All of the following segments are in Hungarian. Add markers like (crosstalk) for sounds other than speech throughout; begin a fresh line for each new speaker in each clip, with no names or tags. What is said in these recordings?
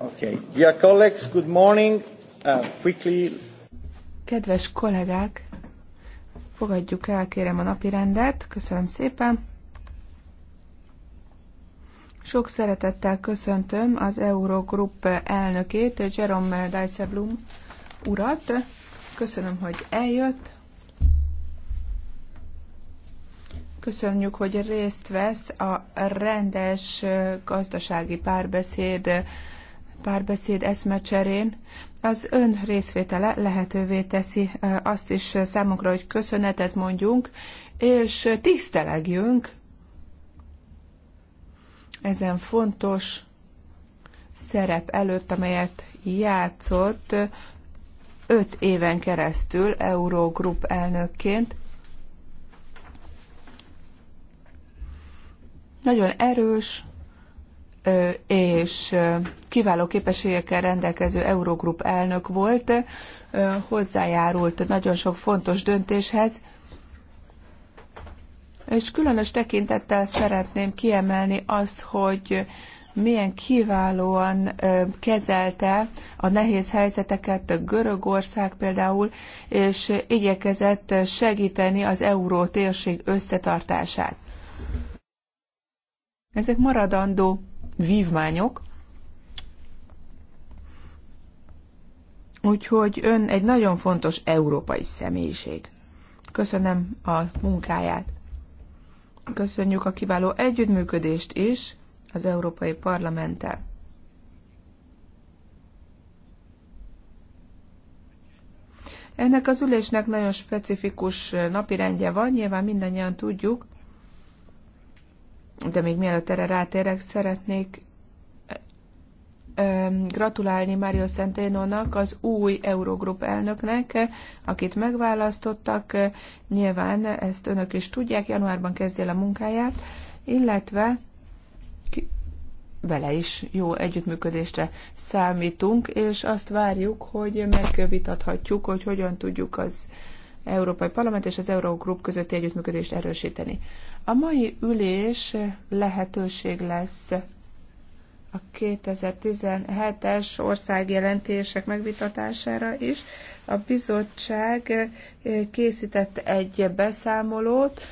Okay. Dear colleagues, good morning. Uh, quickly.
Kedves kollégák, fogadjuk el, kérem a napi rendet. Köszönöm szépen. Sok szeretettel köszöntöm az Eurogrupp elnökét, Jerome Dijsselbloem urat. Köszönöm, hogy eljött. Köszönjük, hogy részt vesz a rendes gazdasági párbeszéd párbeszéd eszmecserén az ön részvétele lehetővé teszi azt is számunkra, hogy köszönetet mondjunk, és tisztelegjünk ezen fontos szerep előtt, amelyet játszott öt éven keresztül Eurogrup elnökként. Nagyon erős, és kiváló képességekkel rendelkező Eurogrup elnök volt, hozzájárult nagyon sok fontos döntéshez, és különös tekintettel szeretném kiemelni azt, hogy milyen kiválóan kezelte a nehéz helyzeteket Görögország például, és igyekezett segíteni az euró térség összetartását. Ezek maradandó vívmányok. Úgyhogy ön egy nagyon fontos európai személyiség. Köszönöm a munkáját. Köszönjük a kiváló együttműködést is az Európai Parlamenttel. Ennek az ülésnek nagyon specifikus napirendje van, nyilván mindannyian tudjuk, de még mielőtt erre rátérek, szeretnék gratulálni Mario Centenónak, az új Eurogroup elnöknek, akit megválasztottak. Nyilván ezt önök is tudják, januárban kezdje a munkáját, illetve vele is jó együttműködésre számítunk, és azt várjuk, hogy megvitathatjuk, hogy hogyan tudjuk az Európai Parlament és az Eurogroup közötti együttműködést erősíteni. A mai ülés lehetőség lesz a 2017-es országjelentések megvitatására is. A bizottság eh, készített egy beszámolót.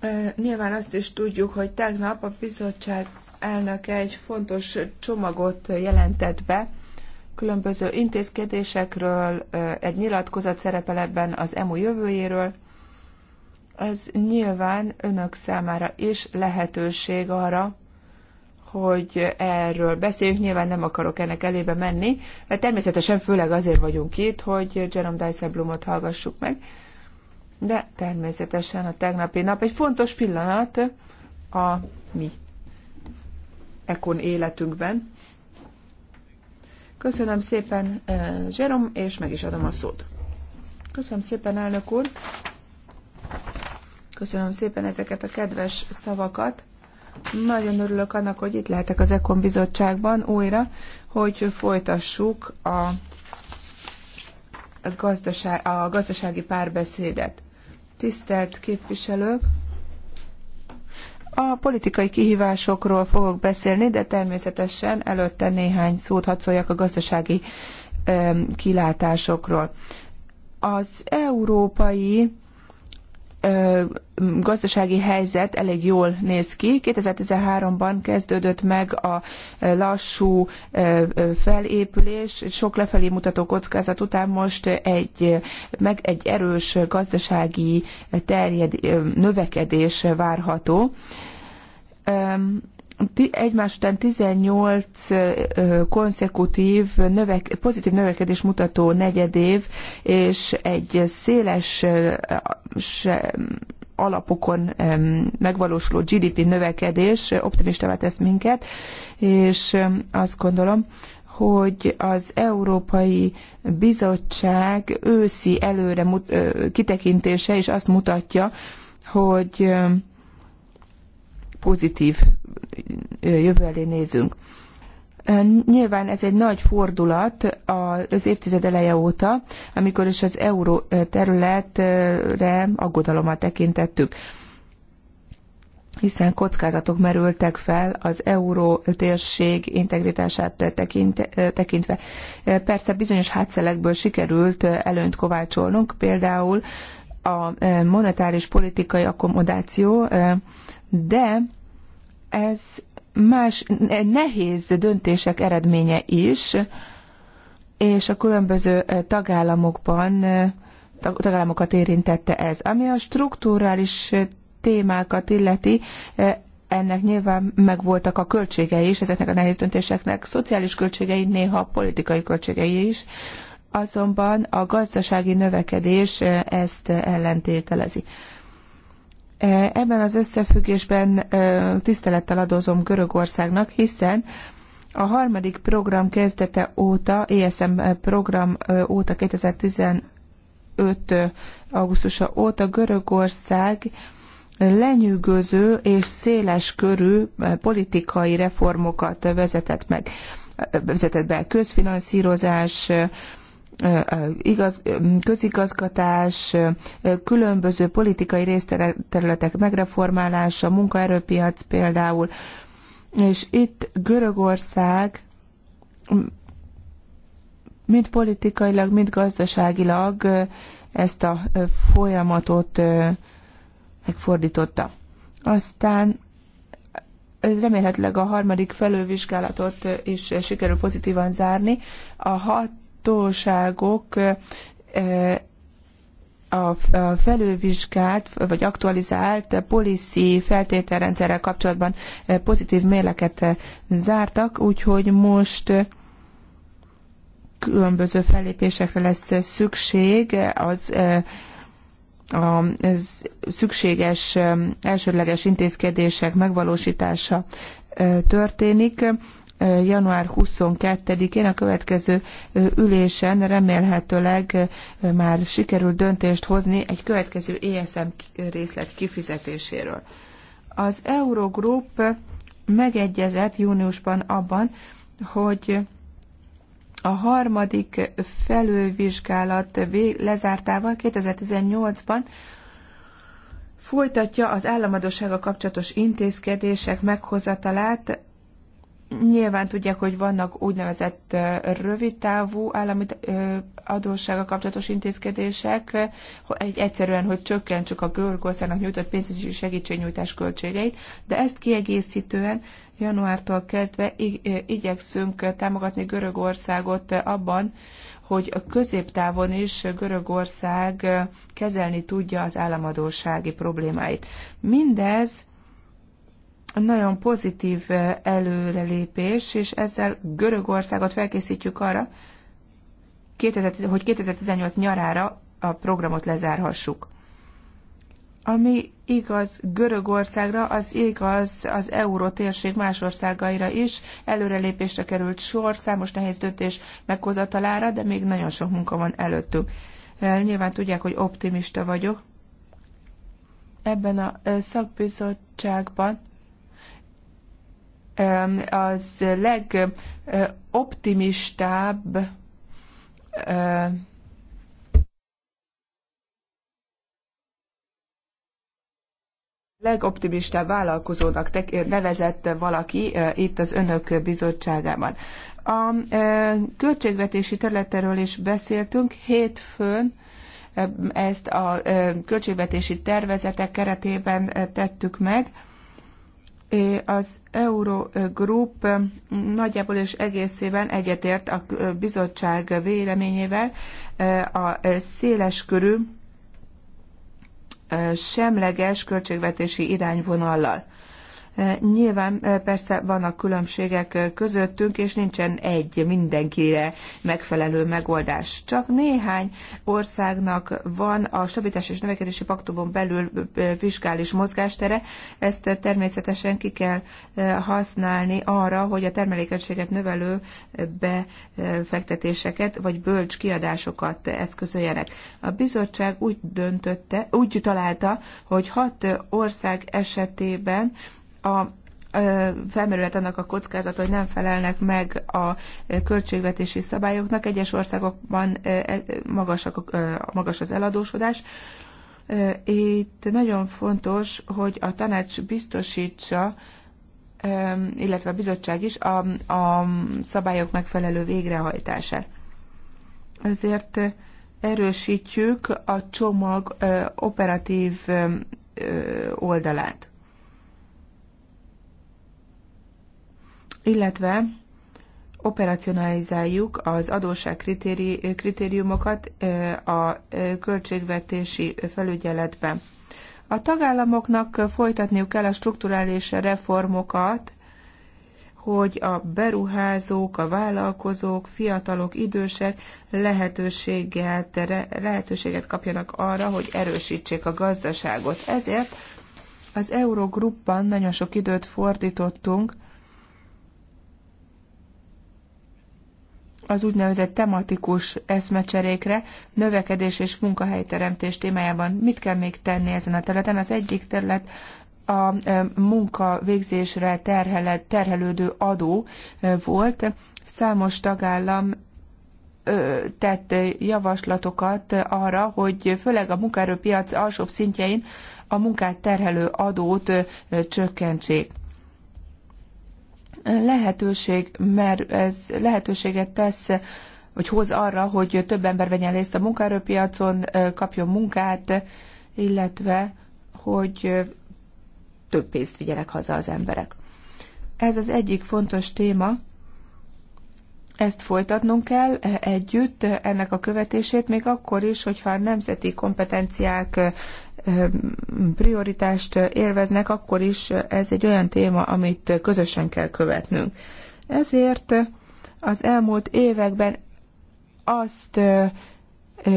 Eh, nyilván azt is tudjuk, hogy tegnap a bizottság elnöke egy fontos csomagot jelentett be, különböző intézkedésekről, eh, egy nyilatkozat szerepel ebben az EMU jövőjéről, az nyilván önök számára is lehetőség arra, hogy erről beszéljünk. Nyilván nem akarok ennek elébe menni, mert természetesen főleg azért vagyunk itt, hogy Jerome Dyson hallgassuk meg. De természetesen a tegnapi nap egy fontos pillanat a mi ekon életünkben. Köszönöm szépen, eh, Jerome, és meg is adom a szót. Köszönöm szépen, elnök úr. Köszönöm szépen ezeket a kedves szavakat. Nagyon örülök annak, hogy itt lehetek az Ekon bizottságban újra, hogy folytassuk a, gazdaság, a gazdasági párbeszédet. Tisztelt képviselők! A politikai kihívásokról fogok beszélni, de természetesen előtte néhány szót a gazdasági kilátásokról. Az európai gazdasági helyzet elég jól néz ki. 2013-ban kezdődött meg a lassú felépülés, sok lefelé mutató kockázat után most egy, meg egy erős gazdasági terjed, növekedés várható egymás után 18 konszekutív növek, pozitív növekedés mutató negyedév, és egy széles alapokon megvalósuló GDP növekedés optimistává tesz minket, és azt gondolom, hogy az Európai Bizottság őszi előre kitekintése is azt mutatja, hogy pozitív jövő elé nézünk. Nyilván ez egy nagy fordulat az évtized eleje óta, amikor is az euró területre aggodalommal tekintettük hiszen kockázatok merültek fel az euró térség integritását tekintve. Persze bizonyos hátszelekből sikerült előnyt kovácsolnunk, például a monetáris politikai akkomodáció, de ez más nehéz döntések eredménye is, és a különböző tagállamokban tagállamokat érintette ez. Ami a strukturális témákat illeti, ennek nyilván megvoltak a költségei is, ezeknek a nehéz döntéseknek, szociális költségei, néha politikai költségei is, azonban a gazdasági növekedés ezt ellentételezi. E, ebben az összefüggésben e, tisztelettel adózom Görögországnak, hiszen a harmadik program kezdete óta, ESM program e, óta 2015 augusztusa óta Görögország lenyűgöző és széles körű politikai reformokat vezetett meg vezetett be közfinanszírozás, igaz, közigazgatás, különböző politikai részterületek megreformálása, munkaerőpiac például, és itt Görögország mind politikailag, mind gazdaságilag ezt a folyamatot megfordította. Aztán remélhetőleg a harmadik felővizsgálatot is sikerül pozitívan zárni. A hat hatóságok a felülvizsgált vagy aktualizált policy feltételrendszerrel kapcsolatban pozitív mérleket zártak, úgyhogy most különböző fellépésekre lesz szükség az a szükséges elsődleges intézkedések megvalósítása történik január 22-én a következő ülésen remélhetőleg már sikerül döntést hozni egy következő ESM részlet kifizetéséről. Az Eurogroup megegyezett júniusban abban, hogy a harmadik felülvizsgálat lezártával 2018-ban folytatja az államadósága kapcsolatos intézkedések meghozatalát Nyilván tudják, hogy vannak úgynevezett rövidtávú állami adóssága kapcsolatos intézkedések, egy egyszerűen, hogy csökkentsük a Görögországnak nyújtott pénzügyi segítségnyújtás költségeit, de ezt kiegészítően januártól kezdve igyekszünk támogatni Görögországot abban, hogy a középtávon is Görögország kezelni tudja az államadósági problémáit. Mindez nagyon pozitív eh, előrelépés, és ezzel Görögországot felkészítjük arra, hogy 2018 nyarára a programot lezárhassuk. Ami igaz Görögországra, az igaz az euró térség más országaira is. Előrelépésre került sor, számos nehéz döntés meghozatalára, de még nagyon sok munka van előttünk. Eh, nyilván tudják, hogy optimista vagyok. Ebben a eh, szakbizottságban az legoptimistább legoptimistább vállalkozónak nevezett valaki itt az önök bizottságában. A költségvetési területéről is beszéltünk hétfőn, ezt a költségvetési tervezetek keretében tettük meg az Eurogroup nagyjából és egészében egyetért a bizottság véleményével a széles körű semleges költségvetési irányvonallal. Nyilván persze vannak különbségek közöttünk, és nincsen egy mindenkire megfelelő megoldás. Csak néhány országnak van a stabilitás és növekedési paktumon belül fiskális mozgástere, ezt természetesen ki kell használni arra, hogy a termelékenységet növelő befektetéseket vagy bölcs kiadásokat eszközöljenek. A bizottság úgy döntötte, úgy találta, hogy hat ország esetében a felmerülhet annak a kockázata, hogy nem felelnek meg a költségvetési szabályoknak. Egyes országokban e, magas, a, magas az eladósodás. Itt nagyon fontos, hogy a tanács biztosítsa, illetve a bizottság is a, a szabályok megfelelő végrehajtását. Ezért erősítjük a csomag operatív oldalát. illetve operacionalizáljuk az adósság kritériumokat a költségvetési felügyeletben. A tagállamoknak folytatniuk kell a strukturális reformokat, hogy a beruházók, a vállalkozók, fiatalok, idősek lehetőséget, lehetőséget kapjanak arra, hogy erősítsék a gazdaságot. Ezért az Eurogruppban nagyon sok időt fordítottunk az úgynevezett tematikus eszmecserékre, növekedés és munkahelyteremtés témájában. Mit kell még tenni ezen a területen? Az egyik terület a munkavégzésre terhelődő adó volt. Számos tagállam tett javaslatokat arra, hogy főleg a munkaerőpiac alsóbb szintjein a munkát terhelő adót csökkentsék lehetőség, mert ez lehetőséget tesz, vagy hoz arra, hogy több ember vegyen részt a munkaerőpiacon, kapjon munkát, illetve hogy több pénzt vigyenek haza az emberek. Ez az egyik fontos téma, ezt folytatnunk kell e, együtt, ennek a követését, még akkor is, hogyha a nemzeti kompetenciák prioritást élveznek, akkor is ez egy olyan téma, amit közösen kell követnünk. Ezért az elmúlt években azt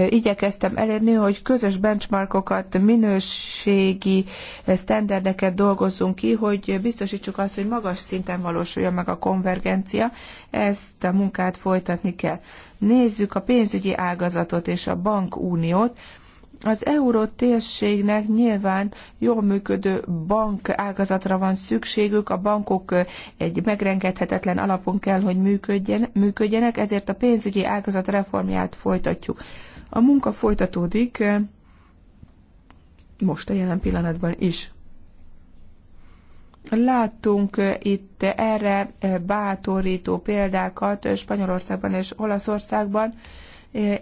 igyekeztem elérni, hogy közös benchmarkokat, minőségi sztenderdeket dolgozzunk ki, hogy biztosítsuk azt, hogy magas szinten valósuljon meg a konvergencia. Ezt a munkát folytatni kell. Nézzük a pénzügyi ágazatot és a bankuniót. Az euró térségnek nyilván jól működő bank ágazatra van szükségük, a bankok egy megrengethetetlen alapon kell, hogy működjen, működjenek, ezért a pénzügyi ágazat reformját folytatjuk. A munka folytatódik most a jelen pillanatban is. Láttunk itt erre bátorító példákat Spanyolországban és Olaszországban,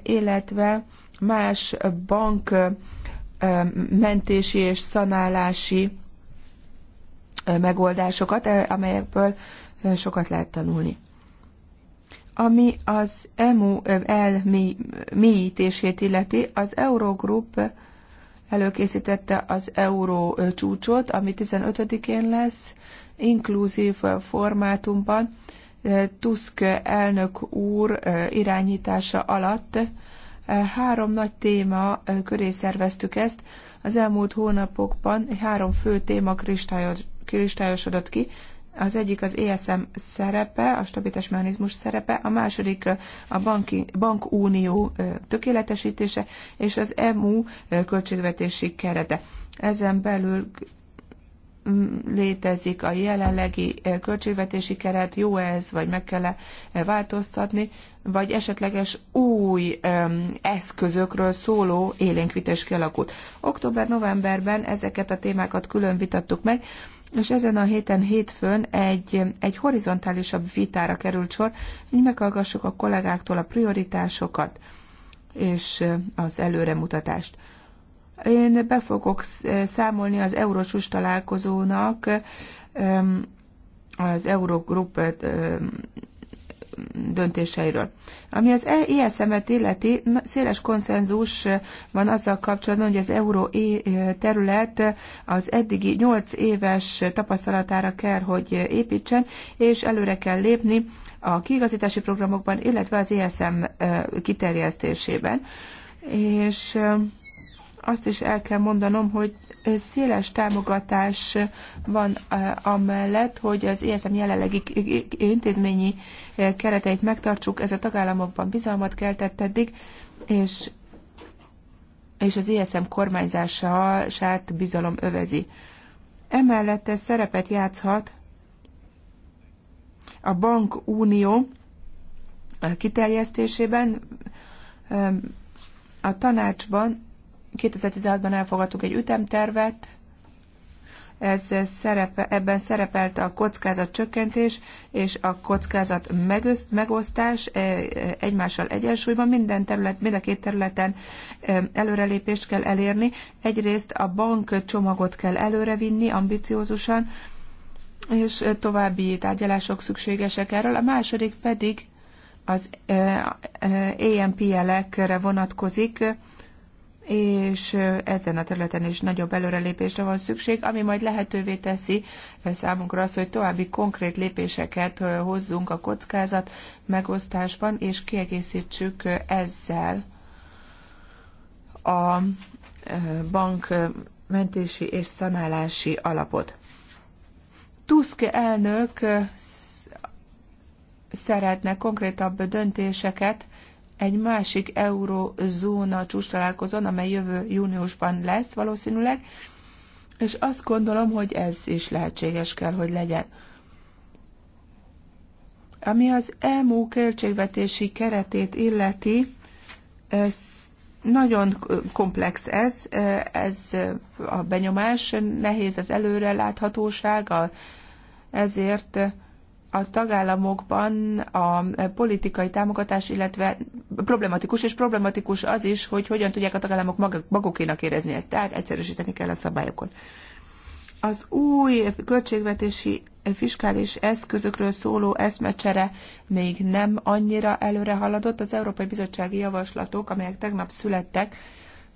illetve más bank mentési és szanálási megoldásokat, amelyekből sokat lehet tanulni. Ami az EMU elmélyítését illeti, az Eurogroup előkészítette az euró csúcsot, ami 15-én lesz, inkluzív formátumban, Tusk elnök úr irányítása alatt Három nagy téma köré szerveztük ezt. Az elmúlt hónapokban három fő téma kristályosodott ki. Az egyik az ESM szerepe, a stabilitás mechanizmus szerepe, a második a banki, bankunió tökéletesítése, és az EMU költségvetési kerete. Ezen belül létezik a jelenlegi eh, költségvetési keret, jó ez, vagy meg kell -e eh, változtatni, vagy esetleges új eszközökről szóló élénkvités kialakult. Október-novemberben ezeket a témákat külön vitattuk meg, és ezen a héten hétfőn egy, egy horizontálisabb vitára került sor, hogy meghallgassuk a kollégáktól a prioritásokat és eh, az előremutatást. Én be fogok számolni az Eurosus találkozónak az Eurogroup döntéseiről. Ami az ESM-et illeti, széles konszenzus van azzal kapcsolatban, hogy az euró terület az eddigi 8 éves tapasztalatára kell, hogy építsen, és előre kell lépni a kiigazítási programokban, illetve az ESM kiterjesztésében. És azt is el kell mondanom, hogy széles támogatás van eh, amellett, hogy az ESM jelenlegi intézményi eh, kereteit megtartsuk. Ez a tagállamokban bizalmat keltett eddig, és, és az ESM kormányzását bizalom övezi. Emellett ez szerepet játszhat a bankunió eh, kiterjesztésében, a tanácsban 2016-ban elfogadtuk egy ütemtervet, ez szerepe, ebben szerepelt a kockázat csökkentés és a kockázat megosztás e, e, egymással egyensúlyban. Minden terület, mind a két területen e, előrelépést kell elérni. Egyrészt a bank csomagot kell előrevinni ambiciózusan, és további tárgyalások szükségesek erről. A második pedig az EMPL-ekre vonatkozik és ezen a területen is nagyobb előrelépésre van szükség, ami majd lehetővé teszi számunkra azt, hogy további konkrét lépéseket hozzunk a kockázat megosztásban, és kiegészítsük ezzel a bank mentési és szanálási alapot. Tusk elnök szeretne konkrétabb döntéseket egy másik eurózóna csúcstalálkozón, amely jövő júniusban lesz valószínűleg, és azt gondolom, hogy ez is lehetséges kell, hogy legyen. Ami az EMU költségvetési keretét illeti, ez nagyon komplex ez, ez a benyomás, nehéz az előreláthatóság, ezért a tagállamokban a politikai támogatás, illetve problematikus, és problematikus az is, hogy hogyan tudják a tagállamok magukénak érezni ezt, tehát egyszerűsíteni kell a szabályokon. Az új költségvetési fiskális eszközökről szóló eszmecsere még nem annyira előre haladott. Az Európai Bizottsági Javaslatok, amelyek tegnap születtek,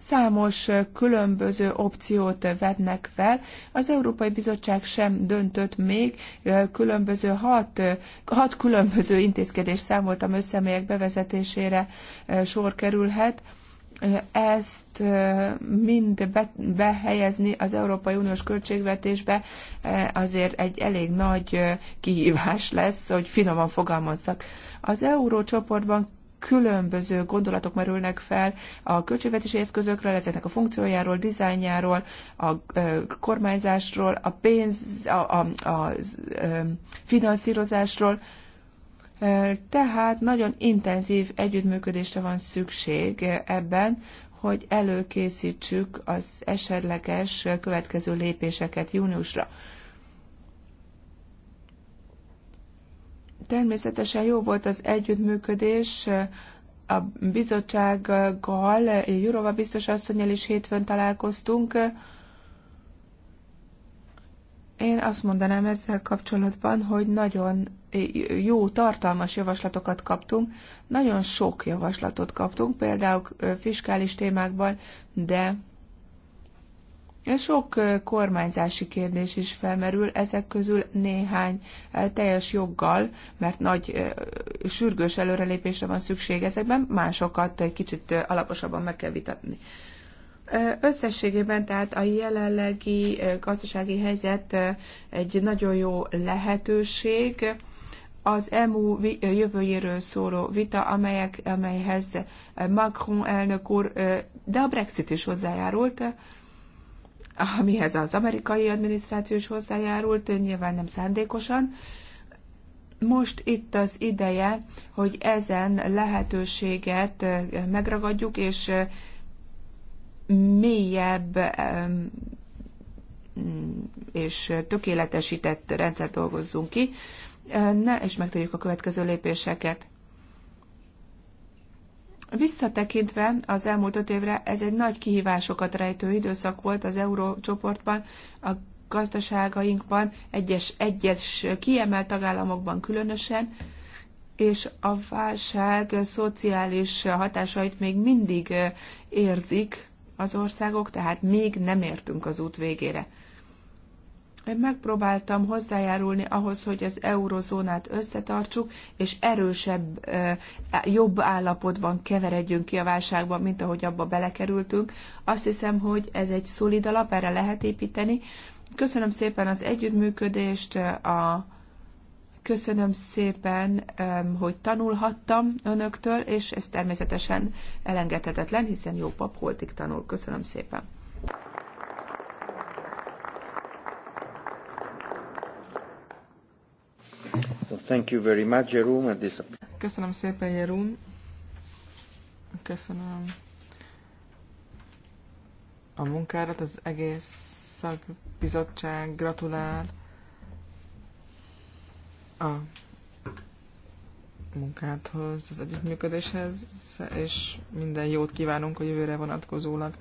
számos különböző opciót vetnek fel. Az Európai Bizottság sem döntött még, különböző hat, hat különböző intézkedés számoltam össze, melyek bevezetésére e, sor kerülhet e, ezt e, mind behelyezni az Európai Uniós költségvetésbe azért egy elég nagy kihívás lesz, hogy finoman fogalmazzak. Az eurócsoportban különböző gondolatok merülnek fel a költségvetési eszközökről, ezeknek a funkciójáról, dizájnjáról, a kormányzásról, a pénz, a, a, a finanszírozásról. Tehát nagyon intenzív együttműködésre van szükség ebben, hogy előkészítsük az esetleges következő lépéseket júniusra. Természetesen jó volt az együttműködés a bizottsággal, Jurova biztos asszonynal is hétfőn találkoztunk. Én azt mondanám ezzel kapcsolatban, hogy nagyon jó, tartalmas javaslatokat kaptunk. Nagyon sok javaslatot kaptunk, például fiskális témákban, de sok kormányzási kérdés is felmerül, ezek közül néhány teljes joggal, mert nagy sürgős előrelépésre van szükség ezekben, másokat egy kicsit alaposabban meg kell vitatni. Összességében tehát a jelenlegi gazdasági helyzet egy nagyon jó lehetőség, az EMU jövőjéről szóló vita, amelyek, amelyhez Macron elnök úr, de a Brexit is hozzájárult, amihez az amerikai adminisztráció is hozzájárult, nyilván nem szándékosan. Most itt az ideje, hogy ezen lehetőséget megragadjuk, és mélyebb és tökéletesített rendszer dolgozzunk ki, ne, és megtegyük a következő lépéseket. Visszatekintve az elmúlt öt évre ez egy nagy kihívásokat rejtő időszak volt az eurócsoportban, a gazdaságainkban, egyes, egyes kiemelt tagállamokban különösen, és a válság szociális hatásait még mindig érzik az országok, tehát még nem értünk az út végére megpróbáltam hozzájárulni ahhoz, hogy az eurozónát összetartsuk, és erősebb, jobb állapotban keveredjünk ki a válságba, mint ahogy abba belekerültünk. Azt hiszem, hogy ez egy szolid alap, erre lehet építeni. Köszönöm szépen az együttműködést, a Köszönöm szépen, hogy tanulhattam önöktől, és ez természetesen elengedhetetlen, hiszen jó pap holtig tanul. Köszönöm szépen.
Thank you very much, Jerome. This...
Köszönöm szépen, Jerum, Köszönöm a munkádat, az egész szakbizottság gratulál a munkádhoz, az együttműködéshez, és minden jót kívánunk a jövőre vonatkozólag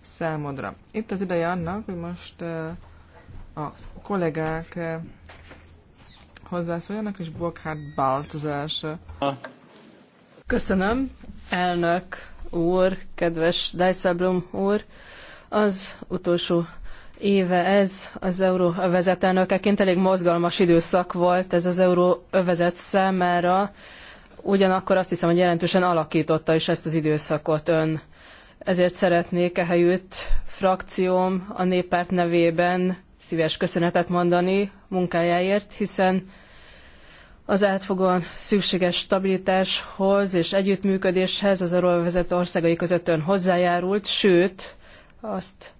számodra. Itt az ideje annak, hogy most eh, a kollégák eh, hozzászóljanak, és Burkhard Balt
az első. Köszönöm, elnök úr, kedves Dijsselblom úr. Az utolsó éve ez az euróövezet elnökeként elég mozgalmas időszak volt ez az euróövezet számára, ugyanakkor azt hiszem, hogy jelentősen alakította is ezt az időszakot ön. Ezért szeretnék ehelyütt frakcióm a néppárt nevében szíves köszönetet mondani munkájáért, hiszen az átfogóan szükséges stabilitáshoz és együttműködéshez az euróvezet országai között ön hozzájárult, sőt, azt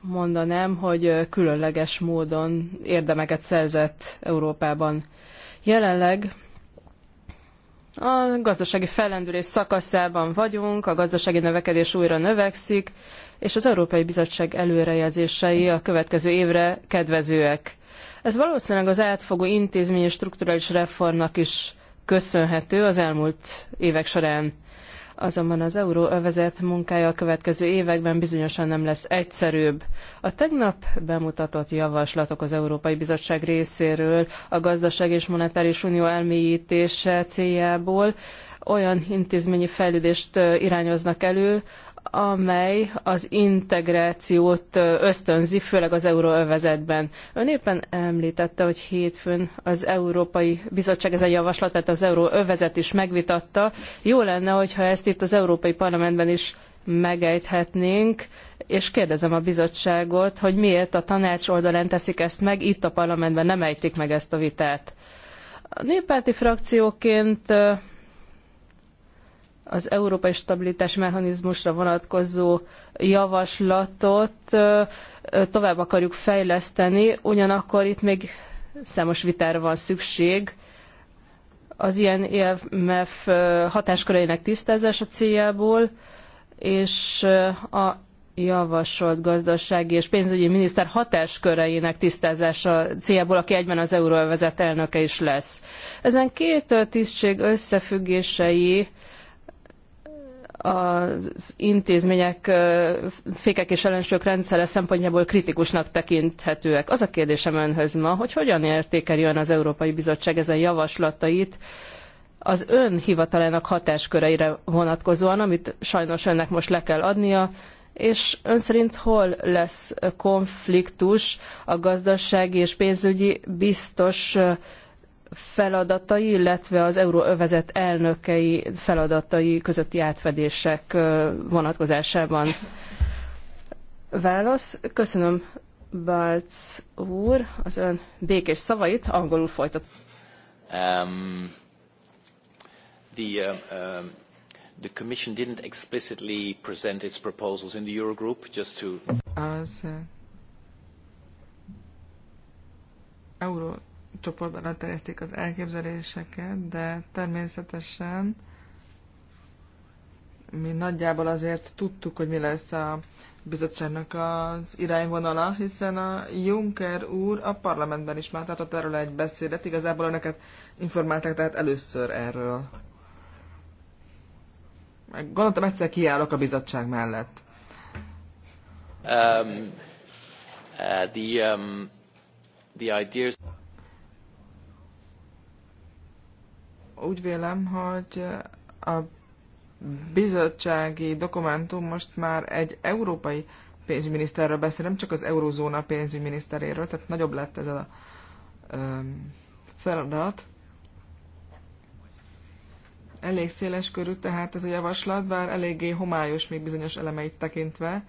mondanám, hogy különleges módon érdemeket szerzett Európában. Jelenleg a gazdasági fellendülés szakaszában vagyunk, a gazdasági növekedés újra növekszik, és az Európai Bizottság előrejelzései a következő évre kedvezőek. Ez valószínűleg az átfogó intézményi strukturális reformnak is köszönhető az elmúlt évek során azonban az euróövezet munkája a következő években bizonyosan nem lesz egyszerűbb. A tegnap bemutatott javaslatok az Európai Bizottság részéről a gazdaság és monetáris unió elmélyítése céljából olyan intézményi fejlődést irányoznak elő, amely az integrációt ösztönzi, főleg az euróövezetben. Ön éppen említette, hogy hétfőn az Európai Bizottság ezen javaslatát az euróövezet is megvitatta. Jó lenne, hogyha ezt itt az Európai Parlamentben is megejthetnénk, és kérdezem a bizottságot, hogy miért a tanács oldalán teszik ezt meg, itt a parlamentben nem ejtik meg ezt a vitát. A néppárti frakcióként az európai stabilitás mechanizmusra vonatkozó javaslatot tovább akarjuk fejleszteni, ugyanakkor itt még számos vitára van szükség. Az ilyen EMF hatásköreinek tisztázása céljából, és a javasolt gazdasági és pénzügyi miniszter hatásköreinek tisztázása céljából, aki egyben az euróövezet elnöke is lesz. Ezen két tisztség összefüggései az intézmények fékek és ellensők rendszere szempontjából kritikusnak tekinthetőek. Az a kérdésem önhöz ma, hogy hogyan értékeli ön az Európai Bizottság ezen javaslatait az ön hivatalának hatásköreire vonatkozóan, amit sajnos önnek most le kell adnia, és ön szerint hol lesz konfliktus a gazdasági és pénzügyi biztos feladatai, illetve az euróövezet elnökei feladatai közötti átfedések vonatkozásában. Válasz. Köszönöm, Balc úr, az ön békés szavait. Angolul folytat. Um, the, uh, um, the Commission didn't explicitly present its proposals in the Eurogroup, just to...
Az uh, Euró csoportban elterjeszték az elképzeléseket, de természetesen mi nagyjából azért tudtuk, hogy mi lesz a bizottságnak az irányvonala, hiszen a Juncker úr a parlamentben is már tartott erről egy beszédet, igazából önöket informálták tehát először erről. Gondoltam, egyszer kiállok a bizottság mellett.
Um, uh, the, um, the ideas...
úgy vélem, hogy a bizottsági dokumentum most már egy európai pénzügyminiszterről beszél, nem csak az eurozóna pénzügyminiszteréről, tehát nagyobb lett ez a feladat. Elég széles körű tehát ez a javaslat, bár eléggé homályos még bizonyos elemeit tekintve.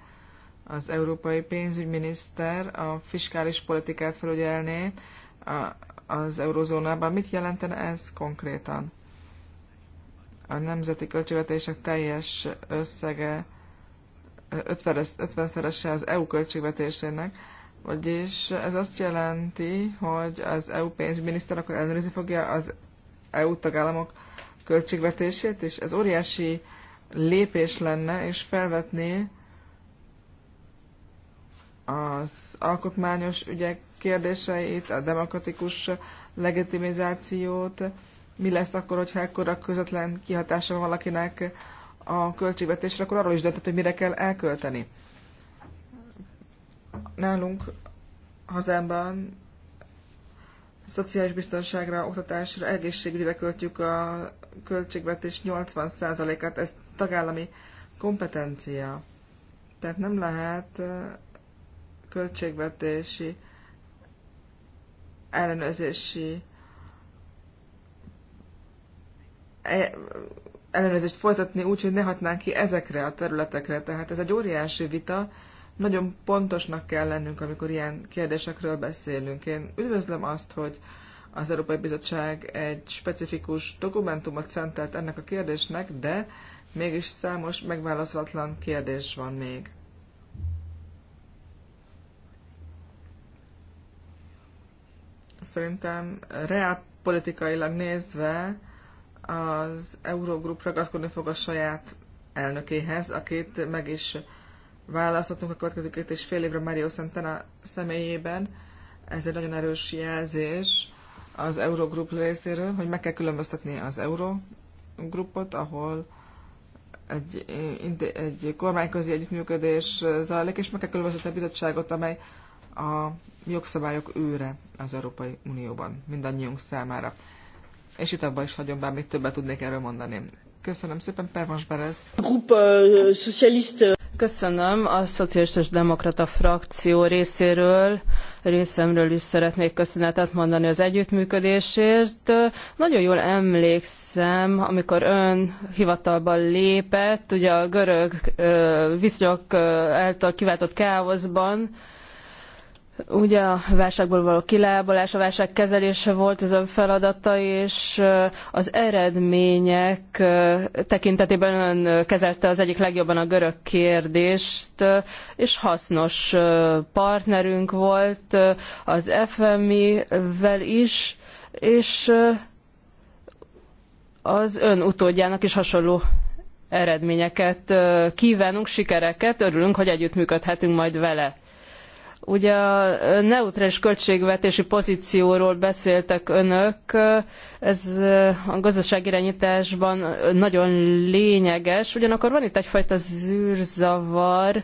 Az európai pénzügyminiszter a fiskális politikát felügyelné, a az eurozónában. Mit jelentene ez konkrétan? A nemzeti költségvetések teljes összege 50-szerese az EU költségvetésének, vagyis ez azt jelenti, hogy az EU pénzminiszter akkor ellenőrizni fogja az EU tagállamok költségvetését, és ez óriási lépés lenne, és felvetné az alkotmányos ügyek kérdéseit, a demokratikus legitimizációt, mi lesz akkor, hogyha ekkora közvetlen kihatása van valakinek a költségvetésre, akkor arról is döntött, hogy mire kell elkölteni. Nálunk hazámban szociális biztonságra, oktatásra, egészségügyre költjük a költségvetés 80%-át, ez tagállami kompetencia. Tehát nem lehet költségvetési ellenőrzési e, ellenőrzést folytatni úgy, hogy ne hatnánk ki ezekre a területekre. Tehát ez egy óriási vita, nagyon pontosnak kell lennünk, amikor ilyen kérdésekről beszélünk. Én üdvözlöm azt, hogy az Európai Bizottság egy specifikus dokumentumot szentelt ennek a kérdésnek, de mégis számos megválaszolatlan kérdés van még. szerintem reálpolitikailag nézve az Eurogroup ragaszkodni fog a saját elnökéhez, akit meg is választottunk a következő két és fél évre Mario Santana személyében. Ez egy nagyon erős jelzés az Eurogroup részéről, hogy meg kell különböztetni az Eurogroupot, ahol egy, egy kormányközi együttműködés zajlik, és meg kell különböztetni a bizottságot, amely a jogszabályok őre az Európai Unióban, mindannyiunk számára. És itt abban is hagyom, bár még többet tudnék erről mondani. Köszönöm szépen, Pervans Berez.
Euh, Köszönöm a Szocialistas Demokrata frakció részéről, részemről is szeretnék köszönetet mondani az együttműködésért. Nagyon jól emlékszem, amikor ön hivatalban lépett, ugye a görög viszonyok által kiváltott káoszban, Ugye a válságból való kilábalás, a válság kezelése volt az ön feladata, és az eredmények tekintetében ön kezelte az egyik legjobban a görög kérdést, és hasznos partnerünk volt az FMI-vel is, és az ön utódjának is hasonló eredményeket kívánunk, sikereket, örülünk, hogy együttműködhetünk majd vele. Ugye a neutrális költségvetési pozícióról beszéltek önök, ez a gazdaságirányításban nagyon lényeges, ugyanakkor van itt egyfajta zűrzavar,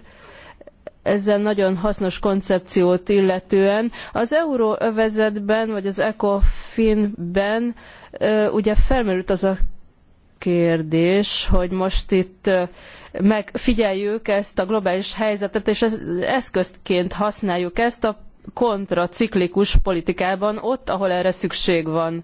Ezzel nagyon hasznos koncepciót illetően. Az euróövezetben, vagy az ECOFIN-ben ugye felmerült az a kérdés, hogy most itt megfigyeljük ezt a globális helyzetet, és eszközként használjuk ezt a kontraciklikus politikában, ott, ahol erre szükség van.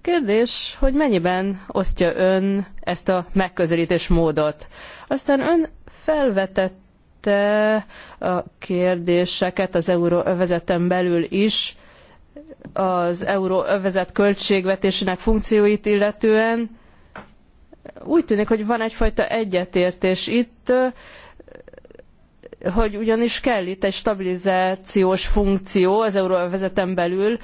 Kérdés, hogy mennyiben osztja ön ezt a megközelítés módot. Aztán ön felvetette a kérdéseket az euróövezeten belül is, az euróövezet költségvetésének funkcióit illetően. Úgy tűnik, hogy van egyfajta egyetértés itt, hogy ugyanis kell itt egy stabilizációs funkció az euróvezeten belül.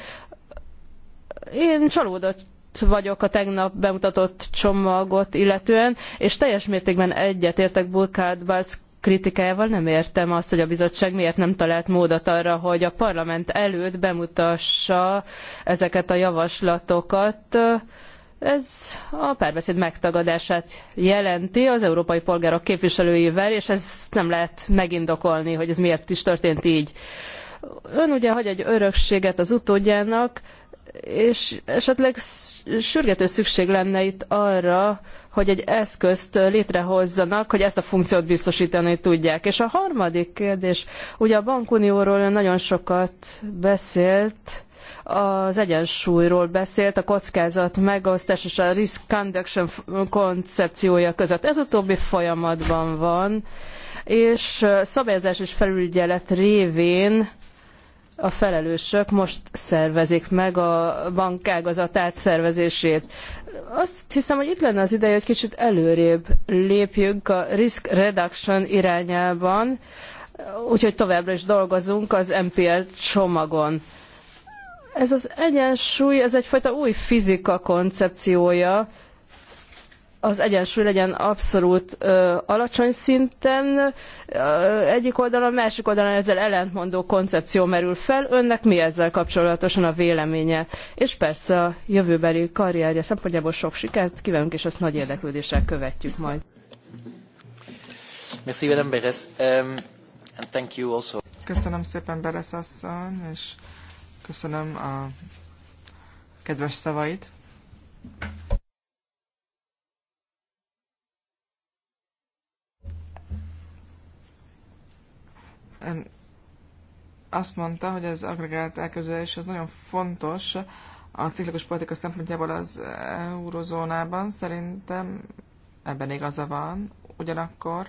Én csalódott vagyok a tegnap bemutatott csomagot illetően, és teljes mértékben egyetértek Burkhard Balc kritikájával nem értem azt, hogy a bizottság miért nem talált módot arra, hogy a parlament előtt bemutassa ezeket a javaslatokat, ez a párbeszéd megtagadását jelenti az európai polgárok képviselőivel, és ezt nem lehet megindokolni, hogy ez miért is történt így. Ön ugye hagy egy örökséget az utódjának, és esetleg sürgető szükség lenne itt arra, hogy egy eszközt létrehozzanak, hogy ezt a funkciót biztosítani tudják. És a harmadik kérdés, ugye a bankunióról nagyon sokat beszélt, az egyensúlyról beszélt, a kockázat megosztás és a risk conduction koncepciója között. Ez utóbbi folyamatban van, és szabályozás és felügyelet révén a felelősök most szervezik meg a bankágazat átszervezését. Azt hiszem, hogy itt lenne az ideje, hogy kicsit előrébb lépjünk a risk reduction irányában, úgyhogy továbbra is dolgozunk az MPL csomagon. Ez az egyensúly, ez egyfajta új fizika koncepciója, az egyensúly legyen abszolút ö, alacsony szinten, ö, egyik oldalon, másik oldalon ezzel ellentmondó koncepció merül fel. Önnek mi ezzel kapcsolatosan a véleménye? És persze a jövőbeli karrierje szempontjából sok sikert kívánunk, és ezt nagy érdeklődéssel követjük majd.
Um, thank you also.
Köszönöm szépen, Beres asszony,
és Köszönöm a kedves szavait. Azt mondta, hogy az agregált elképzelés az nagyon fontos a ciklikus politika szempontjából az eurozónában. Szerintem ebben igaza van. Ugyanakkor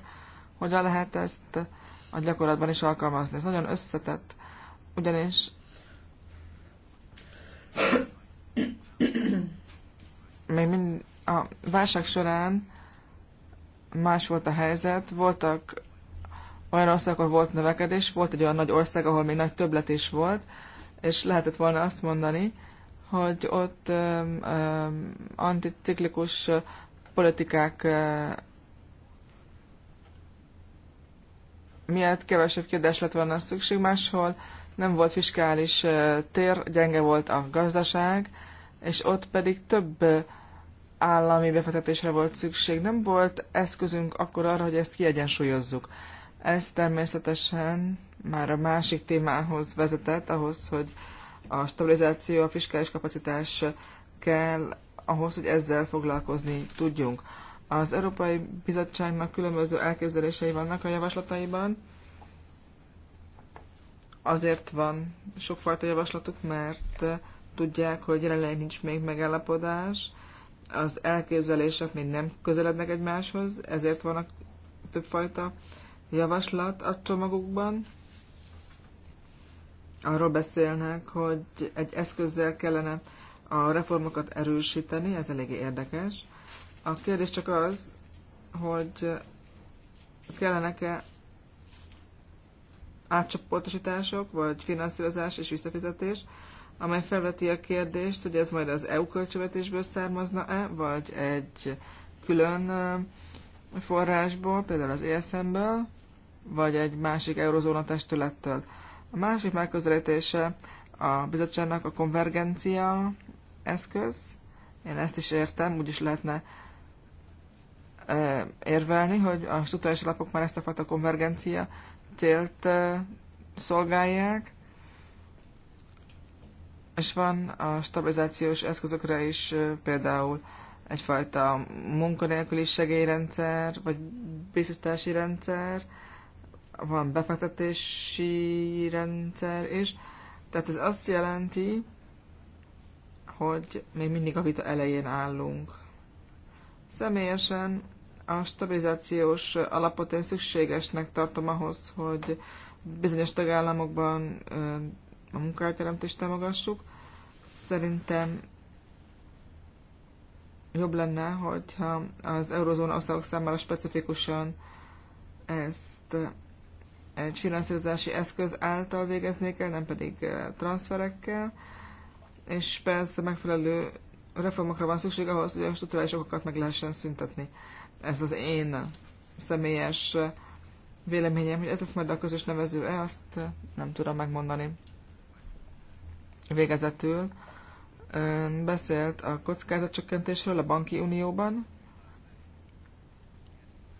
hogyan lehet ezt a gyakorlatban is alkalmazni? Ez nagyon összetett, ugyanis még mind a válság során más volt a helyzet, voltak olyan országok, ahol volt növekedés, volt egy olyan nagy ország, ahol még nagy többlet is volt, és lehetett volna azt mondani, hogy ott um, um, anticiklikus politikák uh, miatt kevesebb kérdés lett volna szükség, máshol nem volt fiskális tér, gyenge volt a gazdaság, és ott pedig több állami befektetésre volt szükség. Nem volt eszközünk akkor arra, hogy ezt kiegyensúlyozzuk. Ez természetesen már a másik témához vezetett, ahhoz, hogy a stabilizáció, a fiskális kapacitás kell ahhoz, hogy ezzel foglalkozni tudjunk. Az Európai Bizottságnak különböző elképzelései vannak a javaslataiban, azért van sokfajta javaslatuk, mert eh, tudják, hogy jelenleg nincs még megállapodás, az elképzelések még nem közelednek egymáshoz, ezért vannak többfajta javaslat a csomagokban. Arról beszélnek, hogy egy eszközzel kellene a reformokat erősíteni, ez eléggé érdekes. A kérdés csak az, hogy kellene e átcsoportosítások, vagy finanszírozás és visszafizetés, amely felveti a kérdést, hogy ez majd az EU költségvetésből származna-e, vagy egy külön forrásból, például az ESM-ből, vagy egy másik eurozóna testülettől. A másik megközelítése a bizottságnak a konvergencia eszköz. Én ezt is értem, úgyis lehetne érvelni, hogy a struktúrális alapok már ezt a fajta konvergencia célt szolgálják, és van a stabilizációs eszközökre is például egyfajta munkanélküli segélyrendszer, vagy biztosítási rendszer, van befektetési rendszer is. Tehát ez azt jelenti, hogy még mindig a vita elején állunk. Személyesen a stabilizációs alapot én szükségesnek tartom ahhoz, hogy bizonyos tagállamokban a munkáteremtést támogassuk. Szerintem jobb lenne, hogyha az eurozóna országok számára specifikusan ezt egy finanszírozási eszköz által végeznék el, nem pedig transferekkel, és persze megfelelő reformokra van szükség ahhoz, hogy a struktúrális okokat meg lehessen szüntetni ez az én személyes véleményem, hogy ez lesz majd a közös nevező-e, azt nem tudom megmondani. Végezetül ön e, beszélt a kockázatcsökkentésről a banki unióban.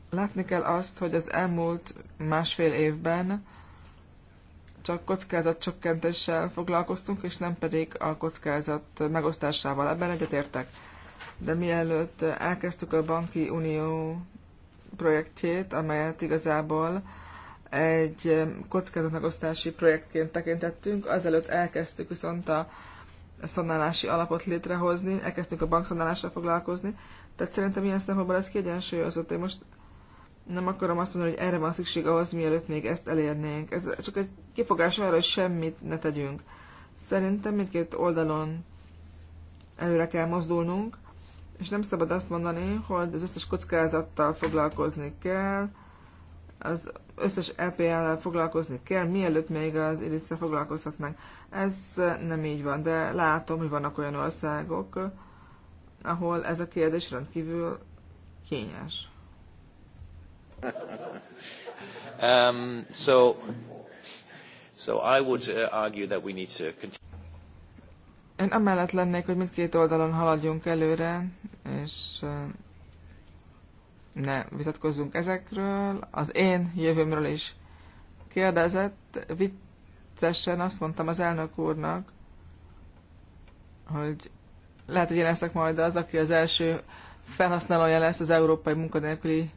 Látni kell azt, hogy az elmúlt másfél évben csak kockázatcsökkentéssel foglalkoztunk, és nem pedig a kockázat megosztásával. Ebben egyetértek de mielőtt elkezdtük a Banki Unió projektjét, amelyet igazából egy kockázatmegosztási projektként tekintettünk, azelőtt elkezdtük viszont a szonálási alapot létrehozni, elkezdtünk a bankszanálással foglalkozni, tehát szerintem ilyen szempontból ez kiegyensúlyozott. Én most nem akarom azt mondani, hogy erre van szükség ahhoz, mielőtt még ezt elérnénk. Ez csak egy kifogás arra, hogy semmit ne tegyünk. Szerintem mindkét oldalon előre kell mozdulnunk, és nem szabad azt mondani, hogy az összes kockázattal foglalkozni kell, az összes EPL-lel foglalkozni kell, mielőtt még az iris foglalkozhatnánk. Ez nem így van, de látom, hogy vannak olyan országok, ahol ez a kérdés rendkívül kényes.
Um, so, so I would uh, argue that we need to continue.
Én amellett lennék, hogy mindkét oldalon haladjunk előre, és eh, ne vitatkozzunk ezekről. Az én jövőmről is kérdezett, viccesen azt mondtam az elnök úrnak, hogy lehet, hogy én leszek majd az, aki az első felhasználója lesz az európai munkanélküli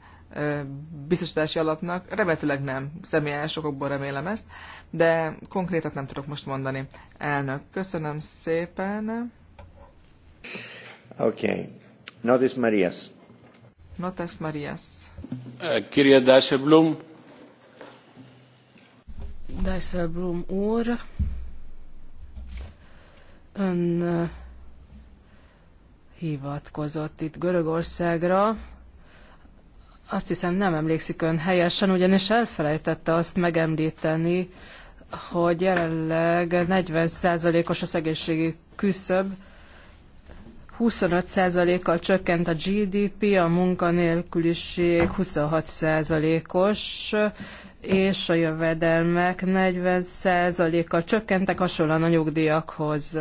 biztosítási alapnak, remetőleg nem, személyes okokból remélem ezt, de konkrétat nem tudok most mondani. Elnök, köszönöm szépen. Oké. Okay. Notis Marias. Notis Marias. Kirje Dijsselbloem.
Blum úr. Ön hivatkozott itt Görögországra, azt hiszem nem emlékszik ön helyesen, ugyanis elfelejtette azt megemlíteni, hogy jelenleg 40%-os a szegénységi küszöb, 25%-kal csökkent a GDP, a munkanélküliség 26%-os, és a jövedelmek 40%-kal csökkentek hasonlóan a nyugdíjakhoz.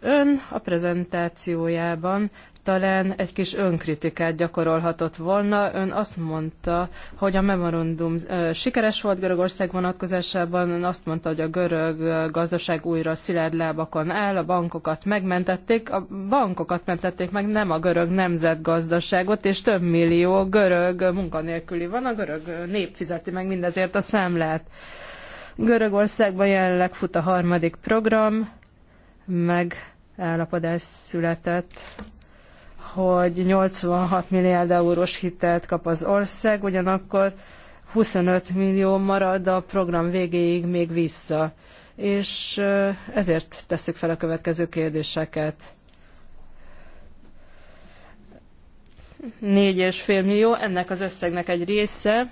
Ön a prezentációjában talán egy kis önkritikát gyakorolhatott volna. Ön azt mondta, hogy a memorandum sikeres volt Görögország vonatkozásában, ön azt mondta, hogy a görög gazdaság újra szilárd lábakon áll, a bankokat megmentették, a bankokat mentették meg, nem a görög nemzetgazdaságot, és több millió görög munkanélküli van, a görög nép fizeti meg mindezért a számlát. Görögországban jelenleg fut a harmadik program, meg állapodás született hogy 86 milliárd eurós hitelt kap az ország, ugyanakkor 25 millió marad a program végéig még vissza. És ezért tesszük fel a következő kérdéseket. 4,5 millió, ennek az összegnek egy része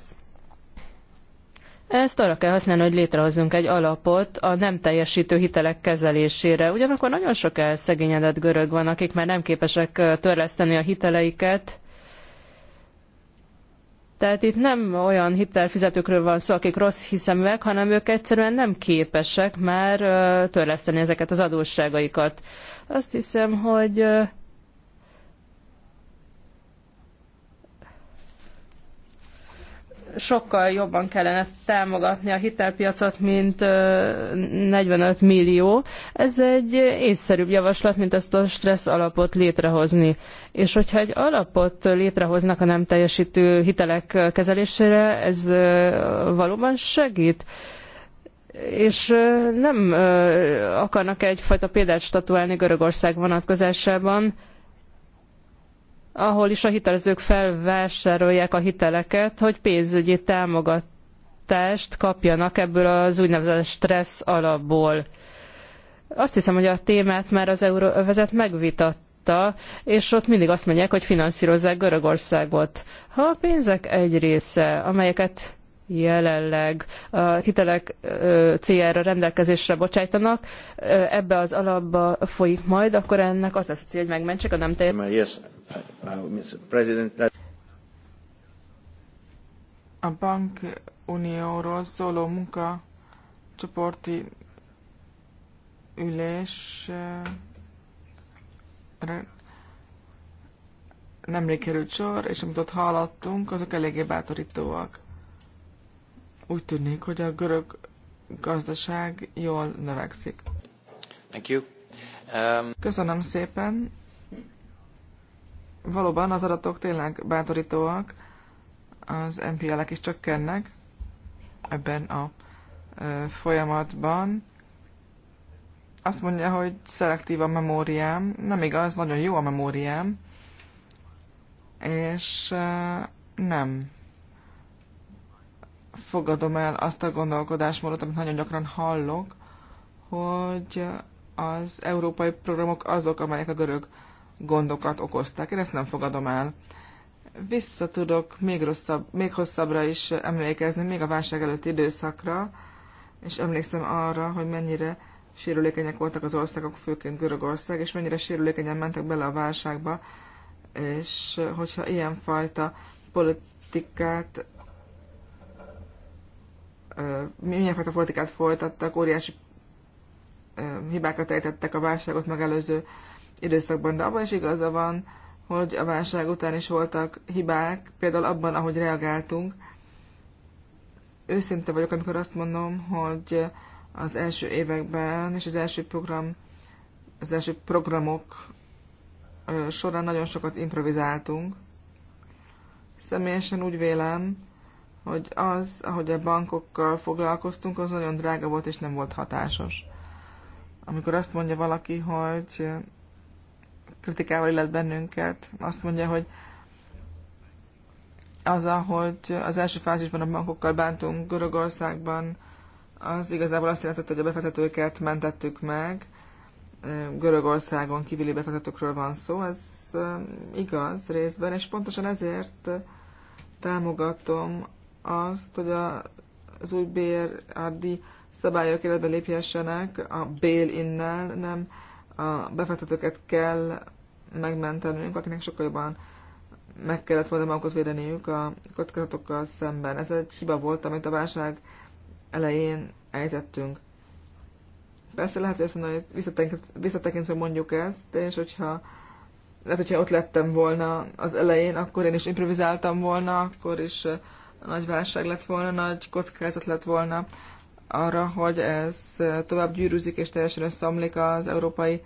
ezt arra kell használni, hogy létrehozzunk egy alapot a nem teljesítő hitelek kezelésére. Ugyanakkor nagyon sok elszegényedett görög van, akik már nem képesek törleszteni a hiteleiket. Tehát itt nem olyan hitelfizetőkről van szó, akik rossz hiszeműek, hanem ők egyszerűen nem képesek már törleszteni ezeket az adósságaikat. Azt hiszem, hogy sokkal jobban kellene támogatni a hitelpiacot, mint 45 millió. Ez egy észszerűbb javaslat, mint ezt a stressz alapot létrehozni. És hogyha egy alapot létrehoznak a nem teljesítő hitelek kezelésére, ez valóban segít? és nem akarnak egyfajta példát statuálni Görögország vonatkozásában, ahol is a hitelezők felvásárolják a hiteleket, hogy pénzügyi támogatást kapjanak ebből az úgynevezett stressz alapból. Azt hiszem, hogy a témát már az euróvezet megvitatta és ott mindig azt mondják, hogy finanszírozzák Görögországot. Ha a pénzek egy része, amelyeket jelenleg a hitelek céljára rendelkezésre bocsájtanak, ebbe az alapba folyik majd, akkor ennek az lesz a cél, hogy megmentsék a nem teljes. Uh, uh, a
unióról szóló munka csoporti ülés uh, nemrég került sor, és amit ott hallottunk, azok eléggé bátorítóak úgy tűnik, hogy a görög gazdaság jól növekszik. Thank you. Um... Köszönöm szépen. Valóban az adatok tényleg bátorítóak, az npl ek is csökkennek ebben a folyamatban. Azt mondja, hogy szelektív a memóriám. Nem igaz, nagyon jó a memóriám. És nem fogadom el azt a gondolkodásmódot, amit nagyon gyakran hallok, hogy az európai programok azok, amelyek a görög gondokat okozták. Én ezt nem fogadom el. Vissza tudok még, rosszabb, még hosszabbra is emlékezni, még a válság előtti időszakra, és emlékszem arra, hogy mennyire sérülékenyek voltak az országok, főként Görögország, és mennyire sérülékenyen mentek bele a válságba, és hogyha ilyenfajta politikát milyen fajta politikát folytattak, óriási hibákat ejtettek a válságot megelőző időszakban, de abban is igaza van, hogy a válság után is voltak hibák, például abban, ahogy reagáltunk. Őszinte vagyok, amikor azt mondom, hogy az első években és az első program, az első programok során nagyon sokat improvizáltunk. Személyesen úgy vélem, hogy az, ahogy a bankokkal foglalkoztunk, az nagyon drága volt és nem volt hatásos. Amikor azt mondja valaki, hogy kritikával illet bennünket, azt mondja, hogy az, ahogy az első fázisban a bankokkal bántunk Görögországban, az igazából azt jelentette, hogy a befektetőket mentettük meg. Görögországon kívüli befektetőkről van szó, ez um, igaz részben, és pontosan ezért támogatom azt, hogy a, az új BRD szabályok életbe lépjessenek a bail-innel, nem a befektetőket kell megmentenünk, akinek sokkal jobban meg kellett volna magukhoz védeniük a kockázatokkal szemben. Ez egy hiba volt, amit a válság elején ejtettünk. Persze lehet, hogy ezt mondani, hogy visszatekintve, visszatekintve mondjuk ezt, és hogyha lehet, hogyha ott lettem volna az elején, akkor én is improvizáltam volna, akkor is nagy válság lett volna, nagy kockázat lett volna arra, hogy ez tovább gyűrűzik és teljesen összeomlik az európai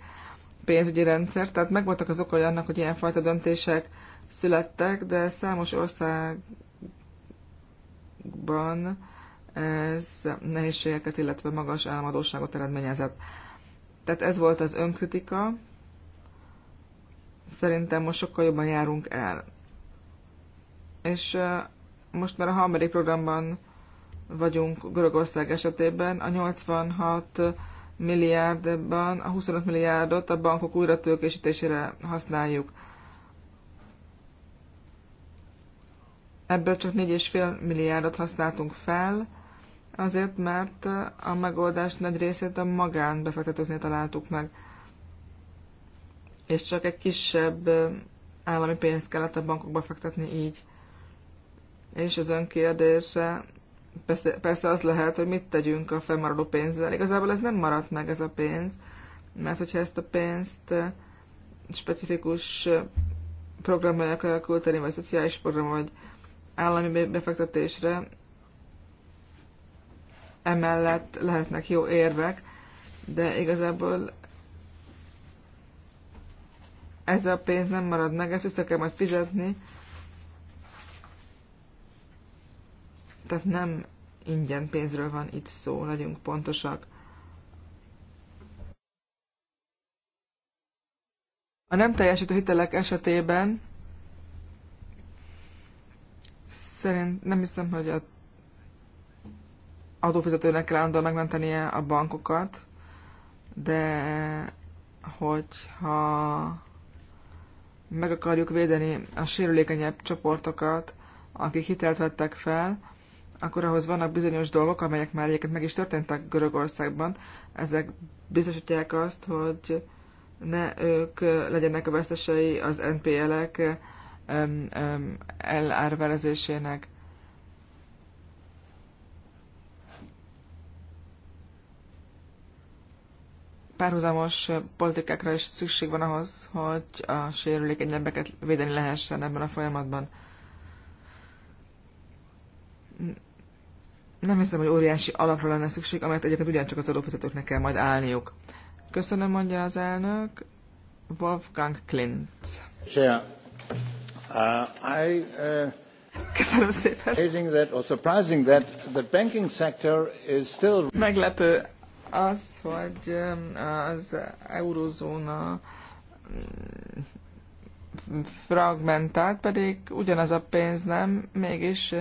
pénzügyi rendszer. Tehát megvoltak az okai annak, hogy ilyenfajta döntések születtek, de számos országban ez nehézségeket, illetve magas államadóságot eredményezett. Tehát ez volt az önkritika. Szerintem most sokkal jobban járunk el. És most már a harmadik programban vagyunk Görögország esetében, a 86 milliárdban a 25 milliárdot a bankok tőkésítésére használjuk. Ebből csak 4,5 milliárdot használtunk fel, azért mert a megoldás nagy részét a magánbefektetőknél találtuk meg, és csak egy kisebb állami pénzt kellett a bankokba fektetni így és az önkérdése persze, persze az lehet, hogy mit tegyünk a felmaradó pénzzel. Igazából ez nem maradt meg ez a pénz, mert hogyha ezt a pénzt eh, specifikus eh, programra akar küldeni, vagy szociális program, vagy állami befektetésre, emellett lehetnek jó érvek, de igazából ez a pénz nem marad meg, ezt vissza kell majd fizetni, Tehát nem ingyen pénzről van itt szó, legyünk pontosak. A nem teljesítő hitelek esetében szerint nem hiszem, hogy a adófizetőnek kell állandóan megmentenie a bankokat, de hogyha meg akarjuk védeni a sérülékenyebb csoportokat, akik hitelt vettek fel, akkor ahhoz vannak bizonyos dolgok, amelyek már egyébként meg is történtek Görögországban. Ezek biztosítják azt, hogy ne ők legyenek a vesztesei az NPL-ek elárverezésének. Párhuzamos politikákra is szükség van ahhoz, hogy a sérülékenyebbeket védeni lehessen ebben a folyamatban nem hiszem, hogy óriási alapra lenne szükség, amelyet egyébként ugyancsak az adófizetőknek kell majd állniuk. Köszönöm, mondja az elnök. Wolfgang Klintz.
Uh, I, uh, Köszönöm szépen.
Meglepő az, hogy um, az eurozóna mm, fragmentált, pedig ugyanaz a pénz nem, mégis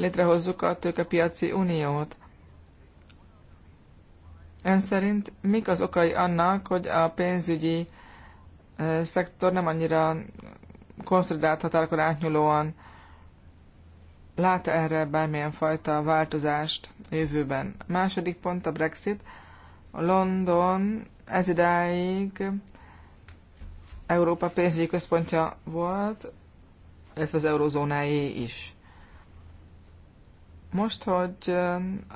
létrehozzuk a tőkepiaci uniót. Ön szerint mik az okai annak, hogy a pénzügyi szektor nem annyira konszolidált határokon átnyúlóan lát -e erre bármilyen fajta változást a jövőben? A második pont a Brexit. A London ez idáig Európa pénzügyi központja volt, illetve az eurozónájé is. Most, hogy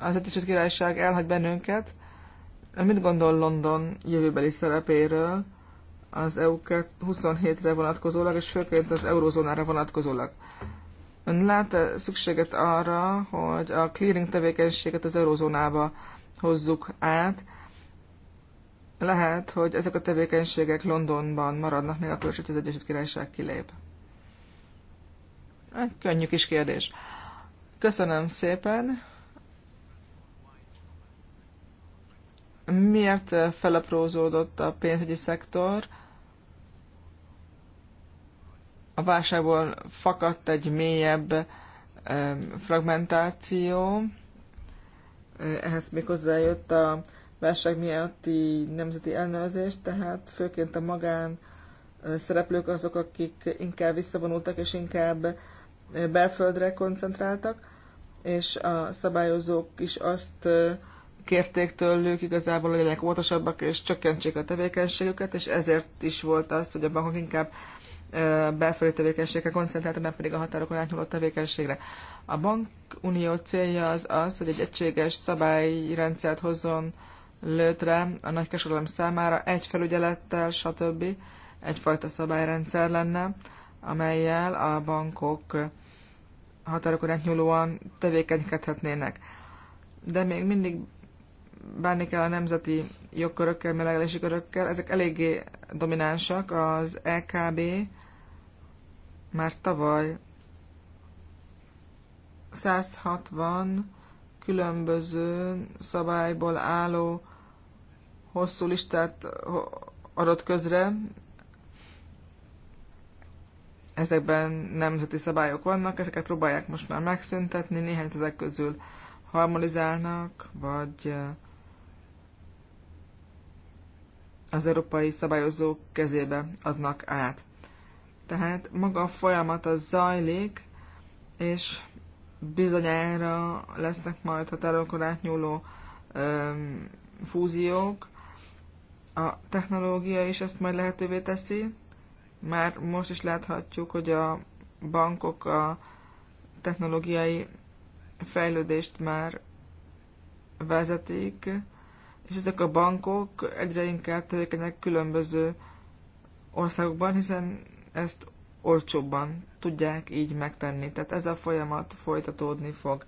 az Egyesült Királyság elhagy bennünket, mit gondol London jövőbeli szerepéről az EU 27-re vonatkozólag, és főként az eurozónára vonatkozólag? Ön lát -e szükséget arra, hogy a clearing tevékenységet az eurozónába hozzuk át? Lehet, hogy ezek a tevékenységek Londonban maradnak, még akkor is, hogy az Egyesült Királyság kilép. Egy könnyű kis kérdés. Köszönöm szépen. Miért eh, feleprózódott a pénzügyi szektor? A válságból fakadt egy mélyebb fragmentáció. Eh, ehhez még hozzájött a válság miatti nemzeti ellenőrzés, tehát főként a magán eh, szereplők azok, akik inkább visszavonultak és inkább belföldre koncentráltak és a szabályozók is azt kérték tőlük igazából, hogy legyenek óvatosabbak és csökkentsék a tevékenységüket, és ezért is volt az, hogy a bankok inkább belföldi tevékenységre koncentráltak, nem pedig a határokon átnyúló tevékenységre. A bankunió célja az az, hogy egy egységes szabályrendszert hozzon létre a nagykereskedelem számára, egy felügyelettel, stb. egyfajta szabályrendszer lenne, amelyel a bankok határokon átnyúlóan tevékenykedhetnének. De még mindig bánni kell a nemzeti jogkörökkel, melegelési körökkel, ezek eléggé dominánsak. Az LKB e már tavaly 160 különböző szabályból álló hosszú listát adott közre ezekben nemzeti szabályok vannak, ezeket próbálják most már megszüntetni, néhány ezek közül harmonizálnak, vagy az európai szabályozók kezébe adnak át. Tehát maga a folyamat az zajlik, és bizonyára lesznek majd határokon átnyúló fúziók. A technológia is ezt majd lehetővé teszi, már most is láthatjuk, hogy a bankok a technológiai fejlődést már vezetik, és ezek a bankok egyre inkább tevékenek különböző országokban, hiszen ezt olcsóbban tudják így megtenni. Tehát ez a folyamat folytatódni fog.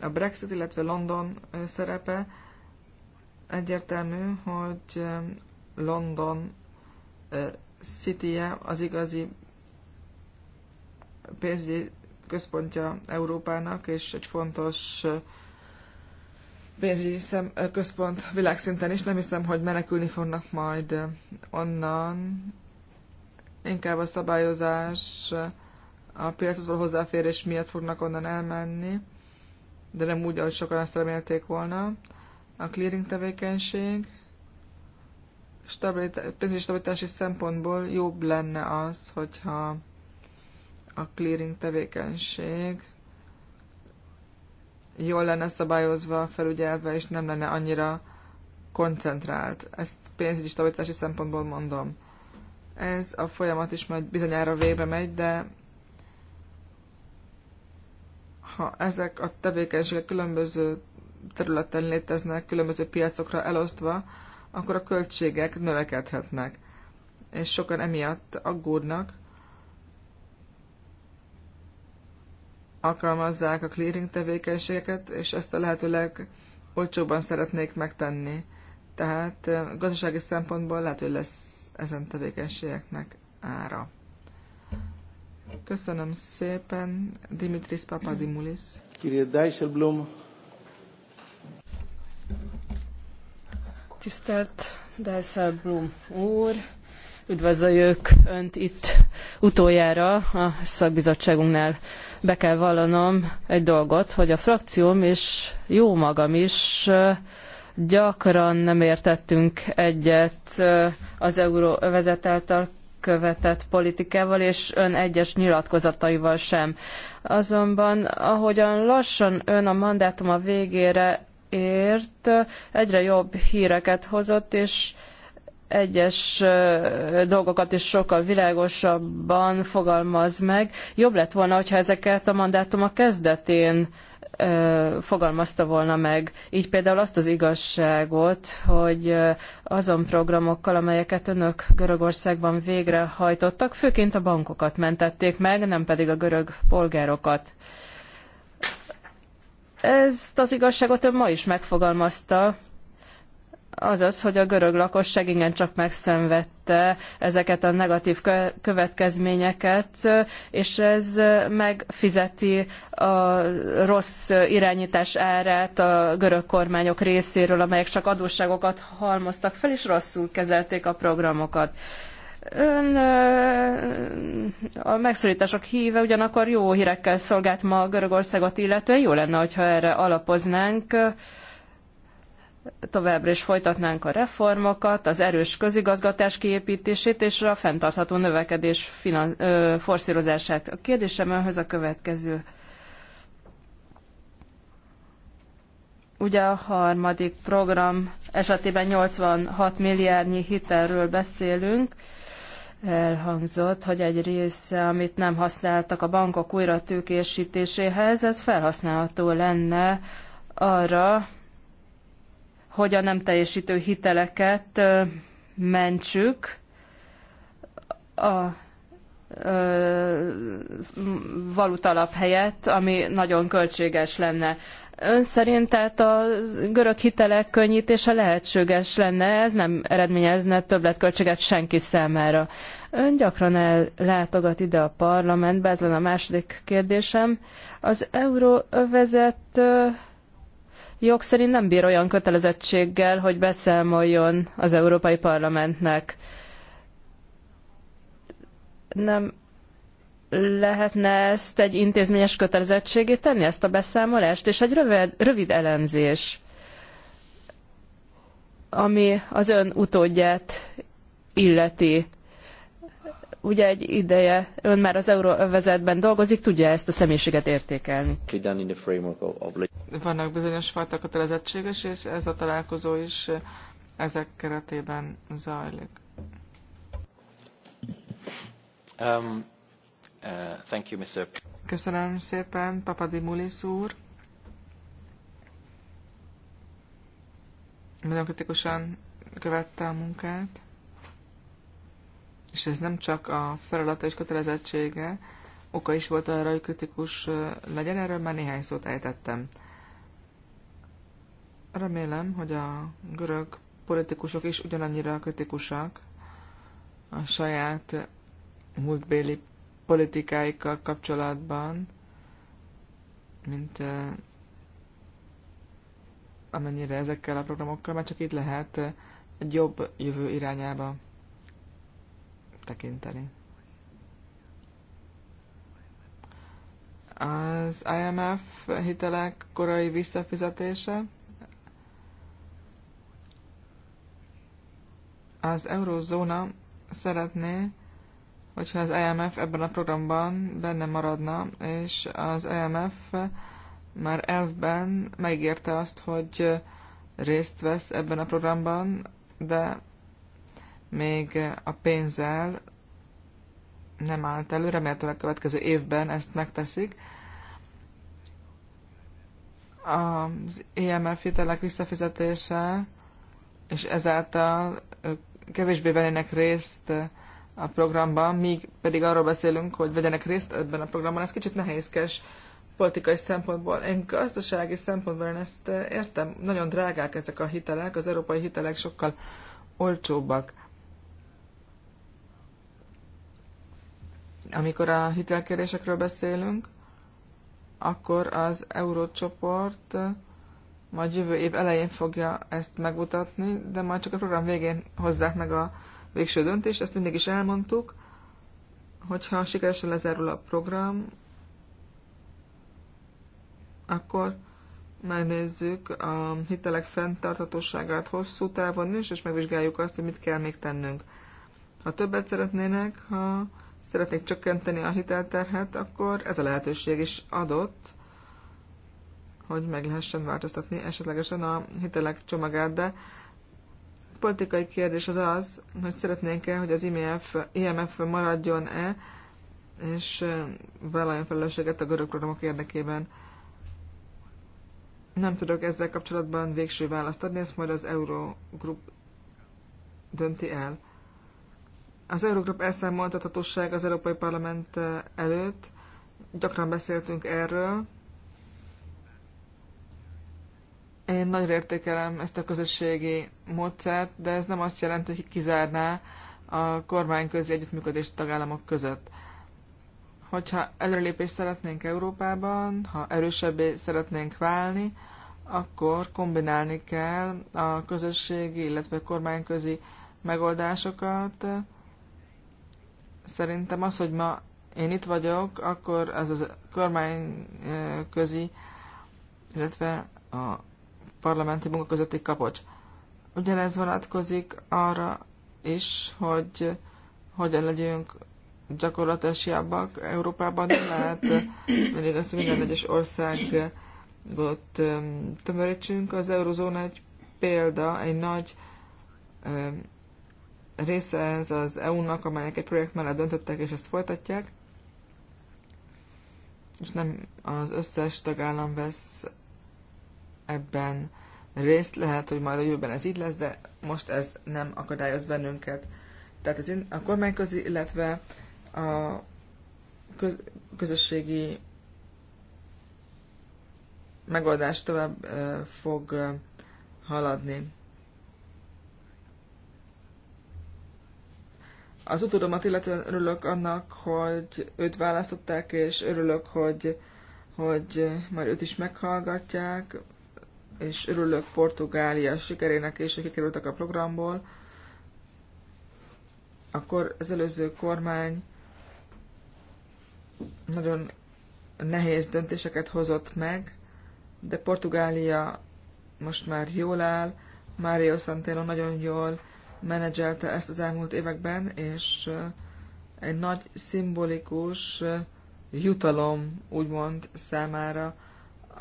A Brexit, illetve London szerepe egyértelmű, hogy London city -e az igazi pénzügyi központja Európának, és egy fontos pénzügyi szem, központ világszinten is. Nem hiszem, hogy menekülni fognak majd onnan. Inkább a szabályozás, a piachoz való hozzáférés miatt fognak onnan elmenni, de nem úgy, ahogy sokan azt remélték volna. A clearing tevékenység, stabilitá- pénzügyi stabilitási szempontból jobb lenne az, hogyha a clearing tevékenység jól lenne szabályozva, felügyelve, és nem lenne annyira koncentrált. Ezt pénzügyi stabilitási szempontból mondom. Ez a folyamat is majd bizonyára végbe megy, de ha ezek a tevékenységek különböző területen léteznek, különböző piacokra elosztva, akkor a költségek növekedhetnek. És sokan emiatt aggódnak, alkalmazzák a clearing tevékenységeket, és ezt a lehető legolcsóbban szeretnék megtenni. Tehát gazdasági szempontból lehet, hogy lesz ezen tevékenységeknek ára. Köszönöm szépen, Dimitris Papadimulis.
Kirje Dijsselbloem.
Tisztelt Dijsselbloem úr, üdvözöljük Önt itt utoljára a szakbizottságunknál. Be kell vallanom egy dolgot, hogy a frakcióm és jó magam is gyakran nem értettünk egyet az euró által követett politikával és ön egyes nyilatkozataival sem. Azonban ahogyan lassan ön a mandátuma végére ért, egyre jobb híreket hozott, és egyes dolgokat is sokkal világosabban fogalmaz meg. Jobb lett volna, hogyha ezeket a mandátum a kezdetén fogalmazta volna meg. Így például azt az igazságot, hogy azon programokkal, amelyeket önök Görögországban végrehajtottak, főként a bankokat mentették meg, nem pedig a görög polgárokat. Ezt az igazságot ön ma is megfogalmazta, azaz, hogy a görög lakosság igencsak megszenvedte ezeket a negatív következményeket, és ez megfizeti a rossz irányítás árát a görög kormányok részéről, amelyek csak adósságokat halmoztak fel, és rosszul kezelték a programokat. Ön a megszorítások híve ugyanakkor jó hírekkel szolgált ma Görögországot illetően. Jó lenne, hogyha erre alapoznánk. Továbbra is folytatnánk a reformokat, az erős közigazgatás kiépítését és a fenntartható növekedés finan- ö, forszírozását. A kérdésem önhöz a következő. Ugye a harmadik program esetében 86 milliárdnyi hitelről beszélünk. Ö, elhangzott, hogy egy része, amit nem használtak a bankok tőkésítéséhez, ez felhasználható lenne arra, hogy a nem teljesítő hiteleket mentsük a valutalap helyett, ami nagyon költséges lenne. Ön szerint tehát a görög hitelek könnyítése lehetséges lenne, ez nem eredményezne többletköltséget senki számára. Ön gyakran ellátogat ide a parlamentbe, ez lenne a második kérdésem. Az euróövezet jog szerint nem bír olyan kötelezettséggel, hogy beszámoljon az Európai Parlamentnek. Nem lehetne ezt egy intézményes kötelezettségé tenni, ezt a beszámolást, és egy rövid, rövid elemzés, ami az ön utódját illeti. Ugye egy ideje, ön már az euróvezetben dolgozik, tudja ezt a személyiséget értékelni.
Vannak bizonyos fajta kötelezettséges, és ez a találkozó is eh, ezek keretében zajlik. Um. Uh, thank you, Mr. Köszönöm szépen, Papadimulis úr. Nagyon kritikusan követte a munkát, és ez nem csak a feladata és kötelezettsége, oka is volt arra, hogy kritikus uh, legyen, erről már néhány szót ejtettem. Remélem, hogy a görög politikusok is ugyanannyira kritikusak a saját múltbéli politikáikkal kapcsolatban, mint amennyire ezekkel a programokkal, mert csak így lehet egy jobb jövő irányába tekinteni. Az IMF hitelek korai visszafizetése, az eurózóna szeretné hogyha az IMF ebben a programban benne maradna, és az IMF már elvben megérte azt, hogy részt vesz ebben a programban, de még a pénzzel nem állt elő, remélhetőleg következő évben ezt megteszik. Az IMF hitelek visszafizetése, és ezáltal kevésbé vennének részt a programban, míg pedig arról beszélünk, hogy vegyenek részt ebben a programban, ez kicsit nehézkes politikai szempontból. Én gazdasági szempontból én ezt eh, értem, nagyon drágák ezek a hitelek, az európai hitelek sokkal olcsóbbak. Amikor a hitelkérésekről beszélünk, akkor az eurócsoport eh, majd jövő év elején fogja ezt megmutatni, de majd csak a program végén hozzák meg a végső döntést, ezt mindig is elmondtuk, hogyha sikeresen lezárul a program, akkor megnézzük a hitelek fenntarthatóságát hosszú távon is, és megvizsgáljuk azt, hogy mit kell még tennünk. Ha többet szeretnének, ha szeretnék csökkenteni a hitelterhet, akkor ez a lehetőség is adott, hogy meg lehessen változtatni esetlegesen a hitelek csomagát, de politikai kérdés az az, hogy szeretnénk-e, hogy az IMF, IMF maradjon-e, és vállaljon felelősséget a görög programok érdekében. Nem tudok ezzel kapcsolatban végső választ adni, ezt majd az Eurogroup dönti el. Az Eurogroup elszámoltathatóság az Európai Parlament előtt, gyakran beszéltünk erről, Én nagyra értékelem ezt a közösségi módszert, de ez nem azt jelenti, hogy kizárná a kormányközi együttműködést a tagállamok között. Hogyha előrelépést szeretnénk Európában, ha erősebbé szeretnénk válni, akkor kombinálni kell a közösségi, illetve kormányközi megoldásokat. Szerintem az, hogy ma én itt vagyok, akkor az a kormányközi, illetve a parlamenti munka közötti kapocs. Ugyanez vonatkozik arra is, hogy hogyan legyünk gyakorlatilag Európában, nem lehet mindig azt, hogy minden egyes országot tömörítsünk. Az eurozóna egy példa, egy nagy része ez az EU-nak, amelyek egy projekt mellett döntöttek, és ezt folytatják és nem az összes tagállam vesz ebben részt, lehet, hogy majd a jövőben ez így lesz, de most ez nem akadályoz bennünket. Tehát az a kormányközi, illetve a köz, közösségi megoldás tovább fog haladni. Az utódomat illetően örülök annak, hogy őt választották, és örülök, hogy, hogy majd őt is meghallgatják és örülök Portugália sikerének és hogy kikerültek a programból, akkor az előző kormány nagyon nehéz döntéseket hozott meg, de Portugália most már jól áll, Mário Santero nagyon jól menedzselte ezt az elmúlt években, és eh, egy nagy szimbolikus eh, jutalom, úgymond számára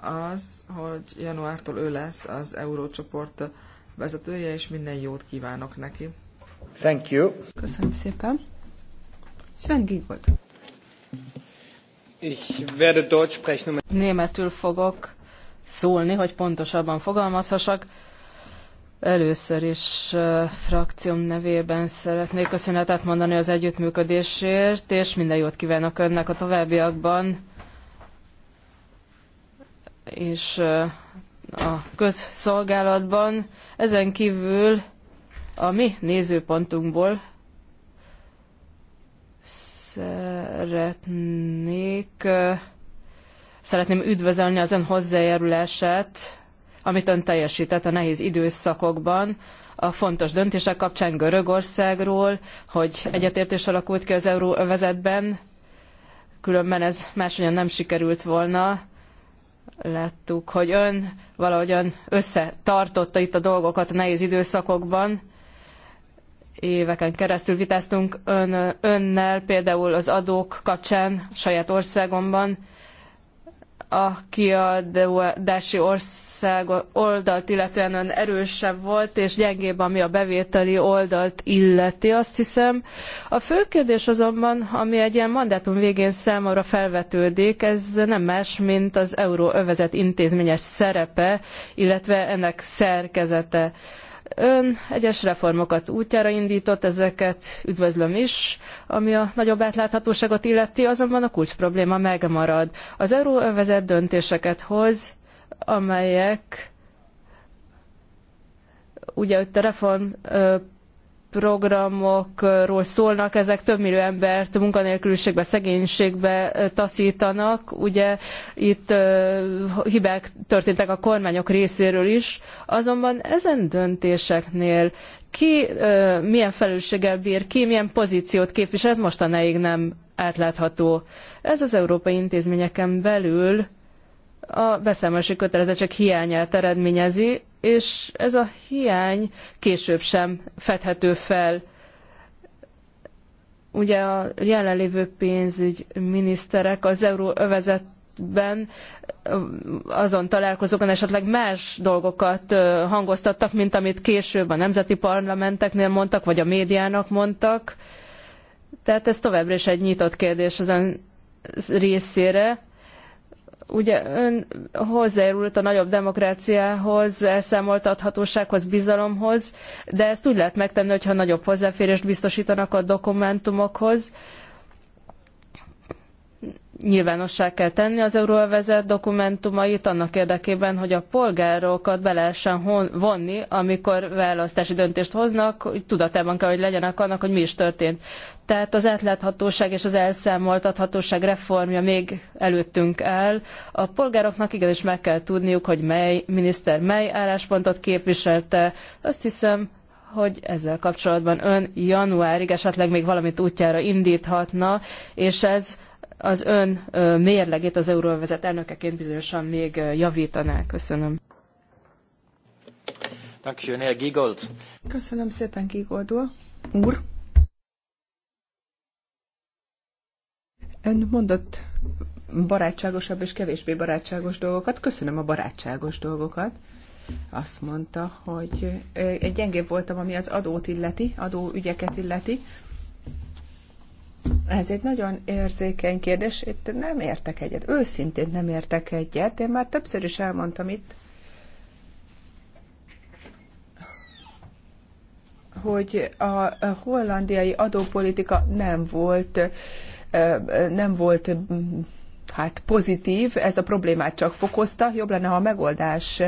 az, hogy januártól ő lesz az eurócsoport vezetője, és minden jót kívánok neki.
Thank you. Köszönöm szépen. Sven Giegold.
Ich werde Deutsch sprechen. Um Németül fogok szólni, hogy pontosabban fogalmazhassak. Először is frakcióm nevében szeretnék köszönetet mondani az együttműködésért, és minden jót kívánok önnek a továbbiakban és a közszolgálatban. Ezen kívül a mi nézőpontunkból szeretnék, szeretném üdvözölni az ön hozzájárulását, amit ön teljesített a nehéz időszakokban, a fontos döntések kapcsán Görögországról, hogy egyetértés alakult ki az euróövezetben, különben ez máshogyan nem sikerült volna láttuk, hogy ön valahogyan összetartotta itt a dolgokat a nehéz időszakokban. Éveken keresztül vitáztunk ön, önnel, például az adók kapcsán saját országomban, a kiadási ország oldalt illetően ön erősebb volt, és gyengébb, ami a bevételi oldalt illeti, azt hiszem. A fő kérdés azonban, ami egy ilyen mandátum végén számomra felvetődik, ez nem más, mint az euróövezet intézményes szerepe, illetve ennek szerkezete. Ön egyes reformokat útjára indított, ezeket üdvözlöm is, ami a nagyobb átláthatóságot illeti, azonban a kulcs probléma megmarad. Az euróövezet döntéseket hoz, amelyek ugye itt a reform programokról szólnak, ezek több millió embert munkanélküliségbe, szegénységbe taszítanak. Ugye itt hibák történtek a kormányok részéről is, azonban ezen döntéseknél ki milyen felelősséggel bír, ki milyen pozíciót képvisel, ez mostanáig nem átlátható. Ez az európai intézményeken belül a beszámolási kötelezettség hiányát eredményezi, és ez a hiány később sem fedhető fel. Ugye a jelenlévő pénzügyminiszterek az euróövezetben azon találkozókon esetleg más dolgokat hangoztattak, mint amit később a nemzeti parlamenteknél mondtak, vagy a médiának mondtak. Tehát ez továbbra is egy nyitott kérdés ön részére Ugye ön hozzájárult a nagyobb demokráciához, elszámoltathatósághoz, bizalomhoz, de ezt úgy lehet megtenni, hogyha nagyobb hozzáférést biztosítanak a dokumentumokhoz, nyilvánossá kell tenni az euróvezet dokumentumait annak érdekében, hogy a polgárokat be lehessen vonni, amikor választási döntést hoznak, tudatában kell, hogy legyenek annak, hogy mi is történt. Tehát az átláthatóság és az elszámoltathatóság reformja még előttünk áll. A polgároknak igenis meg kell tudniuk, hogy mely miniszter mely álláspontot képviselte. Azt hiszem, hogy ezzel kapcsolatban ön januárig esetleg még valamit útjára indíthatna, és ez az ön mérlegét az euróvezet elnökeként bizonyosan még javítaná. Köszönöm.
Köszönöm szépen, Gigold úr. Ön mondott barátságosabb és kevésbé barátságos dolgokat. Köszönöm a barátságos dolgokat. Azt mondta, hogy egy gyengébb voltam, ami az adót illeti, adóügyeket illeti. Ez egy nagyon érzékeny kérdés, itt nem értek egyet, őszintén nem értek egyet, én már többször is elmondtam itt, hogy a hollandiai adópolitika nem volt, nem volt hát pozitív, ez a problémát csak fokozta, jobb lenne, ha a megoldás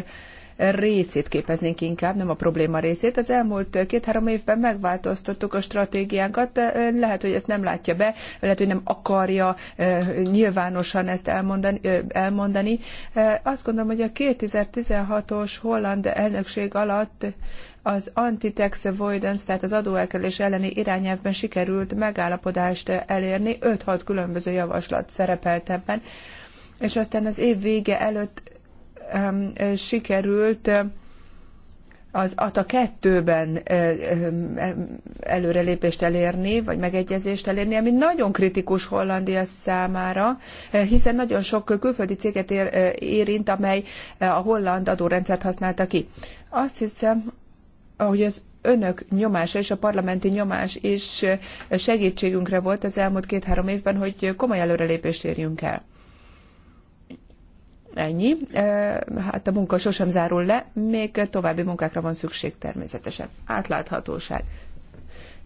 részét képeznénk inkább, nem a probléma részét. Az elmúlt két-három évben megváltoztattuk a stratégiánkat, lehet, hogy ezt nem látja be, lehet, hogy nem akarja nyilvánosan ezt elmondani. elmondani. Azt gondolom, hogy a 2016-os holland elnökség alatt az anti-tax avoidance, tehát az adóelkerülés elleni irányelvben sikerült megállapodást elérni, 5-6 különböző javaslat szerepelt ebben, és aztán az év vége előtt sikerült az ATA 2-ben előrelépést elérni, vagy megegyezést elérni, ami nagyon kritikus Hollandia számára, hiszen nagyon sok külföldi céget érint, amely a holland adórendszert használta ki. Azt hiszem, hogy az önök nyomása és a parlamenti nyomás is segítségünkre volt az elmúlt két-három évben, hogy komoly előrelépést érjünk el. Ennyi. Hát a munka sosem zárul le, még további munkákra van szükség természetesen. Átláthatóság.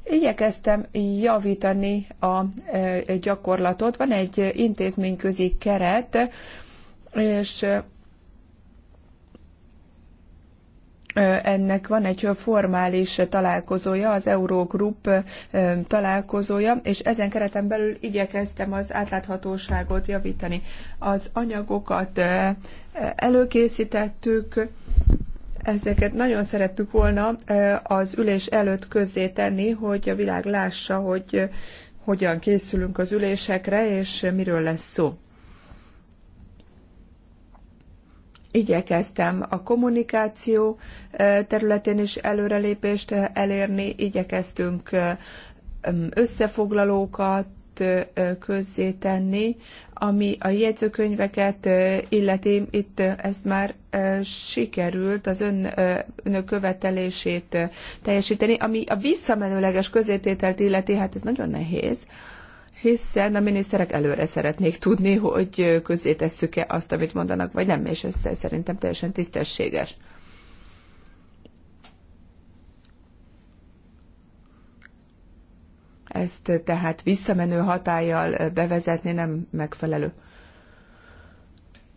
Igyekeztem javítani a gyakorlatot. Van egy intézményközi keret, és ennek van egy formális találkozója, az Eurogroup találkozója, és ezen kereten belül igyekeztem az átláthatóságot javítani. Az anyagokat előkészítettük, ezeket nagyon szerettük volna az ülés előtt tenni, hogy a világ lássa, hogy hogyan készülünk az ülésekre, és miről lesz szó. Igyekeztem a kommunikáció területén is előrelépést elérni, igyekeztünk összefoglalókat közzétenni, ami a jegyzőkönyveket illeti, itt ezt már sikerült az ön, önök követelését teljesíteni, ami a visszamenőleges közzétételt illeti, hát ez nagyon nehéz hiszen a miniszterek előre szeretnék tudni, hogy közzétesszük-e azt, amit mondanak, vagy nem, és ez szerintem teljesen tisztességes. Ezt tehát visszamenő hatállyal bevezetni nem megfelelő.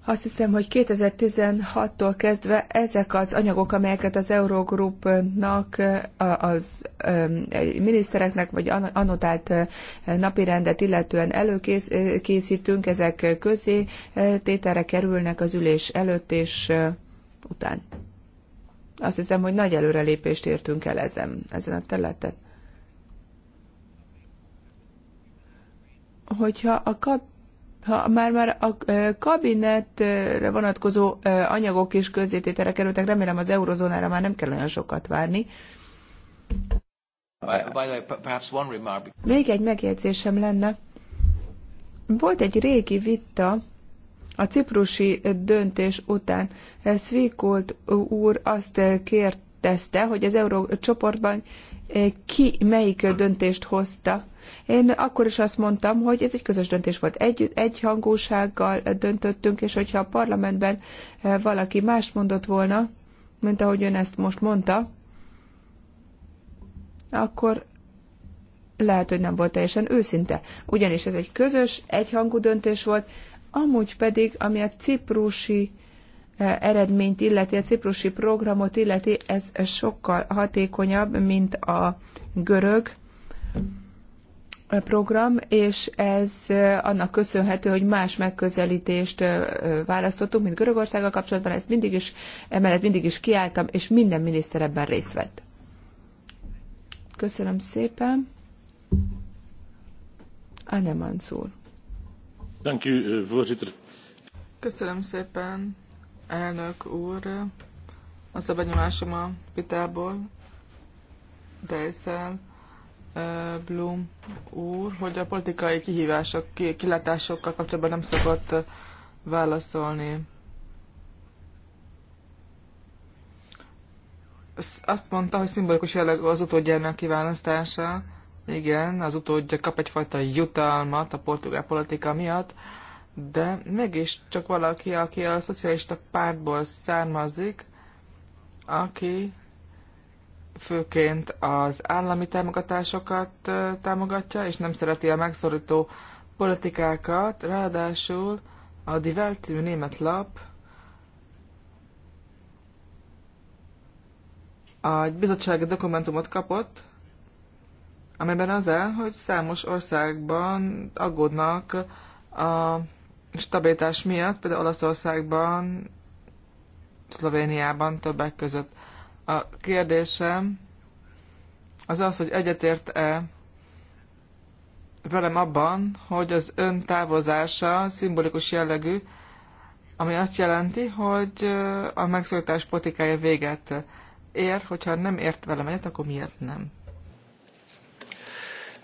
Azt hiszem, hogy 2016-tól kezdve ezek az anyagok, amelyeket az Eurogroupnak, az minisztereknek, vagy annotált napirendet illetően előkészítünk, ezek közé tételre kerülnek az ülés előtt és után. Azt hiszem, hogy nagy előrelépést értünk el ezen, ezen a területen. Hogyha a kap ha már, már a kabinetre vonatkozó anyagok és közzététere kerültek, remélem az eurozónára már nem kell olyan sokat várni. Még egy megjegyzésem lenne. Volt egy régi vita a ciprusi döntés után. Svikolt úr azt kérdezte, hogy az eurócsoportban ki melyik döntést hozta én akkor is azt mondtam, hogy ez egy közös döntés volt. Egy, egyhangúsággal döntöttünk, és hogyha a parlamentben eh, valaki más mondott volna, mint ahogy ön ezt most mondta, akkor lehet, hogy nem volt teljesen őszinte. Ugyanis ez egy közös, egyhangú döntés volt, amúgy pedig, ami a ciprusi eh, eredményt illeti, a ciprusi programot illeti, ez sokkal hatékonyabb, mint a görög program, és ez annak köszönhető, hogy más megközelítést választottunk, mint Görögországgal kapcsolatban, ezt mindig is, emellett mindig is kiálltam, és minden miniszter ebben részt vett. Köszönöm szépen. Anne Mansur. Köszönöm
szépen,
elnök úr. Az a benyomásom a vitából, de ezzel Blum úr, hogy a politikai kihívások, kilátásokkal kapcsolatban nem szokott válaszolni. Azt mondta, hogy szimbolikus jellegű az utódjának kiválasztása. Igen, az utódja kap egyfajta jutalmat a portugál politika miatt, de mégis csak valaki, aki a szocialista pártból származik, aki főként az állami támogatásokat támogatja, és nem szereti a megszorító politikákat, ráadásul a Die Welt német lap egy bizottsági dokumentumot kapott, amelyben az áll, hogy számos országban aggódnak a stabilitás miatt, például Olaszországban, Szlovéniában többek között. A kérdésem az az, hogy egyetért-e velem abban, hogy az ön távozása szimbolikus jellegű, ami azt jelenti, hogy a megszólítás politikája véget ér, hogyha nem ért velem egyet, akkor miért nem?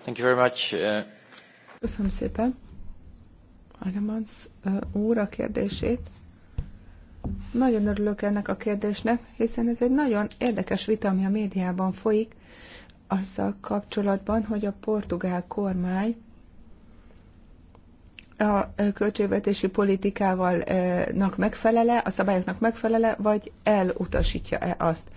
Thank you very much. Uh,
Köszönöm szépen. Alemans úr a kérdését. Nagyon örülök ennek a kérdésnek, hiszen ez egy nagyon érdekes vita, ami a médiában folyik, azzal kapcsolatban, hogy a portugál kormány a költségvetési politikával eh, megfelele, a szabályoknak megfelele, vagy elutasítja-e azt.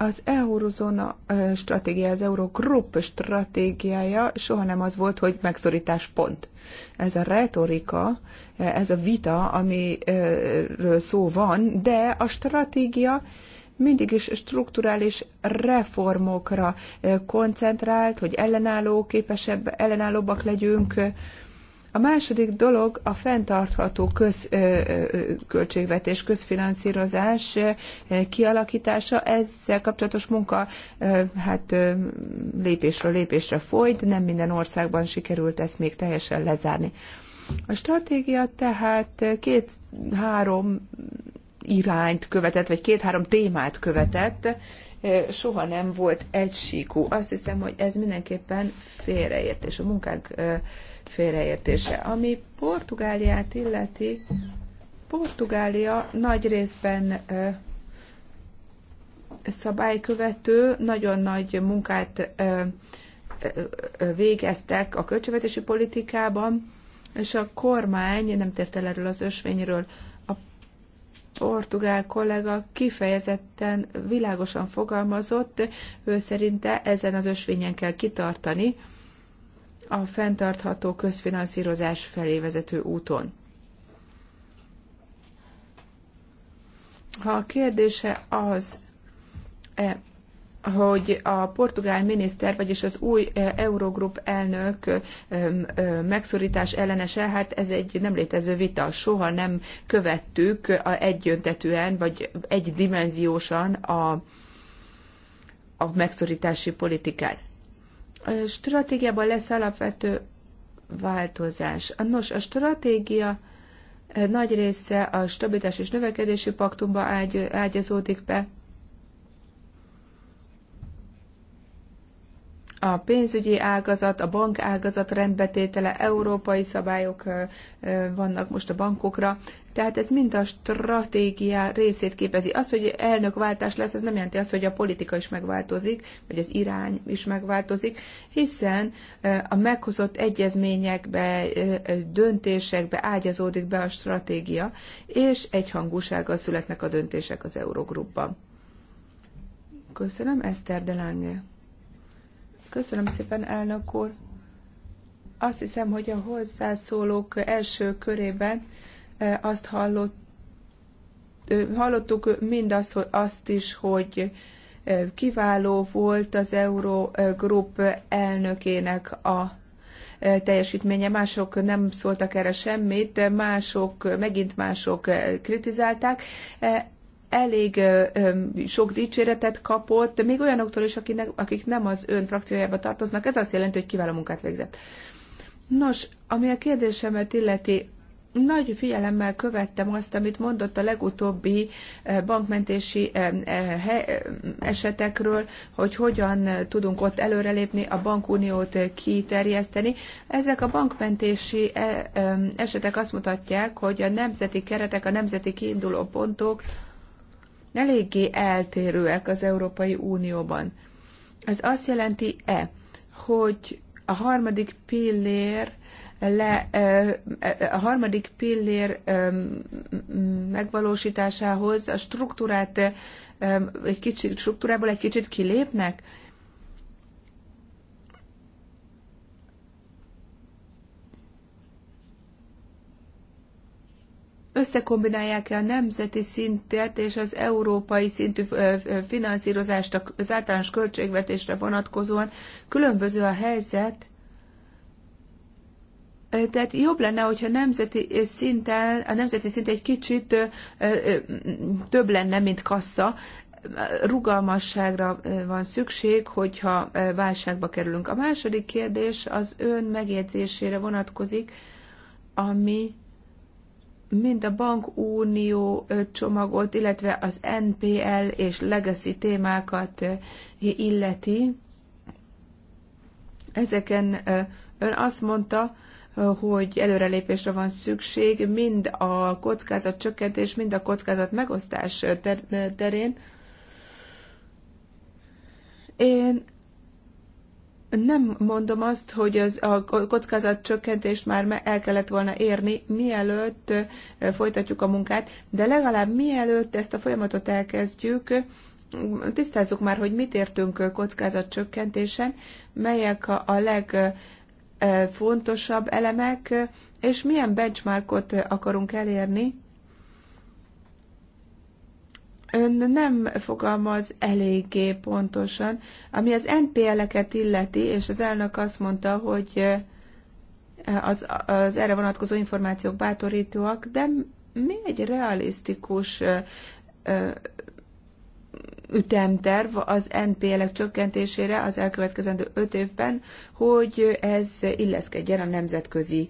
Az eurozóna stratégia, az Eurogroup stratégiája soha nem az volt, hogy megszorítás pont. Ez a retorika, ez a vita, amiről szó van, de a stratégia mindig is strukturális reformokra koncentrált, hogy ellenálló, képesebb, ellenállóbbak legyünk, a második dolog a fenntartható közköltségvetés, közfinanszírozás kialakítása. Ezzel kapcsolatos munka hát lépésről lépésre folyt, nem minden országban sikerült ezt még teljesen lezárni. A stratégia tehát két-három irányt követett, vagy két-három témát követett, soha nem volt egysíkú. Azt hiszem, hogy ez mindenképpen félreértés, a munkánk félreértése. Ami Portugáliát illeti, Portugália nagy részben szabálykövető, nagyon nagy munkát végeztek a költségvetési politikában, és a kormány nem tért el erről az ösvényről portugál kollega kifejezetten világosan fogalmazott, ő szerinte ezen az ösvényen kell kitartani a fenntartható közfinanszírozás felé vezető úton. Ha a kérdése az, hogy a portugál miniszter, vagyis az új e, Eurogroup elnök e, e, megszorítás ellenese, hát ez egy nem létező vita. Soha nem követtük a egyöntetűen, vagy egydimenziósan a, a megszorítási politikát. A stratégiában lesz alapvető változás. Nos, a stratégia nagy része a stabilitás és növekedési paktumba ágy, ágyazódik be, a pénzügyi ágazat, a bank ágazat rendbetétele, európai szabályok vannak most a bankokra, tehát ez mind a stratégia részét képezi. Az, hogy elnökváltás lesz, ez nem jelenti azt, hogy a politika is megváltozik, vagy az irány is megváltozik, hiszen a meghozott egyezményekbe, döntésekbe ágyazódik be a stratégia, és egyhangúsággal születnek a döntések az Eurogrupban. Köszönöm, Eszter Delange. Köszönöm szépen, elnök úr. Azt hiszem, hogy a hozzászólók első körében eh, azt hallott, eh, hallottuk mindazt, hogy azt is, hogy eh, kiváló volt az Eurogrup elnökének a teljesítménye. Mások nem szóltak erre semmit, mások, megint mások kritizálták elég sok dicséretet kapott, még olyanoktól is, akik nem az ön frakciójába tartoznak. Ez azt jelenti, hogy kiváló munkát végzett. Nos, ami a kérdésemet illeti, nagy figyelemmel követtem azt, amit mondott a legutóbbi bankmentési esetekről, hogy hogyan tudunk ott előrelépni, a bankuniót kiterjeszteni. Ezek a bankmentési e, esetek azt mutatják, hogy a nemzeti keretek, a nemzeti kiinduló pontok, eléggé eltérőek az Európai Unióban. Ez azt jelenti-e, hogy a harmadik pillér le, a harmadik pillér megvalósításához a struktúrát egy kicsit, struktúrából egy kicsit kilépnek? összekombinálják-e a nemzeti szintet és az európai szintű finanszírozást az általános költségvetésre vonatkozóan. Különböző a helyzet, tehát jobb lenne, hogyha nemzeti szinten, a nemzeti szint egy kicsit több lenne, mint kassa. Rugalmasságra van szükség, hogyha válságba kerülünk. A második kérdés az ön megjegyzésére vonatkozik, ami mind a bankunió csomagot, illetve az NPL és legacy témákat illeti. Ezeken ön azt mondta, hogy előrelépésre van szükség mind a kockázat csökkentés, mind a kockázat megosztás terén. Én nem mondom azt, hogy az, a kockázat csökkentést már el kellett volna érni, mielőtt folytatjuk a munkát, de legalább mielőtt ezt a folyamatot elkezdjük, tisztázzuk már, hogy mit értünk kockázat csökkentésen, melyek a, a legfontosabb elemek, és milyen benchmarkot akarunk elérni ön nem fogalmaz eléggé pontosan. Ami az NPL-eket illeti, és az elnök azt mondta, hogy az, az erre vonatkozó információk bátorítóak, de mi egy realisztikus ütemterv az NPL-ek csökkentésére az elkövetkezendő öt évben, hogy ez illeszkedjen a nemzetközi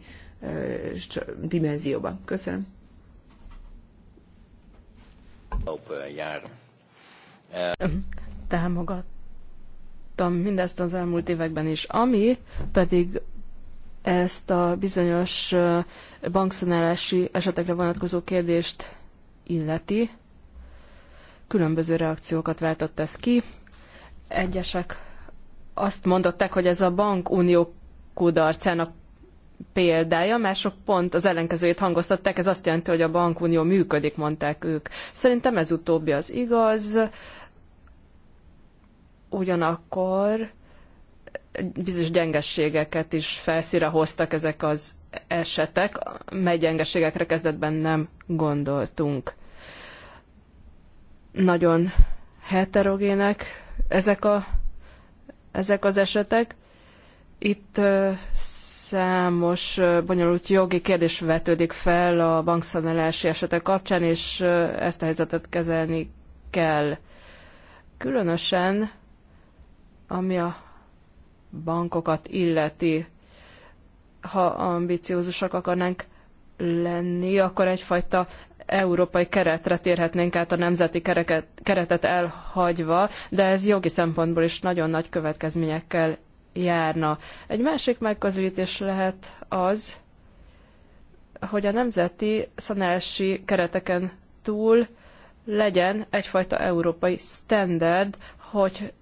dimenzióba. Köszönöm. Támogattam mindezt az elmúlt években is, ami pedig ezt a bizonyos bankszanálási esetekre vonatkozó kérdést illeti. Különböző reakciókat váltott ez ki. Egyesek azt mondották, hogy ez a bankunió kudarcának példája, mások pont az ellenkezőjét hangoztatták, ez azt jelenti, hogy a bankunió működik, mondták ők. Szerintem ez utóbbi az igaz, ugyanakkor bizonyos gyengességeket is felszíre hoztak ezek az esetek, mely gyengességekre kezdetben nem gondoltunk. Nagyon heterogének ezek, a, ezek az esetek. Itt uh, számos bonyolult jogi kérdés vetődik fel a bankszanálási esetek kapcsán, és ezt a helyzetet kezelni kell. Különösen, ami a bankokat illeti, ha ambiciózusak akarnánk lenni, akkor egyfajta európai keretre térhetnénk át a nemzeti kereket, keretet elhagyva, de ez jogi szempontból is nagyon nagy következményekkel járna. Egy másik megközelítés lehet az, hogy a nemzeti szanálási kereteken túl legyen egyfajta európai standard, hogy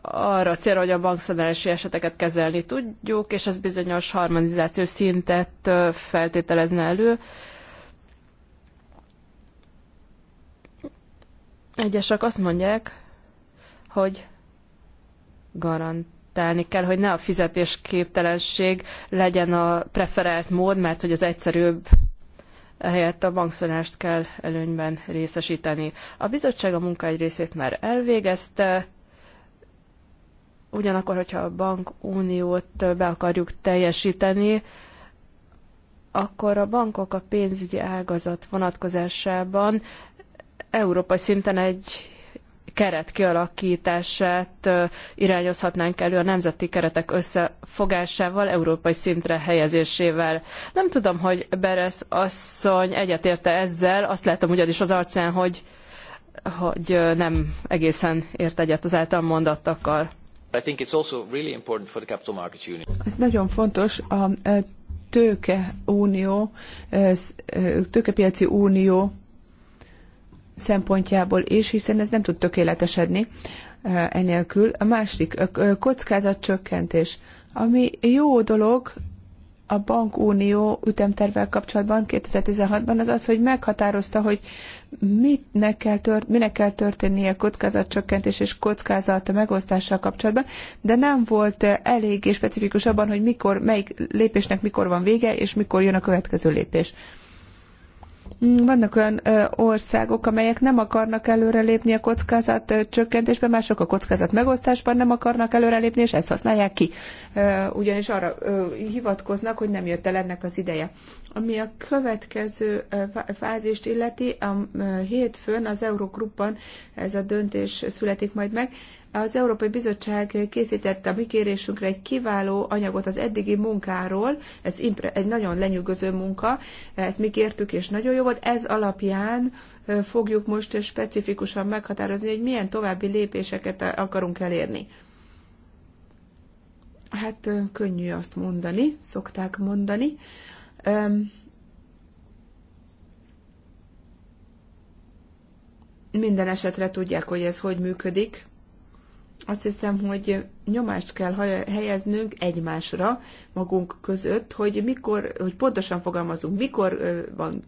arra célra, hogy a bankszanálási eseteket kezelni tudjuk, és ez bizonyos harmonizáció szintet feltételezne elő. Egyesek azt mondják, hogy garant garantálni kell, hogy ne a fizetésképtelenség legyen a preferált mód, mert hogy az egyszerűbb helyett a bankszolást kell előnyben részesíteni. A bizottság a munka egy részét már elvégezte, ugyanakkor, hogyha a bankuniót be akarjuk teljesíteni, akkor a bankok a pénzügyi ágazat vonatkozásában európai szinten egy keret kialakítását irányozhatnánk elő a nemzeti keretek összefogásával, európai szintre helyezésével. Nem tudom, hogy Beres asszony egyetérte ezzel, azt látom ugyanis az arcán, hogy, hogy nem egészen ért egyet az által mondattakkal. Really Ez nagyon fontos a tőkeunió,
tőkepiaci unió szempontjából is, hiszen ez nem tud tökéletesedni enélkül. A másik, a kockázatcsökkentés, ami jó dolog, a bankunió ütemtervel kapcsolatban 2016-ban az az, hogy meghatározta, hogy mitnek kell tört, minek kell történnie kockázatcsökkentés és kockázat megosztással kapcsolatban, de nem volt elég és specifikus abban, hogy mikor, melyik lépésnek mikor van vége, és mikor jön a következő lépés. Vannak olyan országok, amelyek nem akarnak előrelépni a kockázat csökkentésben, mások a kockázat megosztásban nem akarnak előrelépni, és ezt használják ki. Ugyanis arra hivatkoznak, hogy nem jött el ennek az ideje. Ami a következő fázist illeti, a hétfőn az Eurogrupban ez a döntés születik majd meg, az Európai Bizottság készítette a mi kérésünkre egy kiváló anyagot az eddigi munkáról, ez egy nagyon lenyűgöző munka, ezt mi kértük, és nagyon jó volt. Ez alapján fogjuk most specifikusan meghatározni, hogy milyen további lépéseket akarunk elérni. Hát könnyű azt mondani, szokták mondani. Minden esetre tudják, hogy ez hogy működik azt hiszem, hogy nyomást kell helyeznünk egymásra, magunk között, hogy mikor, hogy pontosan fogalmazunk, mikor van,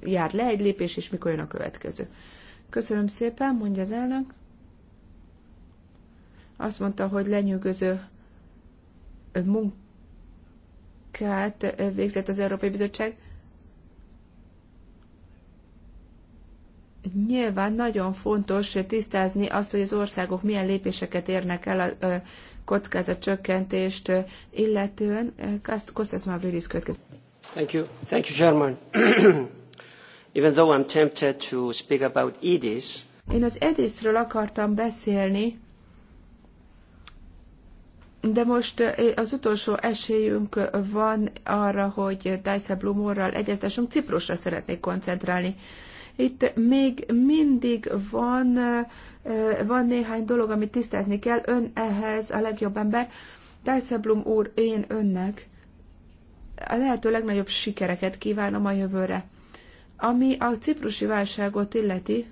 jár le egy lépés, és mikor jön a következő. Köszönöm szépen, mondja az elnök. Azt mondta, hogy lenyűgöző munkát végzett az Európai Bizottság. nyilván nagyon fontos tisztázni azt, hogy az országok milyen lépéseket érnek el a kockázatcsökkentést, illetően Kostas Mavridis következik.
Thank you. Thank
you, Chairman. (clears throat) Even though I'm tempted to speak about EDIS,
én az EDIS-ről akartam beszélni, de most az utolsó esélyünk van arra, hogy Dyson Blumorral egyeztessünk. Ciprusra szeretnék koncentrálni. Uh, itt még mindig van, eh, van néhány dolog, amit tisztázni kell. Ön ehhez a legjobb ember. Dijsselblum úr, én önnek a lehető legnagyobb sikereket kívánom a jövőre. Ami a ciprusi válságot illeti,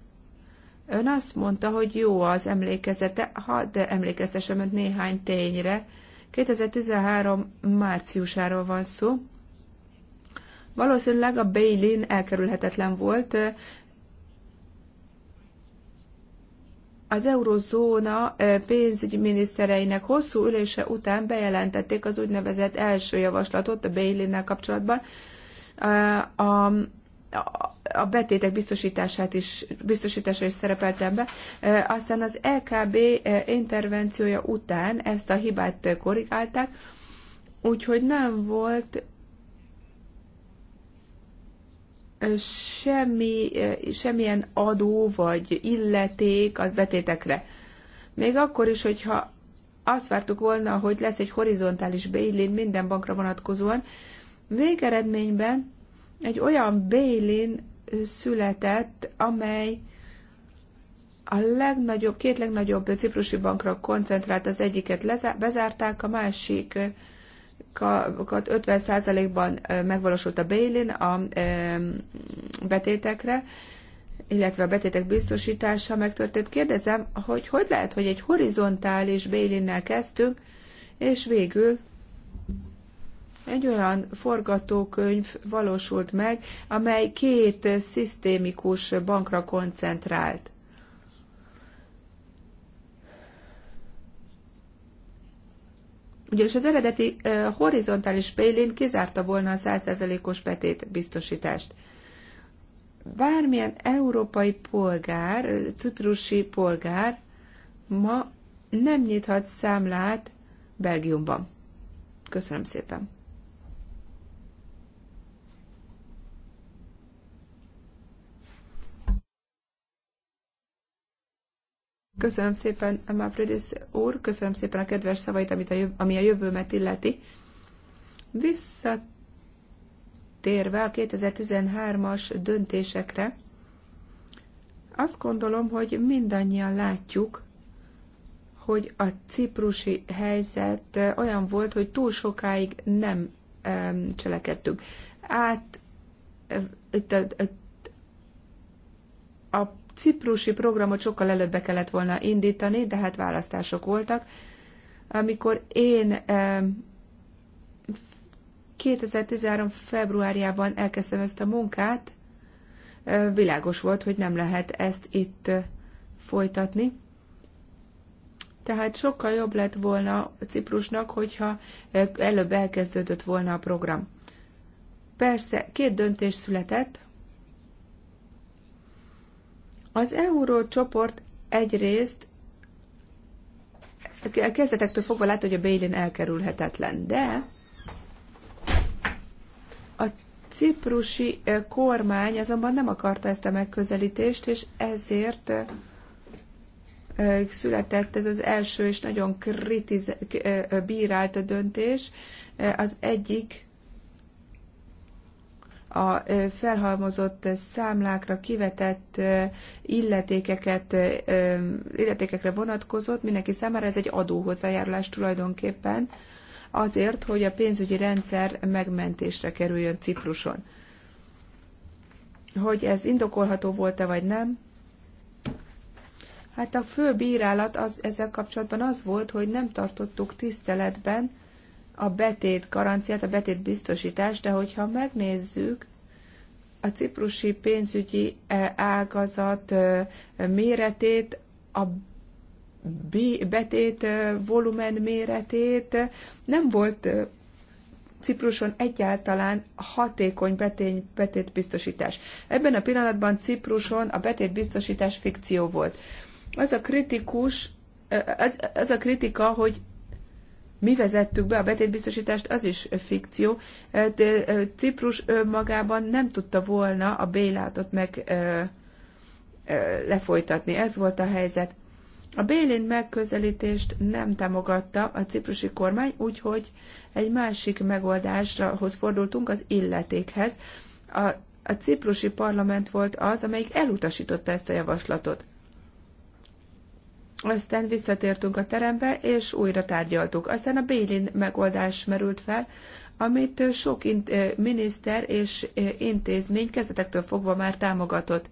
ön azt mondta, hogy jó az emlékezete, ha de emlékeztesem önt néhány tényre. 2013 márciusáról van szó. Valószínűleg a Bailin elkerülhetetlen volt. Az eurozóna eh, pénzügyi minisztereinek hosszú ülése után bejelentették az úgynevezett első javaslatot a bail kapcsolatban. Eh, a a betétek biztosítását is, biztosítása is szerepelt ebbe. Eh, aztán az LKB intervenciója után ezt a hibát korrigálták, úgyhogy nem volt semmi, eh, semmilyen adó vagy illeték az betétekre. Még akkor is, hogyha azt vártuk volna, hogy lesz egy horizontális bailin minden bankra vonatkozóan, végeredményben egy olyan bailin született, amely a legnagyobb, két legnagyobb ciprusi bankra koncentrált, az egyiket lezá- bezárták, a másik 50%-ban megvalósult a Bélin a betétekre, illetve a betétek biztosítása megtörtént. Kérdezem, hogy hogy lehet, hogy egy horizontális Bélinnel kezdtünk, és végül egy olyan forgatókönyv valósult meg, amely két szisztémikus bankra koncentrált. ugyanis az eredeti horizontális bail kizárta volna a 100%-os betét biztosítást. Bármilyen európai polgár, ciprusi polgár ma nem nyithat számlát Belgiumban. Köszönöm szépen. Köszönöm szépen, Mavridis úr, köszönöm szépen a kedves szavait, amit a jöv, ami a jövőmet illeti. Visszatérve a 2013-as döntésekre, azt gondolom, hogy mindannyian látjuk, hogy a ciprusi helyzet eh, olyan volt, hogy túl sokáig nem cselekedtünk. Át eh, itt a, a ciprusi programot sokkal előbb be kellett volna indítani, de hát választások voltak. Amikor én 2013. februárjában elkezdtem ezt a munkát, világos volt, hogy nem lehet ezt itt folytatni. Tehát sokkal jobb lett volna Ciprusnak, hogyha előbb elkezdődött volna a program. Persze, két döntés született, az eurócsoport egyrészt a kezdetektől fogva látta, hogy a Bélin elkerülhetetlen, de a ciprusi eh, kormány azonban nem akarta ezt a megközelítést, és ezért eh, született ez az első és nagyon kritiz, eh, bírált döntés. Az egyik a felhalmozott számlákra kivetett illetékeket, illetékekre vonatkozott, mindenki számára ez egy adóhozzájárulás tulajdonképpen, azért, hogy a pénzügyi rendszer megmentésre kerüljön Cipruson. Hogy ez indokolható volt-e vagy nem, Hát a fő bírálat az, ezzel kapcsolatban az volt, hogy nem tartottuk tiszteletben a betét garanciát, a betét biztosítást, de hogyha megnézzük a ciprusi pénzügyi e, ágazat e, méretét, a betét e, volumen méretét, nem volt Cipruson egyáltalán hatékony betény, betétbiztosítás. Ebben a pillanatban Cipruson a betétbiztosítás fikció volt. Az a kritikus, az, az a kritika, hogy mi vezettük be a betétbiztosítást, az is fikció. Ciprus magában nem tudta volna a bélátot meg lefolytatni. Ez volt a helyzet. A Bélin megközelítést nem támogatta a ciprusi kormány, úgyhogy egy másik megoldáshoz fordultunk az illetékhez. A, a ciprusi parlament volt az, amelyik elutasította ezt a javaslatot. Aztán visszatértünk a terembe, és újra tárgyaltuk. Aztán a Bélin megoldás merült fel, amit sok miniszter és intézmény kezdetektől fogva már támogatott.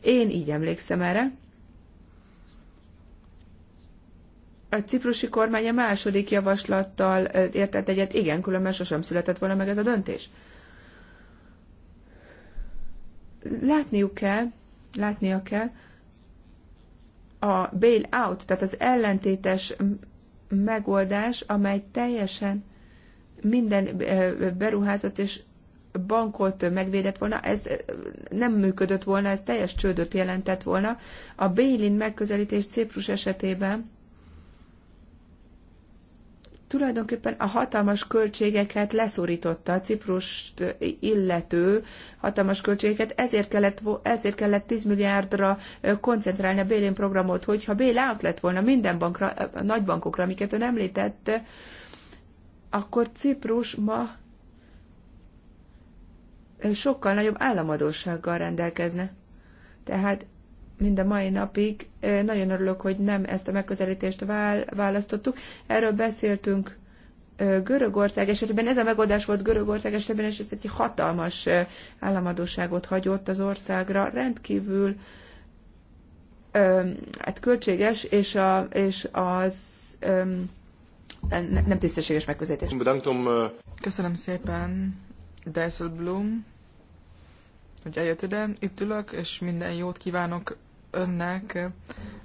Én így emlékszem erre. A ciprusi kormány a második javaslattal értett egyet, igen, különben sosem született volna meg ez a döntés. Látniuk kell, látnia kell, a bail-out, tehát az ellentétes megoldás, amely teljesen minden beruházott és bankot megvédett volna, ez nem működött volna, ez teljes csődöt jelentett volna. A bail-in megközelítés Ciprus esetében tulajdonképpen a hatalmas költségeket leszorította a Ciprust illető hatalmas költségeket, ezért kellett, ezért kellett 10 milliárdra koncentrálni a Bélén programot, hogyha Bél állt lett volna minden bankra, a nagybankokra, amiket ön említett, akkor Ciprus ma sokkal nagyobb államadósággal rendelkezne. Tehát mind a mai napig. Nagyon örülök, hogy nem ezt a megközelítést választottuk. Erről beszéltünk Görögország esetében, ez a megoldás volt Görögország esetében, és ez egy hatalmas államadóságot hagyott az országra, rendkívül hát költséges, és, a, és az nem tisztességes megközelítés. Köszönöm szépen, Dyson Bloom,
hogy eljött ide, itt ülök, és minden jót kívánok önnek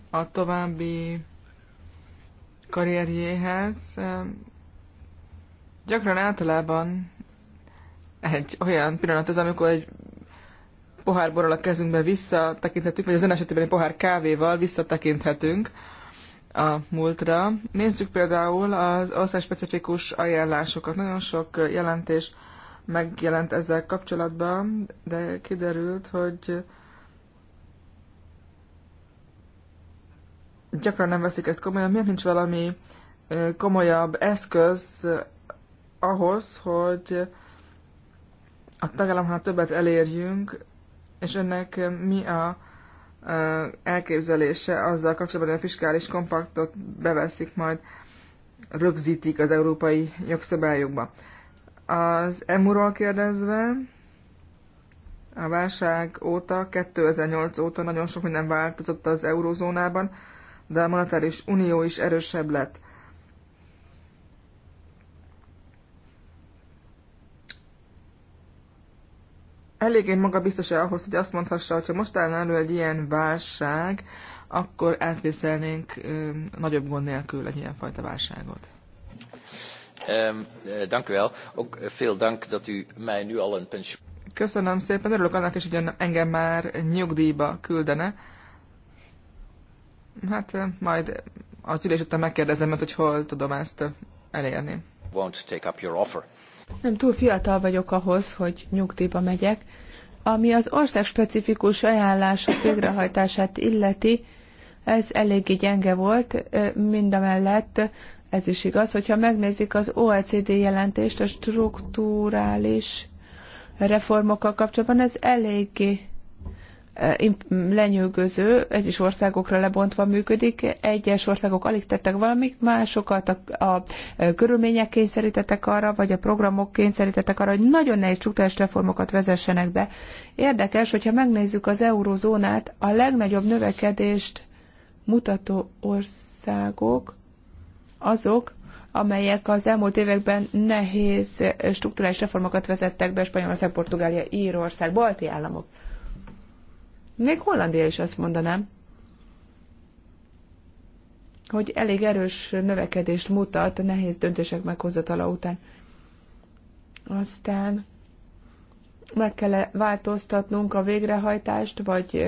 a további karrierjéhez. Gyakran általában egy olyan pillanat ez, amikor egy pohár borral a kezünkbe visszatekinthetünk, vagy az ön esetében egy pohár kávéval visszatekinthetünk a múltra. Nézzük például az országspecifikus ajánlásokat. Nagyon sok jelentés megjelent ezzel kapcsolatban, de kiderült, hogy gyakran nem veszik ezt komolyan. Miért nincs valami komolyabb eszköz ahhoz, hogy a tagállamnál többet elérjünk, és ennek mi a elképzelése azzal kapcsolatban, hogy a fiskális kompaktot beveszik, majd rögzítik az európai jogszabályokba. Az EMU-ról kérdezve, a válság óta, 2008 óta nagyon sok minden változott az eurózónában, de a monetáris unió is erősebb lett. Eléggé biztos e ahhoz, hogy azt mondhassa, hogy ha most állna elő egy ilyen válság, akkor átvészelnénk ö, nagyobb gond nélkül egy ilyen fajta válságot.
Um, dank u wel. Ook eh, veel dank dat u mij nu al een pensioen...
Köszönöm szépen, örülök annak is, hogy engem már nyugdíjba küldene.
Hát majd
az ülés után megkérdezem, mert hogy hol tudom ezt elérni. Won't take up your offer.
Nem túl fiatal vagyok ahhoz, hogy nyugdíjba megyek. Ami az ország specifikus ajánlások végrehajtását illeti, ez eléggé gyenge volt, mindamellett ez is igaz, hogyha megnézik az OECD jelentést a strukturális reformokkal kapcsolatban, ez eléggé lenyűgöző, ez is országokra lebontva működik. Egyes országok alig tettek valamit, másokat a, a körülmények kényszerítettek arra, vagy a programok kényszerítettek arra, hogy nagyon nehéz strukturális reformokat vezessenek be. Érdekes, hogyha megnézzük az eurozónát, a legnagyobb növekedést mutató országok azok, amelyek az elmúlt években nehéz strukturális reformokat vezettek be Spanyolország, Portugália, Írország, balti államok. Még Hollandia is azt mondanám, hogy elég erős növekedést mutat a nehéz döntések meghozatala után. Aztán meg kell -e változtatnunk a végrehajtást, vagy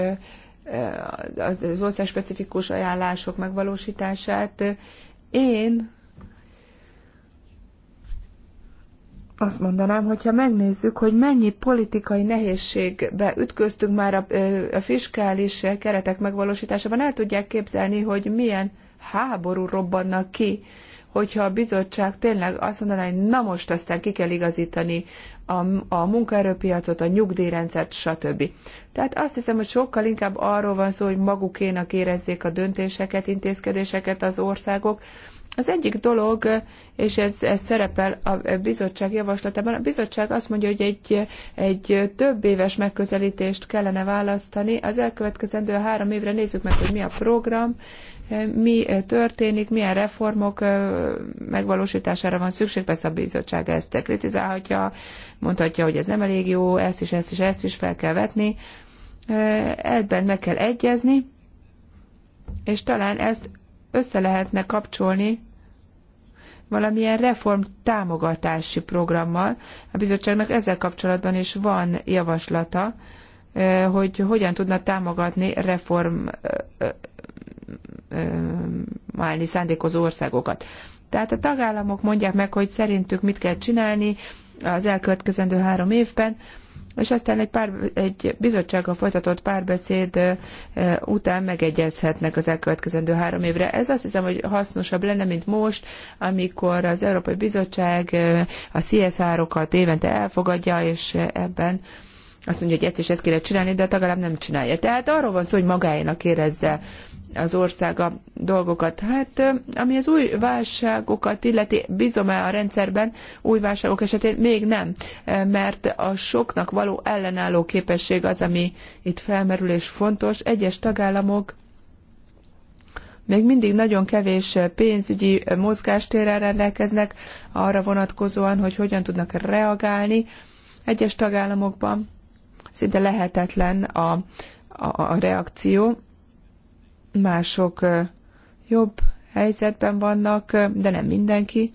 az országspecifikus ajánlások megvalósítását. Én azt mondanám, hogyha megnézzük, hogy mennyi politikai nehézségbe ütköztünk már a, a fiskális keretek megvalósításában, el tudják képzelni, hogy milyen háború robbannak ki, hogyha a bizottság tényleg azt mondaná, hogy na most aztán ki kell igazítani a, a munkaerőpiacot, a nyugdíjrendszert, stb. Tehát azt hiszem, hogy sokkal inkább arról van szó, hogy magukénak érezzék a döntéseket, intézkedéseket az országok, az egyik dolog, és ez, ez szerepel a bizottság javaslatában, a bizottság azt mondja, hogy egy, egy több éves megközelítést kellene választani. Az elkövetkezendő három évre nézzük meg, hogy mi a program, mi történik, milyen reformok megvalósítására van szükség. Persze a bizottság ezt kritizálhatja, mondhatja, hogy ez nem elég jó, ezt is, ezt is, ezt is fel kell vetni. Ebben meg kell egyezni, és talán ezt össze lehetne kapcsolni valamilyen reform támogatási programmal. A bizottságnak ezzel kapcsolatban is van javaslata, hogy hogyan tudna támogatni reformálni szándékozó országokat. Tehát a tagállamok mondják meg, hogy szerintük mit kell csinálni az elkövetkezendő három évben, és aztán egy, pár, egy bizottsággal folytatott párbeszéd után megegyezhetnek az elkövetkezendő három évre. Ez azt hiszem, hogy hasznosabb lenne, mint most, amikor az Európai Bizottság a CSR-okat évente elfogadja, és ebben azt mondja, hogy ezt is ezt kéne csinálni, de legalább nem csinálja. Tehát arról van szó, hogy magáénak érezze az országa dolgokat. Hát ami az új válságokat illeti, bízom -e a rendszerben, új válságok esetén még nem, mert a soknak való ellenálló képesség az, ami itt felmerül és fontos. Egyes tagállamok még mindig nagyon kevés pénzügyi mozgástérrel rendelkeznek arra vonatkozóan, hogy hogyan tudnak reagálni. Egyes tagállamokban szinte lehetetlen a, a, a reakció mások jobb helyzetben vannak, de nem mindenki.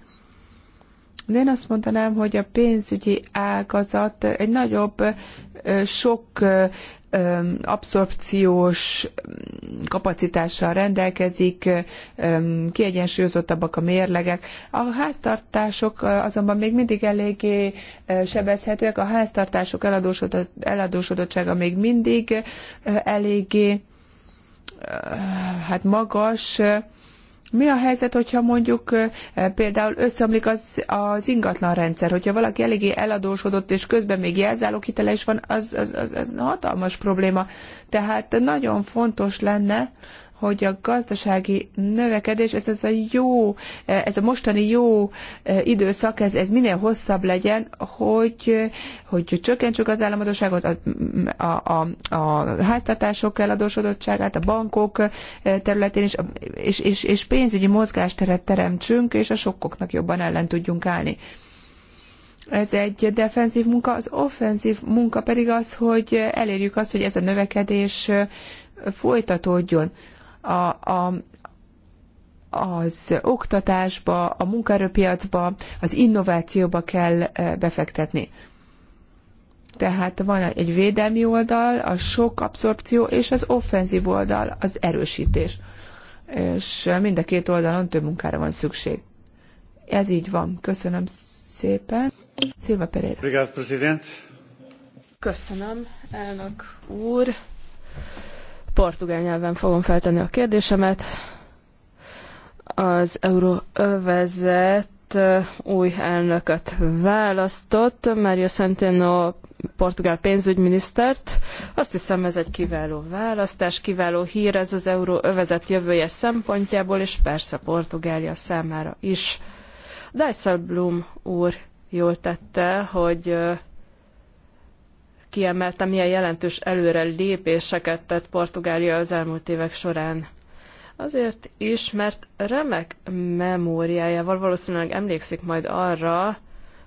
De én azt mondanám, hogy a pénzügyi ágazat egy nagyobb sok abszorpciós mm, kapacitással rendelkezik, kiegyensúlyozottabbak a mérlegek. A háztartások azonban még mindig eléggé sebezhetőek, a háztartások eladósodottsága még mindig eléggé hát magas. Mi a helyzet, hogyha mondjuk például összeomlik az, az ingatlan rendszer, hogyha valaki eléggé eladósodott, és közben még jelzálókitele is van, az, az, az, az hatalmas probléma. Tehát nagyon fontos lenne, hogy a gazdasági növekedés, ez, ez a jó, ez a mostani jó e, időszak, ez, ez minél hosszabb legyen, hogy, hogy csökkentsük az államadóságot, a, a, a, a háztartások eladósodottságát, a bankok e, területén is, és, és, és pénzügyi mozgásteret teremtsünk, és a sokkoknak jobban ellen tudjunk állni. Ez egy defenzív munka, az offenzív munka pedig az, hogy elérjük azt, hogy ez a növekedés e, folytatódjon a, a, az oktatásba, a munkaerőpiacba, az innovációba kell befektetni. Tehát van egy védelmi oldal, a sok abszorpció, és az offenzív oldal, az erősítés. És mind a két oldalon több munkára van szükség. Ez így van.
Köszönöm szépen. Szilva Pereira. Köszönöm, elnök úr. Portugál nyelven fogom feltenni a kérdésemet. Az euróövezet új elnököt választott, Mário Centeno portugál pénzügyminisztert. Azt hiszem ez egy kiváló választás, kiváló hír ez az euróövezet jövője szempontjából, és persze Portugália számára is. Dijsselbloem úr jól tette, hogy kiemelte, milyen jelentős előre lépéseket tett Portugália az elmúlt évek során. Azért is, mert remek memóriájával valószínűleg emlékszik majd arra,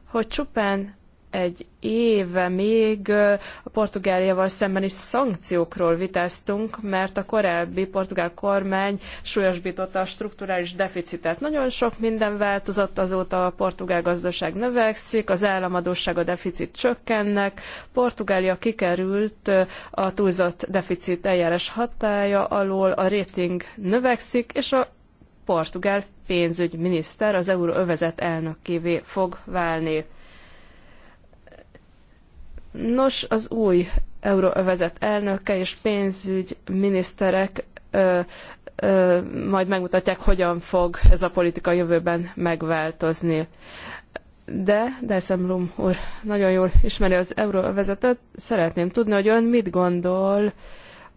hogy csupán egy éve még a Portugáliával is szankciókról vitáztunk, mert a korábbi portugál kormány súlyosbította a strukturális deficitet. Nagyon sok minden változott azóta a portugál gazdaság növekszik, az államadóság a deficit csökkennek, Portugália kikerült a túlzott deficit eljárás hatája alól, a rating növekszik, és a portugál pénzügyminiszter az euróövezet elnökévé fog válni. Nos, az új euróövezet elnöke és pénzügyminiszterek ö, ö, majd megmutatják, hogyan fog ez a politika jövőben megváltozni. De, Dijsselbloem úr nagyon jól ismeri az euróvezetet, szeretném tudni, hogy ön mit gondol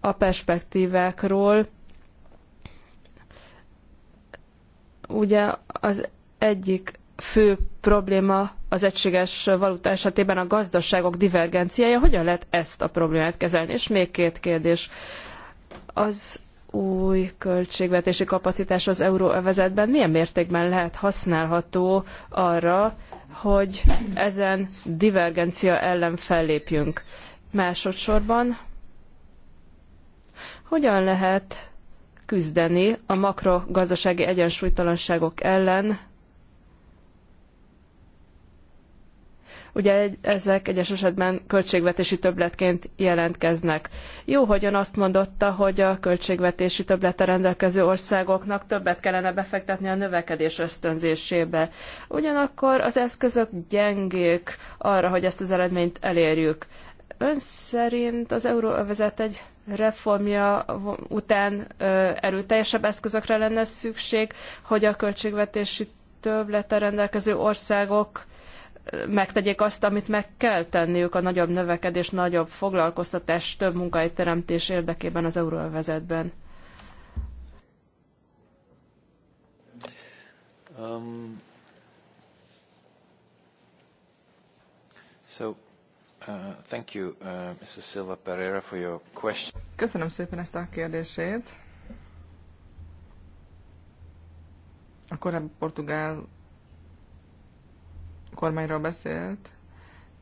a perspektívákról. Ugye az egyik fő probléma az egységes valuta esetében a gazdaságok divergenciája. Hogyan lehet ezt a problémát kezelni? És még két kérdés. Az új költségvetési kapacitás az euróövezetben milyen mértékben lehet használható arra, hogy ezen divergencia ellen fellépjünk? Másodszorban, hogyan lehet küzdeni a makrogazdasági egyensúlytalanságok ellen, Ugye ezek egyes esetben költségvetési többletként jelentkeznek. Jó, hogy ön azt mondotta, hogy a költségvetési többlete rendelkező országoknak többet kellene befektetni a növekedés ösztönzésébe. Ugyanakkor az eszközök gyengék arra, hogy ezt az eredményt elérjük. Ön szerint az euróövezet egy reformja után erőteljesebb eszközökre lenne szükség, hogy a költségvetési többlete rendelkező országok megtegyék azt, amit meg kell tenniük a nagyobb növekedés, nagyobb foglalkoztatás, több munkahelyteremtés érdekében az euróvezetben? Um, so, uh, thank you, uh, Mrs. Silva Pereira, for your question.
Köszönöm szépen ezt a kérdését. A korábbi portugál kormányról beszélt,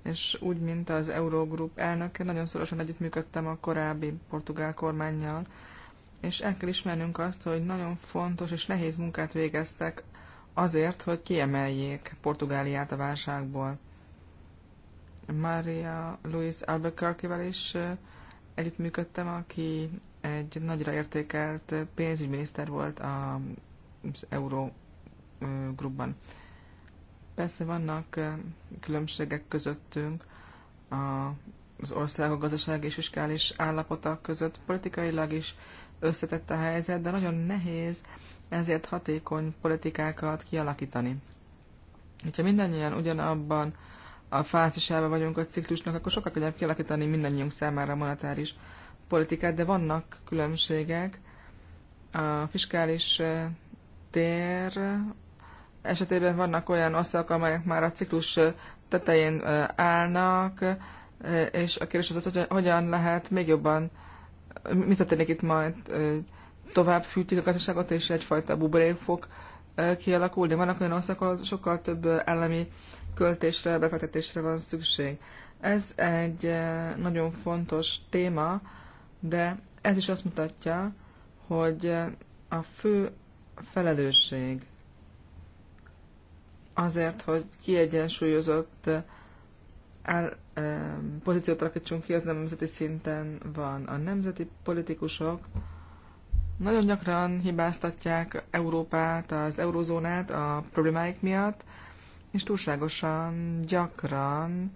és úgy, mint az Eurogroup elnöke, nagyon szorosan együttműködtem a korábbi portugál kormányjal, és el kell ismernünk azt, hogy nagyon fontos és nehéz munkát végeztek azért, hogy kiemeljék Portugáliát a válságból. Maria Luis Albuquerque-vel is együttműködtem, aki egy nagyra értékelt pénzügyminiszter volt az Eurogrupban. Persze vannak különbségek közöttünk az országok gazdasági és fiskális állapota között, politikailag is összetett a helyzet, de nagyon nehéz ezért hatékony politikákat kialakítani. Hogyha mindannyian ugyanabban a fázisában vagyunk a ciklusnak, akkor sokkal könnyebb kialakítani mindannyiunk számára monetáris politikát, de vannak különbségek. A fiskális tér esetében vannak olyan országok, amelyek már a ciklus tetején állnak, és a kérdés az az, hogy hogyan lehet még jobban, mit történik itt majd, tovább fűtik a gazdaságot, és egyfajta buborék fog kialakulni. Vannak olyan országok, ahol sokkal több elemi költésre, befektetésre van szükség. Ez egy nagyon fontos téma, de ez is azt mutatja, hogy a fő felelősség azért, hogy kiegyensúlyozott áll, pozíciót alakítsunk ki, az nemzeti szinten van. A nemzeti politikusok nagyon gyakran hibáztatják Európát, az eurozónát a problémáik miatt, és túlságosan gyakran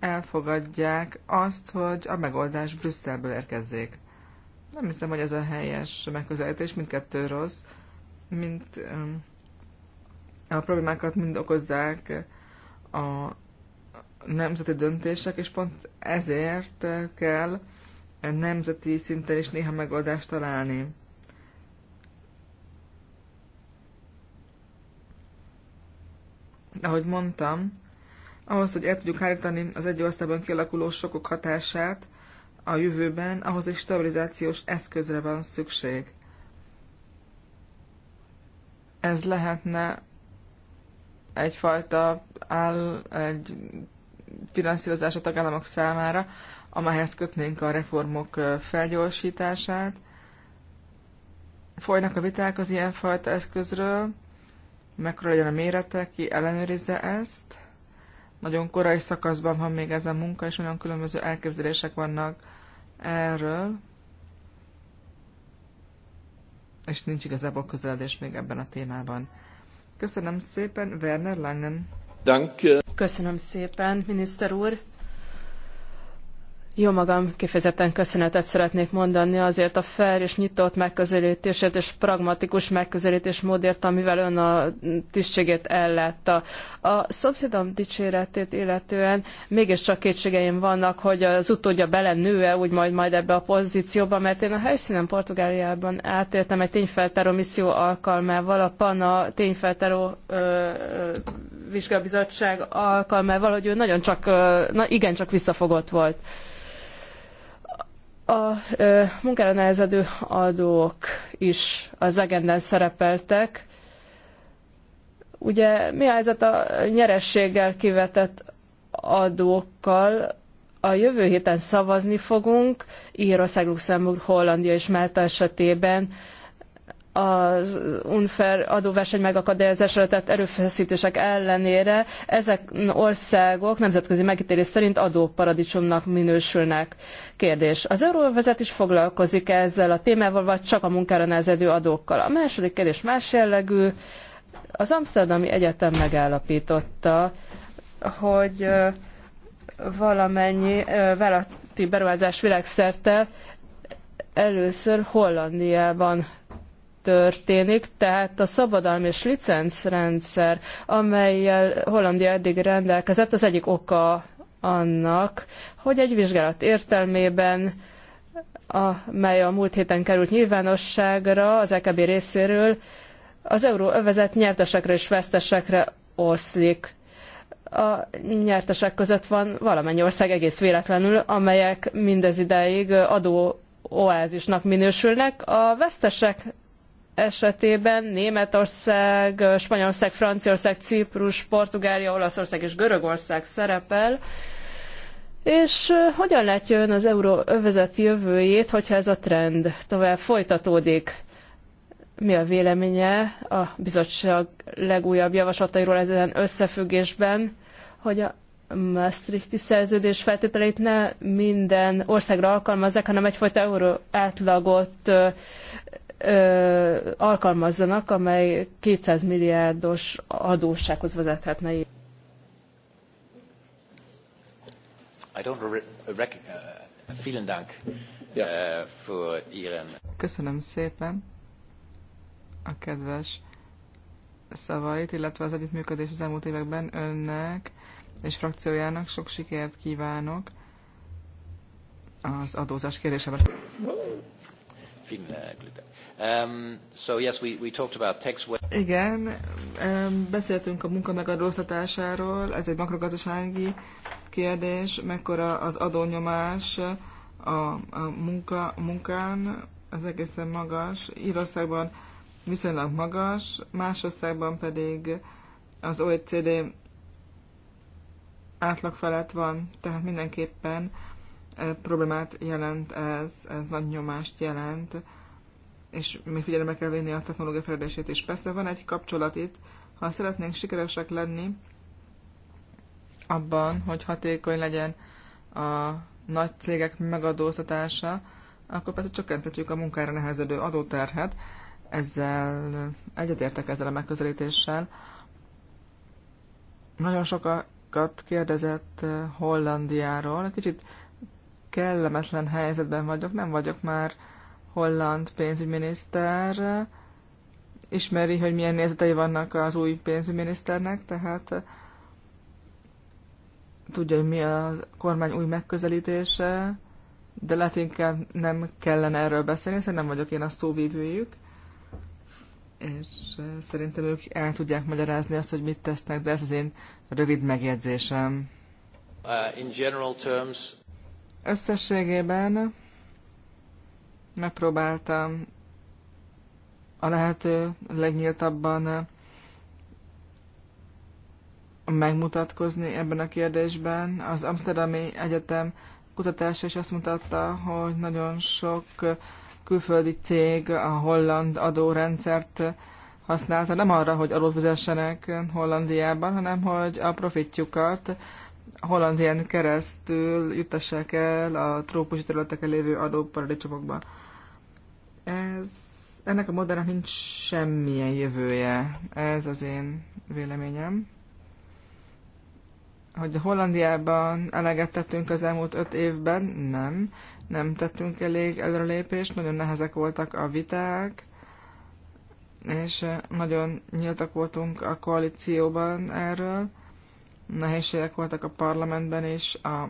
elfogadják azt, hogy a megoldás Brüsszelből érkezzék. Nem hiszem, hogy ez a helyes megközelítés, mindkettő rossz, mint um, a problémákat mind okozzák a nemzeti döntések, és pont ezért kell nemzeti szinten is néha megoldást találni. Ahogy mondtam, ahhoz, hogy el tudjuk állítani az egy országban kialakuló sokok hatását a jövőben, ahhoz egy stabilizációs eszközre van szükség. Ez lehetne egyfajta áll, egy finanszírozás a tagállamok számára, amelyhez kötnénk a reformok felgyorsítását. Folynak a viták az ilyenfajta eszközről, mekkora legyen a mérete, ki ellenőrizze ezt. Nagyon korai szakaszban van még ez a munka, és nagyon különböző elképzelések vannak erről. És nincs igazából közeledés még ebben a témában. Köszönöm szépen, Werner Langen.
Danke. Köszönöm szépen, miniszter úr. Jó magam, kifejezetten köszönetet szeretnék mondani azért a fair és nyitott megközelítésért és pragmatikus megközelítés módért, amivel ön a tisztségét ellátta. A szomszédom dicséretét illetően mégiscsak kétségeim vannak, hogy az utódja bele nő-e úgy majd, majd ebbe a pozícióba, mert én a helyszínen Portugáliában átéltem egy tényfeltáró misszió alkalmával, a PANA tényfeltáró vizsgabizottság alkalmával, hogy ő nagyon csak, na, igen, csak visszafogott volt. A ö, munkára nehezedő adók is az agendán szerepeltek. Ugye mi a helyzet a nyerességgel kivetett adókkal? A jövő héten szavazni fogunk, Írország, Luxemburg, Hollandia és Málta esetében az unfair adóverseny megakadályozásra tett erőfeszítések ellenére ezek országok nemzetközi megítélés szerint adóparadicsomnak minősülnek. Kérdés. Az euróvezet is foglalkozik -e ezzel a témával, vagy csak a munkára nehezedő adókkal? A második kérdés más jellegű. Az Amsterdami Egyetem megállapította, hogy valamennyi vállalati beruházás világszerte először Hollandiában történik, tehát a szabadalmi és licencrendszer, amelyel Hollandia eddig rendelkezett, az egyik oka annak, hogy egy vizsgálat értelmében amely a múlt héten került nyilvánosságra az EKB részéről, az euróövezet nyertesekre és vesztesekre oszlik. A nyertesek között van valamennyi ország egész véletlenül, amelyek mindez ideig adó oázisnak minősülnek, a vesztesek esetében Németország, Spanyolország, Franciaország, Ciprus, Portugália, Olaszország és Görögország szerepel. És hogyan látja ön az euróövezet jövőjét, hogyha ez a trend tovább folytatódik? Mi a véleménye a bizottság legújabb javaslatairól ezen összefüggésben, hogy a Maastrichti szerződés feltételeit ne minden országra alkalmazzák, hanem egyfajta euró átlagot ö, alkalmazzanak, amely 200 milliárdos adóssághoz vezethetne. I don't uh, vielen Dank uh, für Ihren...
Köszönöm szépen a kedves szavait, illetve az együttműködés az elmúlt években önnek és frakciójának sok sikert kívánok az adózás kérdésében.
Vielen Glück. Igen,
beszéltünk a munka megadóztatásáról, ez egy makrogazdasági kérdés, mekkora az adónyomás a, a munka, a munkán, az egészen magas. Írországban viszonylag magas, más országban pedig az OECD átlag felett van, tehát mindenképpen eh, problémát jelent ez, ez nagy nyomást jelent és mi figyelembe kell venni a technológia fejlődését is. Persze van egy kapcsolat itt, ha szeretnénk sikeresek lenni abban, hogy hatékony legyen a nagy cégek megadóztatása, akkor persze csökkentetjük a munkára nehezedő adóterhet. Ezzel egyetértek ezzel a megközelítéssel. Nagyon sokat kérdezett eh, Hollandiáról. Kicsit kellemetlen helyzetben vagyok, nem vagyok már uh, holland pénzügyminiszter ismeri, hogy milyen nézetei vannak az új pénzügyminiszternek, tehát tudja, hogy mi a kormány új megközelítése, de lehet, inkább nem kellene erről beszélni, hiszen nem vagyok én a szóvívőjük, és szerintem ők el tudják magyarázni azt, hogy mit tesznek, de ez az én rövid megjegyzésem.
Uh, in general terms...
Összességében megpróbáltam a lehető legnyíltabban megmutatkozni ebben a kérdésben. Az Amsterdami Egyetem kutatása is azt mutatta, hogy nagyon sok külföldi cég a holland adórendszert használta, nem arra, hogy adót vezessenek Hollandiában, hanem hogy a profitjukat Hollandián keresztül juttassák el a trópusi területeken lévő adóparadicsomokba ez, ennek a modellnek nincs semmilyen jövője. Ez az én véleményem. Hogy a Hollandiában eleget tettünk az elmúlt öt évben? Nem. Nem tettünk elég lépést, nagyon nehezek voltak a viták, és nagyon nyíltak voltunk a koalícióban erről. Nehézségek voltak a parlamentben is, a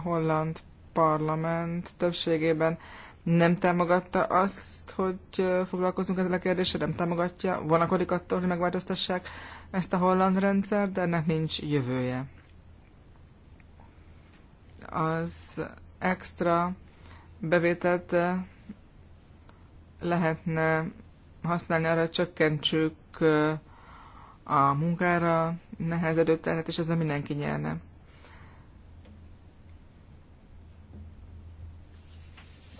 holland parlament többségében nem támogatta azt, hogy foglalkozunk ezzel a kérdéssel, nem támogatja, vonakodik attól, hogy megváltoztassák ezt a holland rendszer, de ennek nincs jövője. Az extra bevételt lehetne használni arra, hogy csökkentsük a munkára nehezedő terhet, és ezzel mindenki nyerne.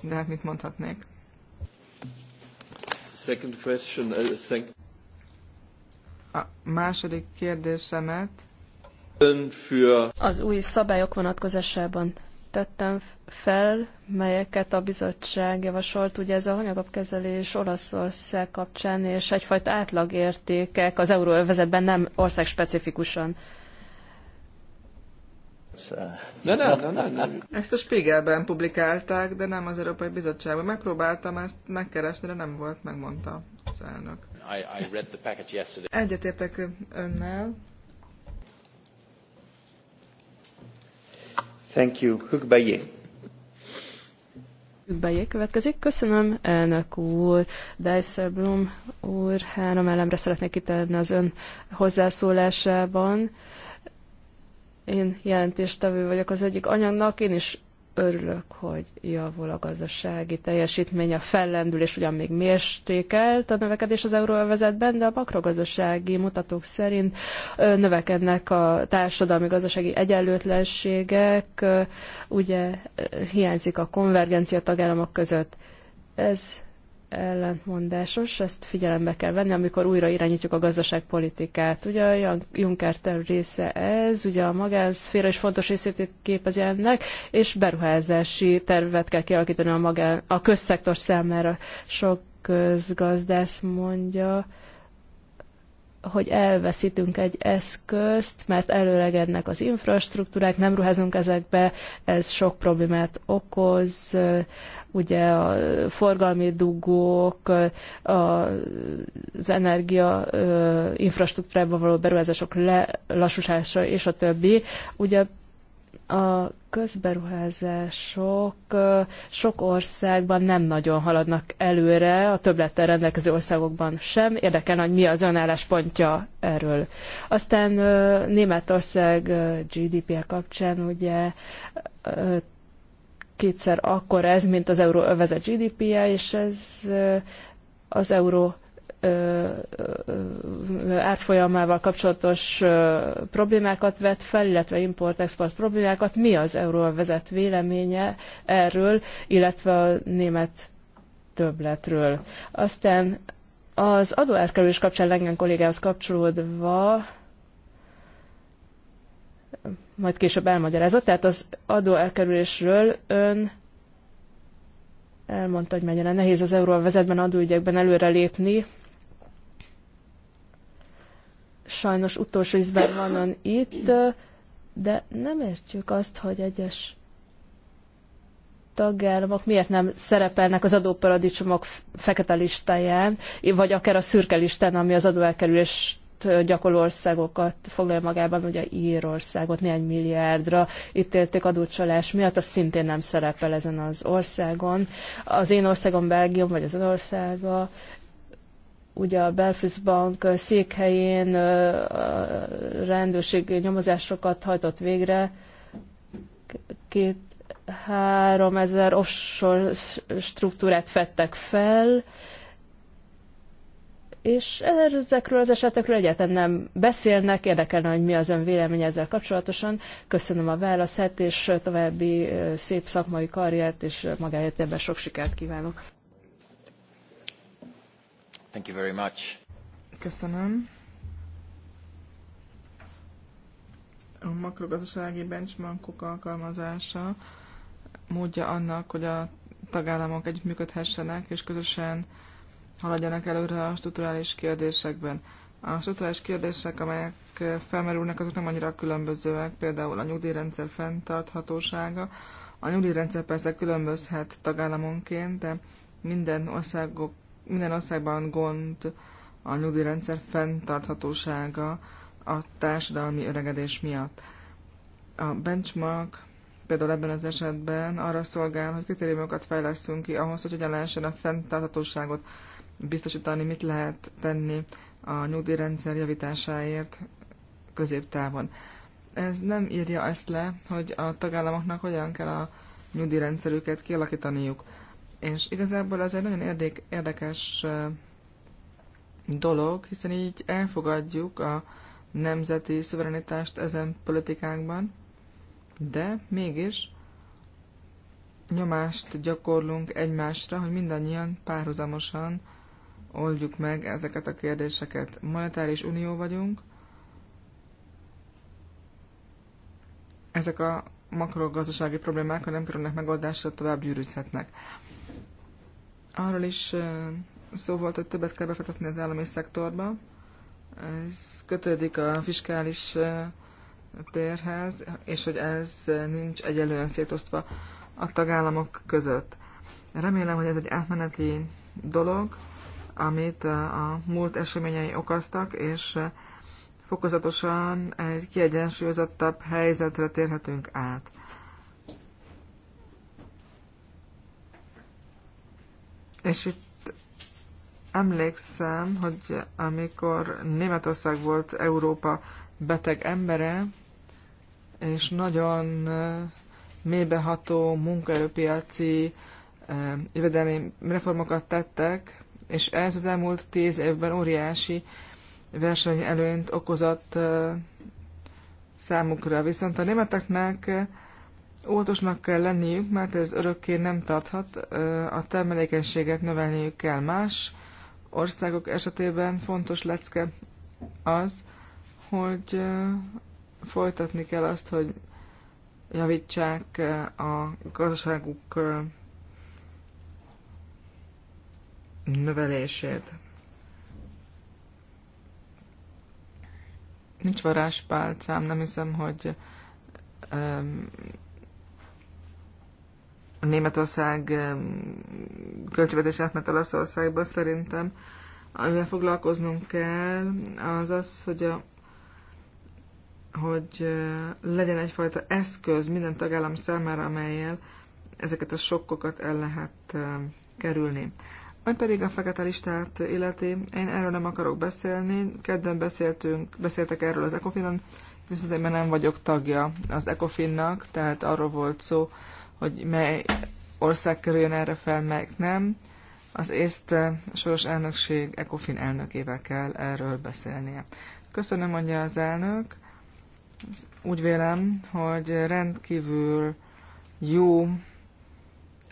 de hát mit mondhatnék?
Second question, uh, thank... A második kérdésemet az új szabályok vonatkozásában tettem fel, melyeket a bizottság javasolt. Ugye ez a hanyagapkezelés Olaszország kapcsán, és egyfajta átlagértékek az euróövezetben nem országspecifikusan. specifikusan de nem, nem, nem, nem.
Ezt a Spiegelben publikálták, de nem az Európai Bizottságban. Megpróbáltam ezt megkeresni, de nem volt, megmondta az elnök. Egyetértek önnel.
Thank you. Hükbejé. Hükbejé következik. Köszönöm, elnök úr. Blum úr, három elemre szeretnék kitérni az ön hozzászólásában. Uh, én jelentéstevő vagyok az egyik anyagnak, én is örülök, hogy javul a gazdasági teljesítmény, a fellendülés ugyan még mérstékelt a növekedés az euróövezetben, de a makrogazdasági mutatók szerint növekednek a társadalmi gazdasági egyenlőtlenségek, ugye hiányzik a konvergencia tagállamok között. Ez ellentmondásos, ezt figyelembe kell venni, amikor újra irányítjuk a gazdaságpolitikát. Ugye a Juncker terv része ez, ugye a magánszféra is fontos részét képezi ennek, és beruházási tervet kell kialakítani a, magán, a közszektor számára. Sok közgazdász mondja, hogy elveszítünk egy eszközt, mert előregednek az infrastruktúrák, nem ruházunk ezekbe, ez sok problémát okoz, ugye a forgalmi dugók, az energia infrastruktúrába való beruházások lelassulása és a többi. Ugye a közberuházások sok országban nem nagyon haladnak előre, a többlettel rendelkező országokban sem. Érdekel, hogy mi az önálláspontja erről. Aztán Németország GDP-je kapcsán ugye kétszer akkor ez, mint az euróövezet GDP-je, és ez az euró árfolyamával kapcsolatos problémákat vet fel, illetve import-export problémákat. Mi az euróval vezet véleménye erről, illetve a német többletről? Aztán az adóárkerülés kapcsán Lengen kollégához kapcsolódva majd később elmagyarázott, tehát az adóelkerülésről ön elmondta, hogy mennyire nehéz az euróvezetben adóügyekben előrelépni, sajnos utolsó ízben vanon itt, de nem értjük azt, hogy egyes tagállamok miért nem szerepelnek az adóparadicsomok fekete listáján, vagy akár a szürke listán, ami az adóelkerülést gyakorló országokat foglalja magában, ugye Írországot néhány milliárdra ítélték adócsalás miatt, az szintén nem szerepel ezen az országon. Az én országom Belgium, vagy az országa ugye a Belfast Bank székhelyén rendőrség nyomozásokat hajtott végre, két három ezer offshore struktúrát fettek fel, és ezekről az esetekről egyáltalán nem beszélnek, érdekelne, hogy mi az ön véleménye ezzel kapcsolatosan. Köszönöm a válaszát, és további szép szakmai karriert, és magáért ebben sok sikert kívánok. Thank you very much. Köszönöm.
A makrogazdasági benchmarkok alkalmazása módja annak, hogy a tagállamok együttműködhessenek és közösen haladjanak előre a strukturális kérdésekben. A strukturális kérdések, amelyek felmerülnek, azok nem annyira különbözőek, például a nyugdíjrendszer fenntarthatósága. A nyugdíjrendszer persze különbözhet tagállamonként, de minden országok minden országban gond a nyugdíjrendszer fenntarthatósága a társadalmi öregedés miatt. A benchmark például ebben az esetben arra szolgál, hogy kritériumokat fejlesztünk ki ahhoz, hogy hogyan lehessen a fenntarthatóságot biztosítani, mit lehet tenni a nyugdíjrendszer javításáért középtávon. Ez nem írja ezt le, hogy a tagállamoknak hogyan kell a nyugdíjrendszerüket kialakítaniuk. És igazából ez egy nagyon érdekes dolog, hiszen így elfogadjuk a nemzeti szuverenitást ezen politikánkban, de mégis nyomást gyakorlunk egymásra, hogy mindannyian párhuzamosan oldjuk meg ezeket a kérdéseket. Monetáris unió vagyunk, ezek a makrogazdasági problémák, ha nem kerülnek megoldásra, tovább gyűrűzhetnek. Arról is szó volt, hogy többet kell befektetni az állami szektorba. Ez kötődik a fiskális térhez, és hogy ez nincs egyelően szétosztva a tagállamok között. Remélem, hogy ez egy átmeneti dolog, amit a múlt eseményei okoztak, és fokozatosan egy kiegyensúlyozottabb helyzetre térhetünk át. És itt emlékszem, hogy amikor Németország volt Európa beteg embere, és nagyon mélybeható munkaerőpiaci jövedelmi reformokat tettek, és ez az elmúlt tíz évben óriási versenyelőnyt okozott számukra. Viszont a németeknek óvatosnak kell lenniük, mert ez örökké nem tarthat, a termelékenységet növelniük kell. Más országok esetében fontos lecke az, hogy folytatni kell azt, hogy javítsák a gazdaságuk növelését. Nincs varázspálcám, nem hiszem, hogy Németország költségvetés átmet Olaszországba szerintem, amivel foglalkoznunk kell, az az, hogy, a, hogy eh, legyen egyfajta eszköz minden tagállam számára, amelyel ezeket a sokkokat el lehet kerülni. Majd pedig a fekete listát illeti, én erről nem akarok beszélni. Kedden beszéltünk, beszéltek erről az EKOFIN-on, viszont én nem vagyok tagja az EKOFIN-nak, tehát arról volt szó, hogy mely ország kerüljön erre fel, melyik nem. Az észt eh, soros elnökség ECOFIN elnökével kell erről beszélnie. Köszönöm, mondja az elnök. Úgy vélem, hogy rendkívül jó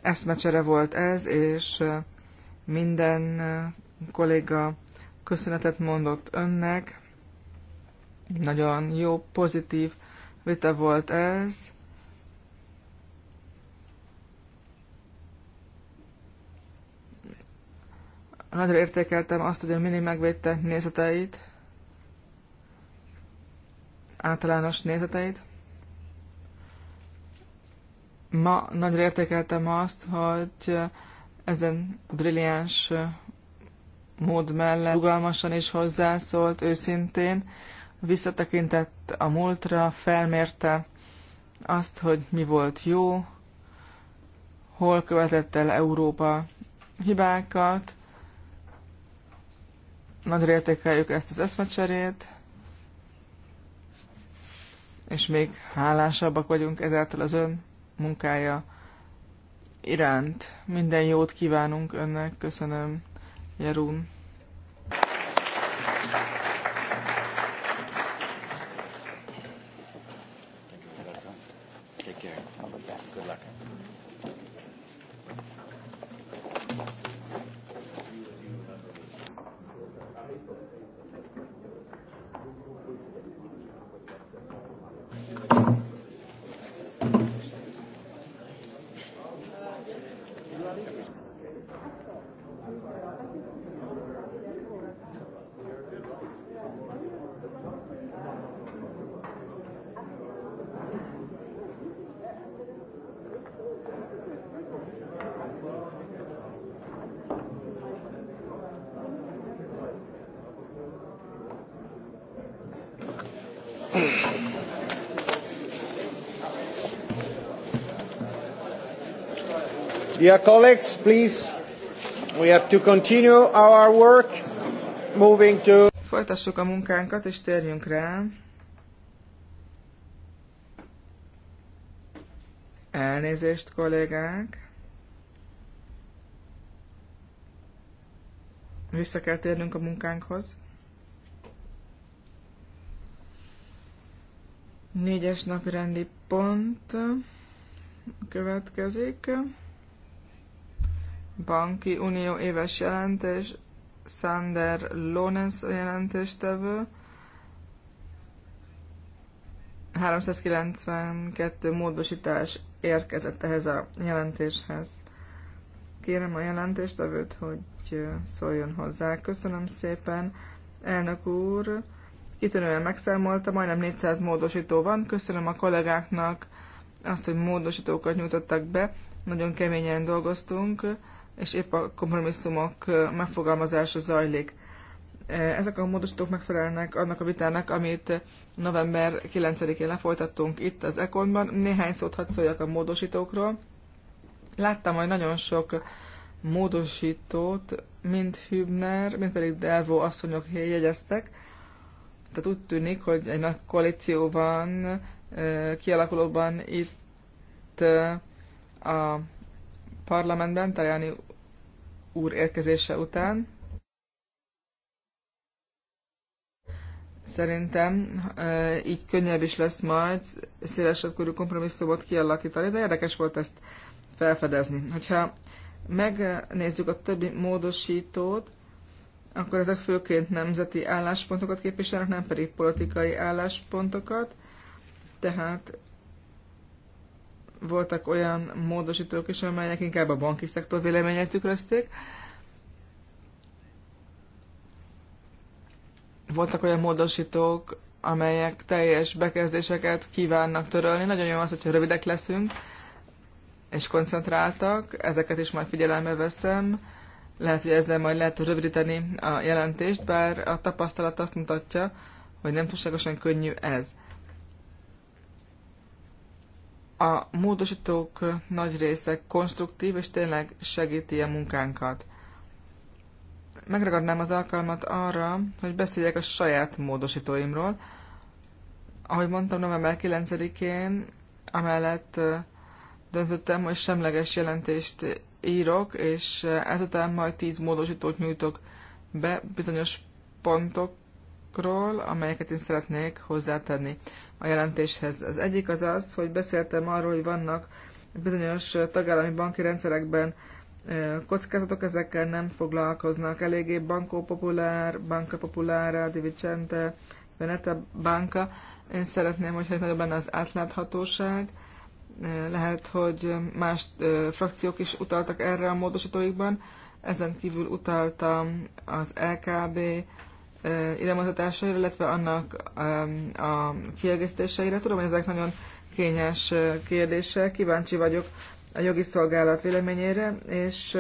eszmecsere volt ez, és eh, minden eh, kolléga köszönetet mondott önnek. Nagyon jó, pozitív vita volt ez. Nagyra értékeltem azt, hogy Mini megvédte nézeteit, általános nézeteit. Ma nagyra értékeltem azt, hogy ezen brilliáns mód mellett rugalmasan is hozzászólt őszintén, visszatekintett a múltra, felmérte azt, hogy mi volt jó, hol követett el Európa hibákat, Nagyra értékeljük ezt az eszmecserét, és még hálásabbak vagyunk ezáltal az ön munkája iránt. Minden jót kívánunk önnek, köszönöm, Jerún. Dear colleagues, please, we have to continue our work, moving to... Folytassuk a munkánkat, és térjünk rá. Elnézést, kollégák. Vissza kell térnünk a munkánkhoz. Négyes napi rendi pont következik. Banki Unió éves jelentés, Sander Lorenz a jelentéstevő, 392 módosítás érkezett ehhez a jelentéshez. Kérem a jelentéstevőt, hogy szóljon hozzá. Köszönöm szépen, elnök úr. Kitűnően megszámolta, majdnem 400 módosító van. Köszönöm a kollégáknak azt, hogy módosítókat nyújtottak be. Nagyon keményen dolgoztunk és épp a kompromisszumok megfogalmazása zajlik. Ezek a módosítók megfelelnek annak a vitának, amit november 9-én lefolytattunk itt az Ekonban. Néhány szót hadd szóljak a módosítókról. Láttam, hogy nagyon sok módosítót mint Hübner, mint pedig Delvo asszonyok jegyeztek. Tehát úgy tűnik, hogy egy nagy koalíció van kialakulóban itt a parlamentben, Tajani úr érkezése után. Szerintem így könnyebb is lesz majd szélesebb körű kompromisszumot kialakítani, de érdekes volt ezt felfedezni. Hogyha megnézzük a többi módosítót, akkor ezek főként nemzeti álláspontokat képviselnek, nem pedig politikai álláspontokat. Tehát voltak olyan módosítók is, amelyek inkább a banki szektor véleményét tükrözték. Voltak olyan módosítók, amelyek teljes bekezdéseket kívánnak törölni. Nagyon jó az, hogyha rövidek leszünk, és koncentráltak. Ezeket is majd figyelembe veszem. Lehet, hogy ezzel majd lehet rövidíteni a jelentést, bár a tapasztalat azt mutatja, hogy nem túlságosan könnyű ez. A módosítók nagy része konstruktív, és tényleg segíti a munkánkat. Megragadnám az alkalmat arra, hogy beszéljek a saját módosítóimról. Ahogy mondtam, november 9-én amellett döntöttem, hogy semleges jelentést írok, és ezután majd 10 módosítót nyújtok be bizonyos pontokról, amelyeket én szeretnék hozzátenni a jelentéshez. Az egyik az az, hogy beszéltem arról, hogy vannak bizonyos tagállami banki rendszerekben kockázatok, ezekkel nem foglalkoznak. Eléggé Banco Popular, Banca Populara, Di Vicente, Veneta Banca. Én szeretném, hogyha nagyobb lenne az átláthatóság. Lehet, hogy más frakciók is utaltak erre a módosítóikban. Ezen kívül utaltam az LKB iránymutatásaira, illetve annak a kiegészítéseire. Tudom, hogy ezek nagyon kényes kérdések, kíváncsi vagyok a jogi szolgálat véleményére, és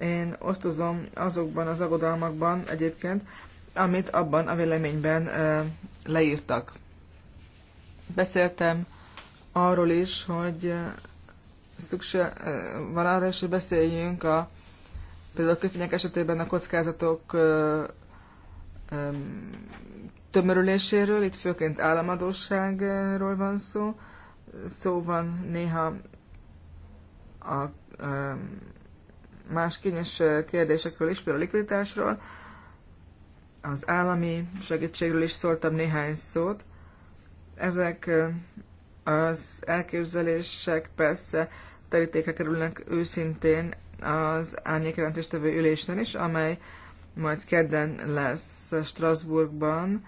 én osztozom azokban az aggodalmakban egyébként, amit abban a véleményben leírtak. Beszéltem arról is, hogy szükség van arra is, hogy beszéljünk a például a esetében a kockázatok tömörüléséről, itt főként államadóságról van szó, szó van néha a más kényes kérdésekről is, például a likviditásról, az állami segítségről is szóltam néhány szót. Ezek az elképzelések persze terítéke kerülnek őszintén az árnyékjelentéstevő ülésen is, amely majd kedden lesz Strasbourgban.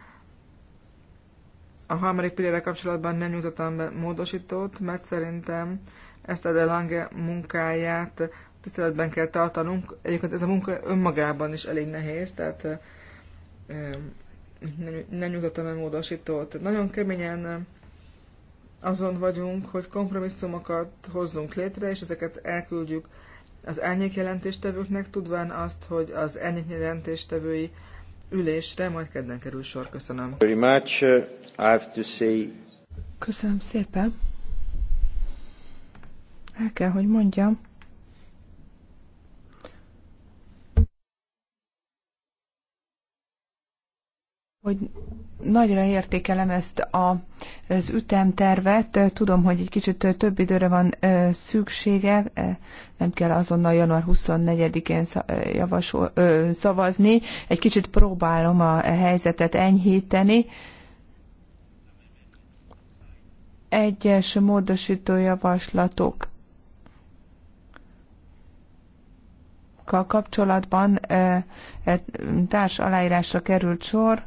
A harmadik pillére kapcsolatban nem nyújtottam be módosítót, mert szerintem ezt a Delange munkáját tiszteletben kell tartanunk. Egyébként ez a munka önmagában is elég nehéz, tehát nem nyújtottam be módosítót. Nagyon keményen azon vagyunk, hogy kompromisszumokat hozzunk létre, és ezeket elküldjük az elnyék jelentéstevőknek, tudván azt, hogy az elnyék jelentéstevői ülésre majd kedden kerül sor. Köszönöm.
Very much. I have to say...
Köszönöm szépen. El kell, hogy mondjam. hogy Nagyra értékelem ezt a, az ütemtervet. Tudom, hogy egy kicsit több időre van szüksége. Nem kell azonnal január 24-én javasol, szavazni. Egy kicsit próbálom a helyzetet enyhíteni. Egyes módosító javaslatok kapcsolatban társ aláírásra került sor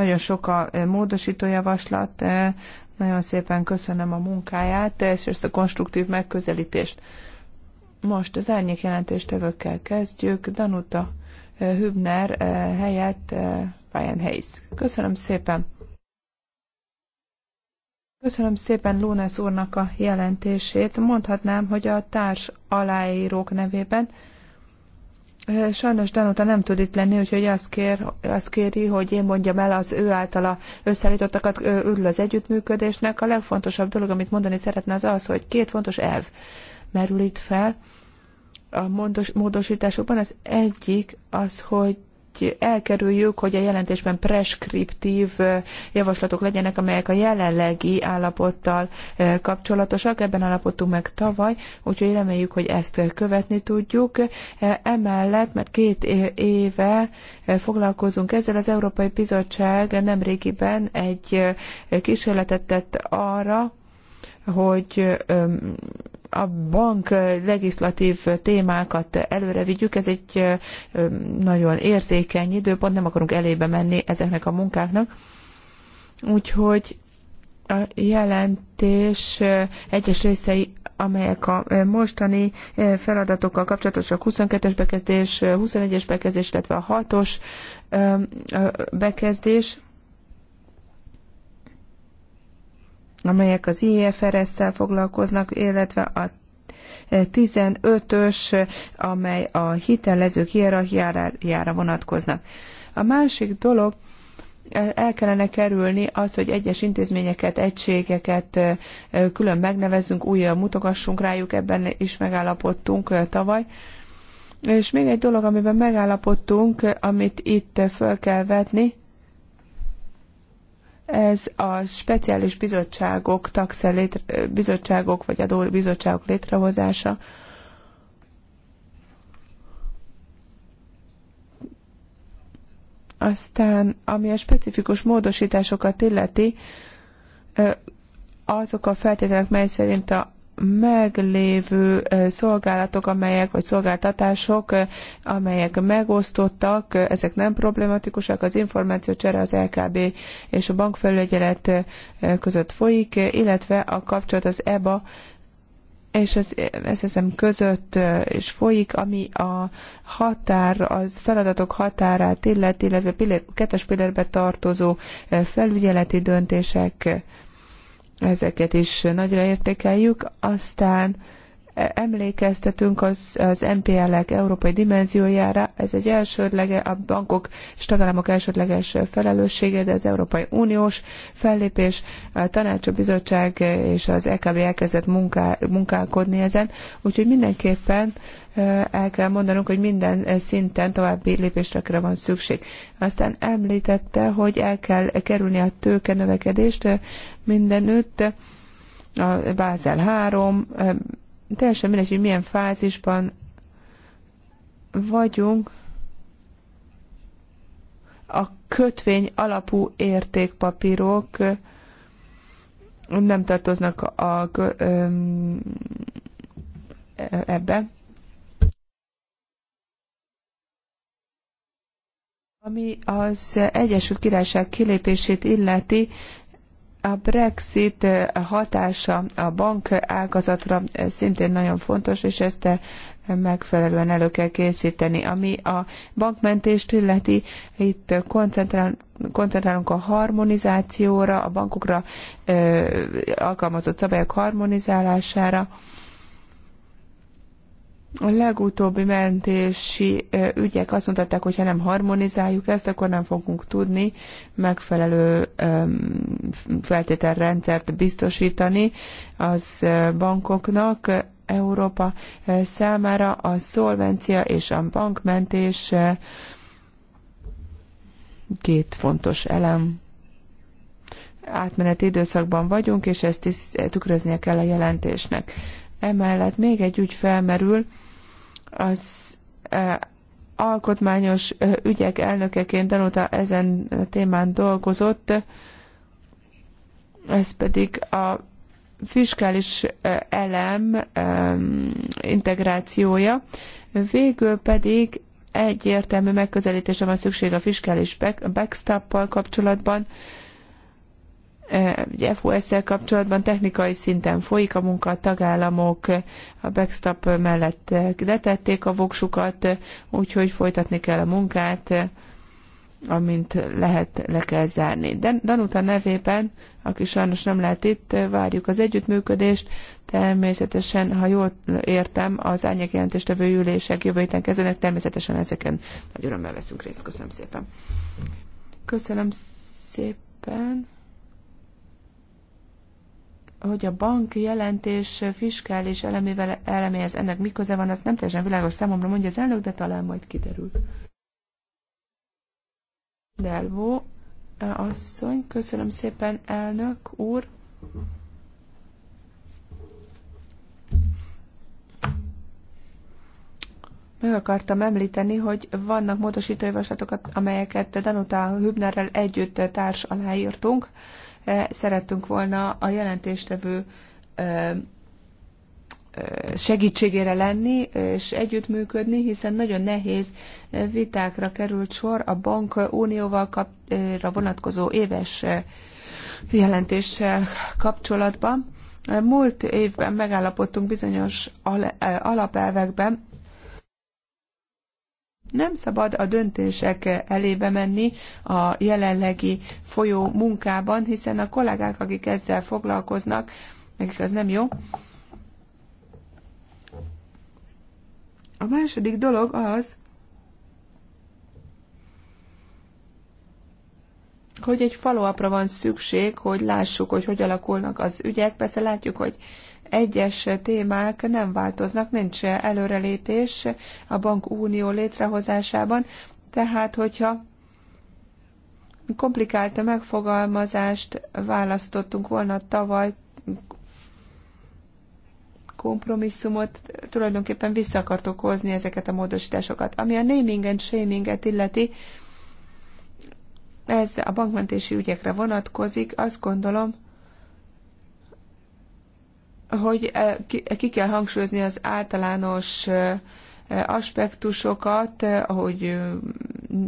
nagyon sok a e, módosító javaslat, e, nagyon szépen köszönöm a munkáját, és ezt a konstruktív megközelítést. Most az árnyék jelentéstevőkkel kezdjük. Danuta e, Hübner helyett Ryan Hayes. Köszönöm szépen! Köszönöm szépen Lónász úrnak a jelentését. Mondhatnám, hogy a társ aláírók nevében Sajnos Danuta nem tud itt lenni, úgyhogy azt, kér, azt kéri, hogy én mondjam el az ő általa összeállítottakat, örül az együttműködésnek. A legfontosabb dolog, amit mondani szeretne, az az, hogy két fontos elv merül itt fel a módos, módosításokban. Az egyik az, hogy hogy elkerüljük, hogy a jelentésben preskriptív javaslatok legyenek, amelyek a jelenlegi állapottal kapcsolatosak. Ebben állapodtunk meg tavaly, úgyhogy reméljük, hogy ezt követni tudjuk. Emellett, mert két éve foglalkozunk ezzel, az Európai Bizottság nemrégiben egy kísérletet tett arra, hogy a bank legislatív témákat előre vigyük, ez egy nagyon érzékeny időpont, nem akarunk elébe menni ezeknek a munkáknak. Úgyhogy a jelentés egyes részei, amelyek a mostani feladatokkal kapcsolatosak, 22-es bekezdés, 21-es bekezdés, illetve a 6-os bekezdés, amelyek az IFRS-szel foglalkoznak, illetve a 15-ös, amely a hitelezők hierarchiára vonatkoznak. A másik dolog, el kellene kerülni azt, hogy egyes intézményeket, egységeket külön megnevezzünk, újra mutogassunk rájuk, ebben is megállapodtunk tavaly. És még egy dolog, amiben megállapodtunk, amit itt föl kell vetni, ez a speciális bizottságok, taxa létre, bizottságok vagy adó bizottságok létrehozása, Aztán, ami a specifikus módosításokat illeti, azok a feltételek, mely szerint a meglévő szolgálatok, amelyek, vagy szolgáltatások, amelyek megosztottak, ezek nem problematikusak, az csere az LKB és a bankfelügyelet között folyik, illetve a kapcsolat az EBA és az SSM között is folyik, ami a határ, az feladatok határát illet, illetve pillér, kettes pillérbe tartozó felügyeleti döntések ezeket is nagyra értékeljük. Aztán emlékeztetünk az, az NPL-ek európai dimenziójára. Ez egy elsődlege, a bankok és tagállamok elsődleges felelőssége, de az Európai Uniós fellépés, a Tanácsok Bizottság és az EKB elkezdett munká, munkálkodni ezen, úgyhogy mindenképpen el kell mondanunk, hogy minden szinten további lépésekre van szükség. Aztán említette, hogy el kell kerülni a tőke növekedést mindenütt, a Bázel 3, teljesen mindegy, hogy milyen fázisban vagyunk, a kötvény alapú értékpapírok nem tartoznak a, ebbe. Ami az Egyesült Királyság kilépését illeti, a Brexit hatása a bank ágazatra szintén nagyon fontos, és ezt megfelelően elő kell készíteni. Ami a bankmentést illeti, itt koncentrál, koncentrálunk a harmonizációra, a bankokra alkalmazott szabályok harmonizálására, a legutóbbi mentési ügyek azt mutatták, hogy ha nem harmonizáljuk ezt, akkor nem fogunk tudni megfelelő feltételrendszert biztosítani az bankoknak. Európa számára a szolvencia és a bankmentés két fontos elem. Átmeneti időszakban vagyunk, és ezt is tükröznie kell a jelentésnek. Emellett még egy ügy felmerül, az alkotmányos ügyek elnökeként Danuta ezen témán dolgozott, ez pedig a fiskális elem integrációja, végül pedig egyértelmű megközelítése van szükség a fiskális backstoppal kapcsolatban, Ugye FOS-szel kapcsolatban technikai szinten folyik a munka, a tagállamok a backstop mellett letették a voksukat, úgyhogy folytatni kell a munkát, amint lehet, le kell zárni. De Danuta nevében, aki sajnos nem lehet itt, várjuk az együttműködést, természetesen, ha jól értem, az árnyék jelentéstevő ülések jövő héten kezdenek, természetesen ezeken nagy örömmel veszünk részt. Köszönöm szépen. Köszönöm szépen hogy a bank jelentés fiskális elemével, eleméhez ennek mi köze van, az nem teljesen világos számomra mondja az elnök, de talán majd kiderül. Delvó e, asszony, köszönöm szépen, elnök úr. Meg akartam említeni, hogy vannak módosítójavaslatokat, amelyeket Danuta Hübnerrel együtt társ aláírtunk. E, szerettünk volna a jelentéstevő e, e, segítségére lenni és együttműködni, hiszen nagyon nehéz vitákra került sor a bank unióval kapra vonatkozó éves jelentéssel kapcsolatban. Múlt évben megállapodtunk bizonyos alapelvekben, nem szabad a döntések elébe menni a jelenlegi folyó munkában, hiszen a kollégák, akik ezzel foglalkoznak, nekik az nem jó. A második dolog az, hogy egy faluapra van szükség, hogy lássuk, hogy hogy alakulnak az ügyek. Persze látjuk, hogy egyes témák nem változnak, nincs előrelépés a bankunió létrehozásában, tehát hogyha komplikált megfogalmazást választottunk volna tavaly, kompromisszumot, tulajdonképpen vissza akartok hozni ezeket a módosításokat. Ami a naming and shaminget illeti, ez a bankmentési ügyekre vonatkozik, azt gondolom, hogy eh, eh, ki kell hangsúlyozni az általános eh, aspektusokat, hogy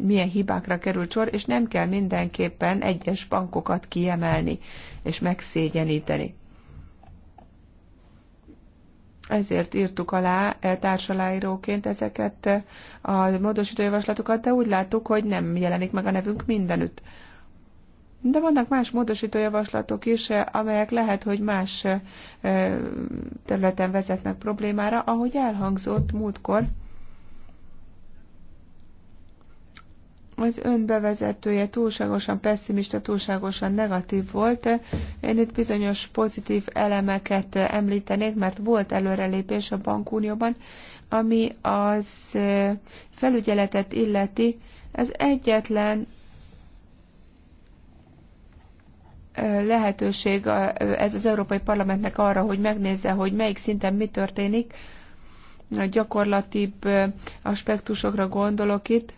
milyen hibákra kerül sor, és nem kell mindenképpen egyes bankokat kiemelni és megszégyeníteni. Ezért írtuk alá társaláíróként ezeket a módosítójavaslatokat, javaslatokat, de úgy láttuk, hogy nem jelenik meg a nevünk mindenütt. De vannak más módosító javaslatok is, eh, amelyek lehet, hogy más eh, területen vezetnek problémára, ahogy elhangzott múltkor. az önbevezetője túlságosan pessimista, túlságosan negatív volt. Én itt bizonyos pozitív elemeket említenék, mert volt előrelépés a bankunióban, ami az eh, felügyeletet illeti. Ez egyetlen lehetőség ez az Európai Parlamentnek arra, hogy megnézze, hogy melyik szinten mi történik. A gyakorlatibb aspektusokra gondolok itt.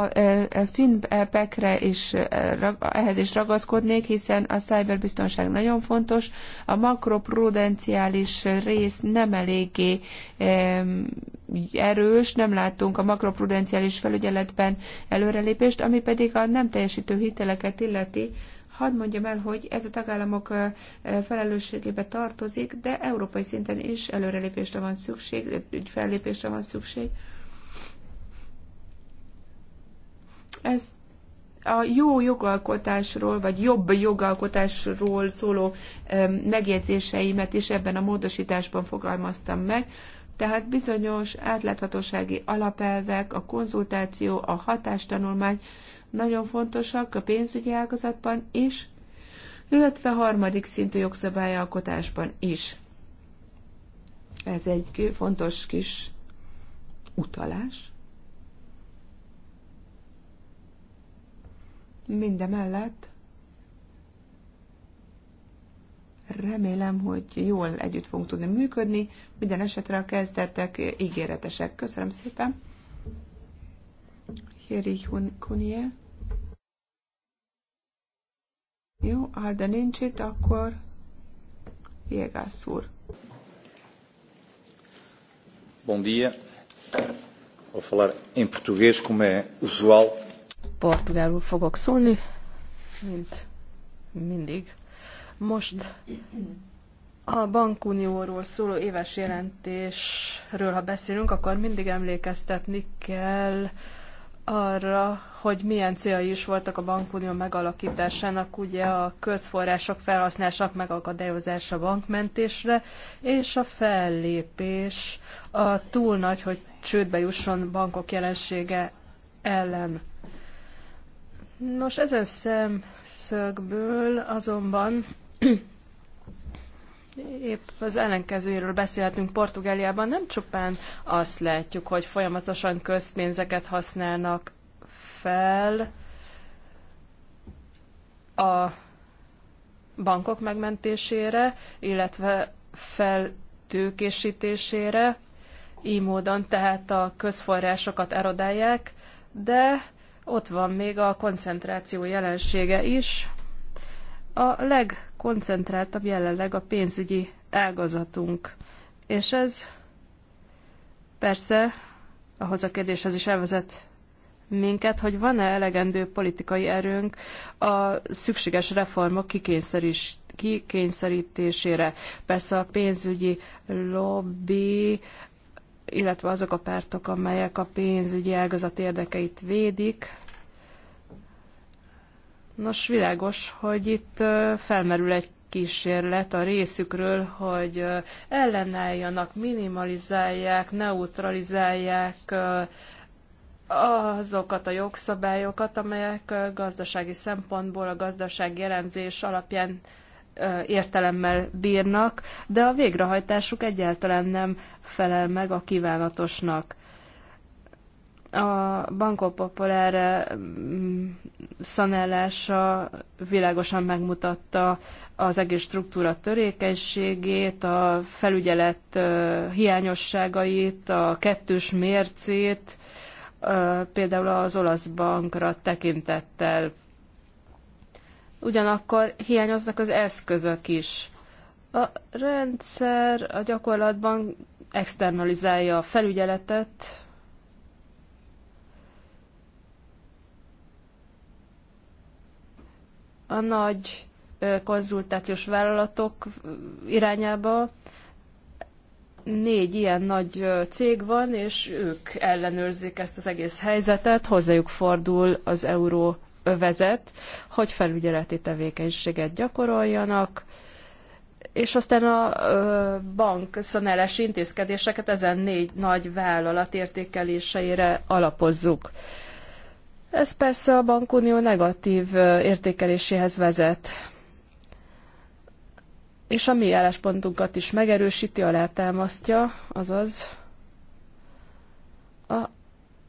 a e, e, finpekre e is, ehhez is ragaszkodnék, hiszen a szájberbiztonság nagyon fontos, a makroprudenciális rész nem eléggé erős, nem látunk a makroprudenciális felügyeletben előrelépést, ami pedig a nem teljesítő hiteleket illeti, Hadd mondjam el, hogy ez a tagállamok felelősségébe tartozik, de európai szinten is előrelépésre van szükség, fellépésre van szükség. ez a jó jogalkotásról, vagy jobb jogalkotásról szóló megjegyzéseimet is ebben a módosításban fogalmaztam meg. Tehát bizonyos átláthatósági alapelvek, a konzultáció, a hatástanulmány nagyon fontosak a pénzügyi ágazatban is, illetve harmadik szintű jogszabályalkotásban is. Ez egy fontos kis utalás Mindemellett remélem, hogy jól együtt fogunk tudni működni. Minden esetre a kezdetek ígéretesek. Köszönöm szépen. Héri Kunie. Jó, ha de nincs itt, akkor Jégász úr.
Bom dia. Vou falar em português, como é
usual portugálul fogok szólni, mint mindig. Most a bankunióról szóló éves jelentésről, ha beszélünk, akkor mindig emlékeztetni kell arra, hogy milyen céljai is voltak a bankunió megalakításának, ugye a közforrások felhasználásak megakadályozása bankmentésre, és a fellépés a túl nagy, hogy csődbe jusson bankok jelensége ellen. Nos, ezen szemszögből azonban épp az ellenkezőjéről beszélhetünk Portugáliában, nem csupán azt látjuk, hogy folyamatosan közpénzeket használnak fel a bankok megmentésére, illetve feltőkésítésére, így módon tehát a közforrásokat erodálják, de ott van még a koncentráció jelensége is. A legkoncentráltabb jelenleg a pénzügyi ágazatunk. És ez persze ahhoz a kérdéshez is elvezet minket, hogy van-e elegendő politikai erőnk a szükséges reformok kikényszerítésére. Persze a pénzügyi lobby illetve azok a pártok, amelyek a pénzügyi ágazat érdekeit védik. Nos, világos, hogy itt felmerül egy kísérlet a részükről, hogy ellenálljanak, minimalizálják, neutralizálják azokat a jogszabályokat, amelyek gazdasági szempontból a gazdasági elemzés alapján értelemmel bírnak, de a végrehajtásuk egyáltalán nem felel meg a kívánatosnak. A Banco Popolare mm, szanellása világosan megmutatta az egész struktúra törékenységét, a felügyelet hiányosságait, a kettős mércét, például az olasz bankra tekintettel ugyanakkor hiányoznak az eszközök is. A rendszer a gyakorlatban externalizálja a felügyeletet, a nagy konzultációs vállalatok irányába. Négy ilyen nagy cég van, és ők ellenőrzik ezt az egész helyzetet, hozzájuk fordul az euró vezet, hogy felügyeleti tevékenységet gyakoroljanak, és aztán a bank szaneles intézkedéseket ezen négy nagy vállalat értékeléseire alapozzuk. Ez persze a bankunió negatív értékeléséhez vezet. És a mi álláspontunkat is megerősíti, alátámasztja, azaz a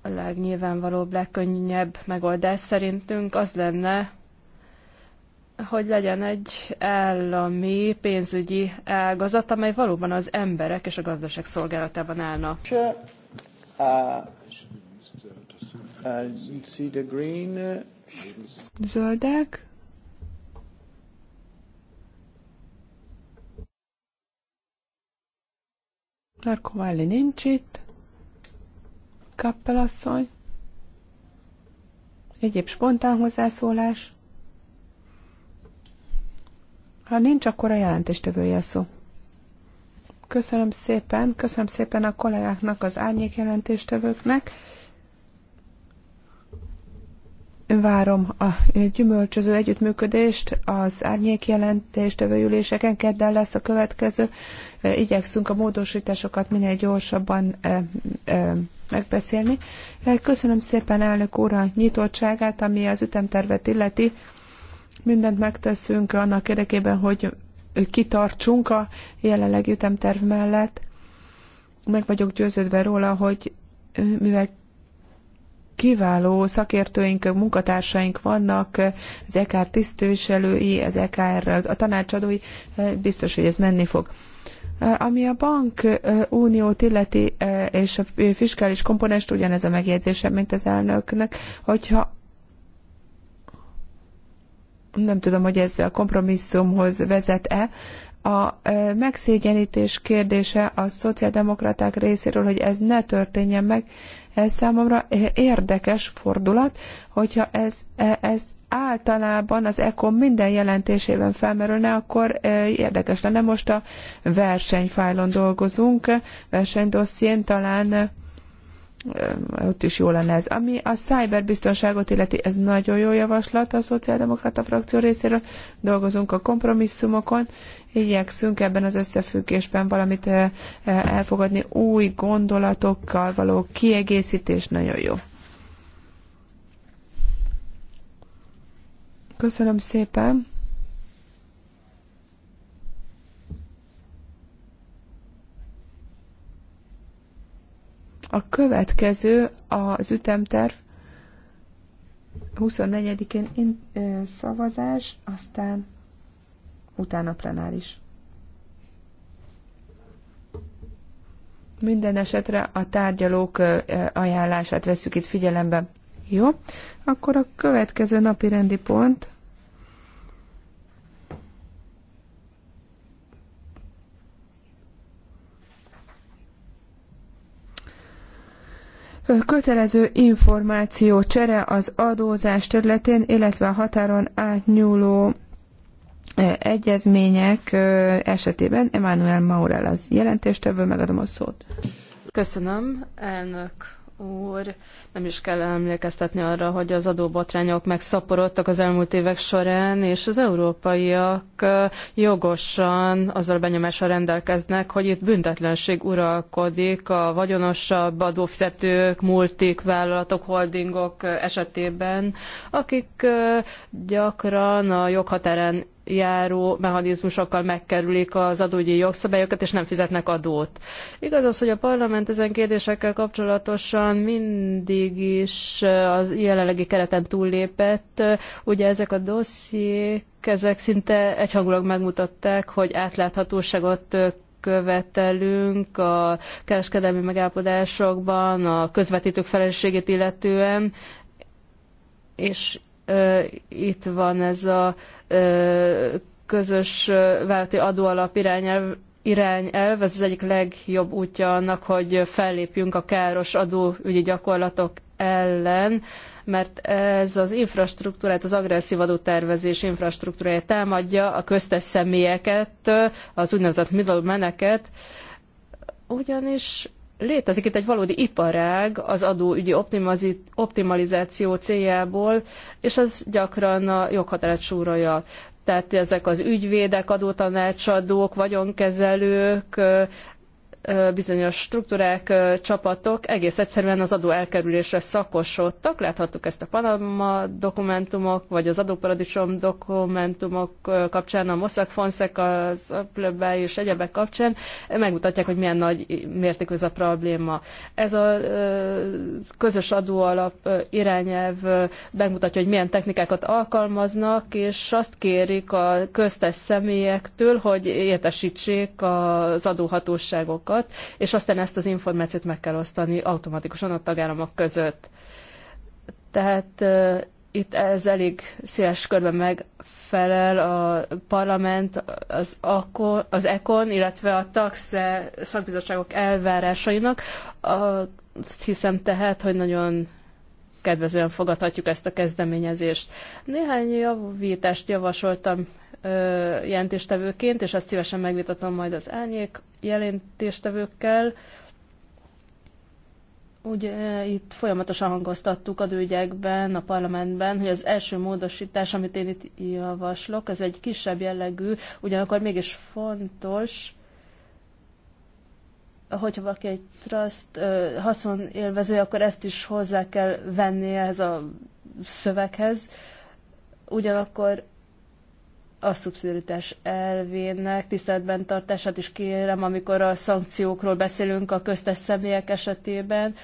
a legnyilvánvalóbb, legkönnyebb megoldás szerintünk az lenne, hogy legyen egy állami pénzügyi ágazat, amely valóban az emberek és a gazdaság szolgálatában állna. Zöldek.
Narkovali nincs itt. Kappelasszony. Egyéb spontán hozzászólás. Ha nincs, akkor a jelentéstevője a szó. Köszönöm szépen, köszönöm szépen a kollégáknak, az árnyék jelentéstevőknek várom a gyümölcsöző együttműködést, az árnyék jelentést, üléseken kedden lesz a következő. E, igyekszünk a módosításokat minél gyorsabban e, e, megbeszélni. Köszönöm szépen elnök úr a nyitottságát, ami az ütemtervet illeti. Mindent megteszünk annak érdekében, hogy kitartsunk a jelenlegi ütemterv mellett. Meg vagyok győződve róla, hogy mivel kiváló szakértőink, munkatársaink vannak, az EKR tisztviselői, az EKR a tanácsadói, biztos, hogy ez menni fog. Ami a bank uniót illeti, és a fiskális komponest ugyanez a megjegyzésem, mint az elnöknek, hogyha nem tudom, hogy ez a kompromisszumhoz vezet-e, a megszégyenítés kérdése a szociáldemokraták részéről, hogy ez ne történjen meg, ez számomra érdekes fordulat, hogyha ez, e, ez általában az ECOM minden jelentésében felmerülne, akkor e, érdekes lenne. Most a versenyfájlon dolgozunk, versenydosszién talán ott is jó lenne ez. Ami a szájberbiztonságot illeti, ez nagyon jó javaslat a Szociáldemokrata frakció részéről. Dolgozunk a kompromisszumokon, igyekszünk ebben az összefüggésben valamit elfogadni, új gondolatokkal való kiegészítés nagyon jó. Köszönöm szépen! A következő az ütemterv 24-én szavazás, aztán utána plenáris. Minden esetre a tárgyalók ajánlását veszük itt figyelembe. Jó, akkor a következő napi rendi pont. kötelező információ csere az adózás területén, illetve a határon átnyúló egyezmények esetében. Emmanuel Maurel az jelentéstevő, megadom a szót.
Köszönöm, elnök úr, nem is kell emlékeztetni arra, hogy az adóbotrányok megszaporodtak az elmúlt évek során, és az európaiak jogosan azzal benyomással rendelkeznek, hogy itt büntetlenség uralkodik a vagyonosabb adófizetők, multik, vállalatok, holdingok esetében, akik gyakran a joghatáren járó mechanizmusokkal megkerülik az adógyi jogszabályokat, és nem fizetnek adót. Igaz az, hogy a parlament ezen kérdésekkel kapcsolatosan mindig is eh, az jelenlegi kereten túllépett. Ugye ezek a dossziék, ezek szinte egyhangulag megmutatták, hogy átláthatóságot eh, követelünk a kereskedelmi megállapodásokban, a közvetítők felelősségét illetően, és itt van ez a közös vállalati adóalap irányelv, irányelv, ez az egyik legjobb útja annak, hogy fellépjünk a káros adóügyi gyakorlatok ellen, mert ez az infrastruktúrát, az agresszív adótervezés infrastruktúráját támadja, a köztes személyeket, az úgynevezett meneket, ugyanis létezik itt egy valódi iparág az adóügyi optimalizáció céljából, és az gyakran a joghatárat súrolja. Tehát ezek az ügyvédek, adótanácsadók, vagyonkezelők bizonyos struktúrák, csapatok egész egyszerűen az adó elkerülésre szakosodtak. Láthattuk ezt a Panama dokumentumok, vagy az adóparadicsom dokumentumok kapcsán, a Mossack Fonseca, az Plöbe és egyebek kapcsán megmutatják, hogy milyen nagy mértékű ez a probléma. Ez a közös adóalap irányelv megmutatja, hogy milyen technikákat alkalmaznak, és azt kérik a köztes személyektől, hogy értesítsék az adóhatóságokat anyagot, és aztán ezt az információt meg kell osztani automatikusan a tagállamok között. Tehát itt ez elég széles körben megfelel a parlament, az, AKO, az ECON, illetve a taxe szakbizottságok elvárásainak. Azt hiszem tehát, hogy nagyon kedvezően fogadhatjuk ezt a kezdeményezést. Néhány javítást javasoltam jelentéstevőként, és ezt szívesen megvitatom majd az elnyék jelentéstevőkkel. Ugye itt folyamatosan hangoztattuk a dőgyekben, a parlamentben, hogy az első módosítás, amit én itt javaslok, ez egy kisebb jellegű, ugyanakkor mégis fontos, hogyha valaki egy trust haszonélvező, akkor ezt is hozzá kell venni ehhez a szöveghez. Ugyanakkor a szubszidiaritás elvének tiszteletben tartását is kérem, amikor a szankciókról beszélünk a köztes személyek esetében.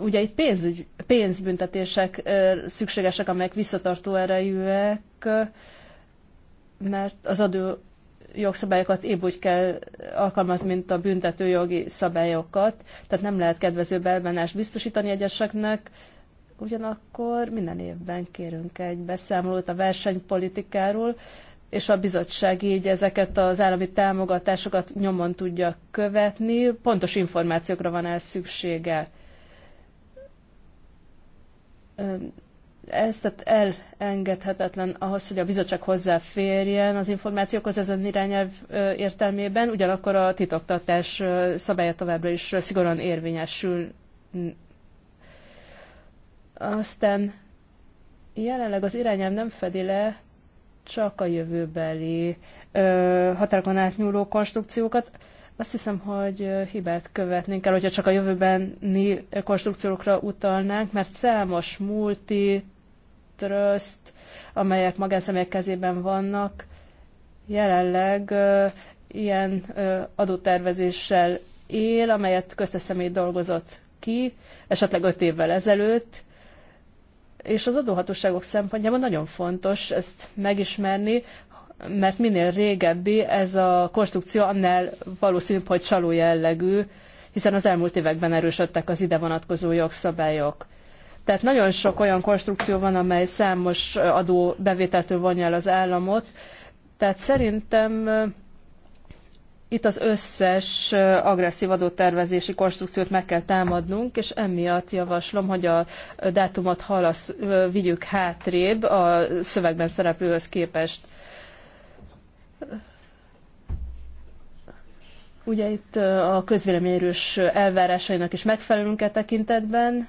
Ugye itt pénzügy, pénzbüntetések szükségesek, amelyek visszatartó erejűek, mert az adó jogszabályokat épp úgy kell alkalmazni, mint a büntetőjogi szabályokat, tehát nem lehet kedvező elbánást biztosítani egyeseknek, Ugyanakkor minden évben kérünk egy beszámolót a versenypolitikáról, és a bizottság így ezeket az állami támogatásokat nyomon tudja követni. Pontos információkra van el szüksége. Ez tehát elengedhetetlen ahhoz, hogy a bizottság hozzáférjen az információkhoz ezen irányelv értelmében, ugyanakkor a titoktatás szabálya továbbra is szigorúan érvényesül aztán jelenleg az irányám nem fedi le csak a jövőbeli ö, határokon átnyúló konstrukciókat. Azt hiszem, hogy hibát követnénk el, hogyha csak a jövőbeni konstrukciókra utalnánk, mert számos multi trust, amelyek magánszemélyek kezében vannak, jelenleg ö, ilyen ö, adótervezéssel él, amelyet köztes személy dolgozott ki, esetleg öt évvel ezelőtt, és az adóhatóságok szempontjából nagyon fontos ezt megismerni, mert minél régebbi ez a konstrukció, annál valószínűbb, hogy csaló jellegű, hiszen az elmúlt években erősödtek az ide vonatkozó jogszabályok. Tehát nagyon sok olyan konstrukció van, amely számos adó bevételtől vonja el az államot. Tehát szerintem itt az összes agresszív adótervezési konstrukciót meg kell támadnunk, és emiatt javaslom, hogy a dátumot halasz, vigyük hátrébb a szövegben szereplőhöz képest. Ugye itt a közvéleményerős elvárásainak is megfelelünk e tekintetben.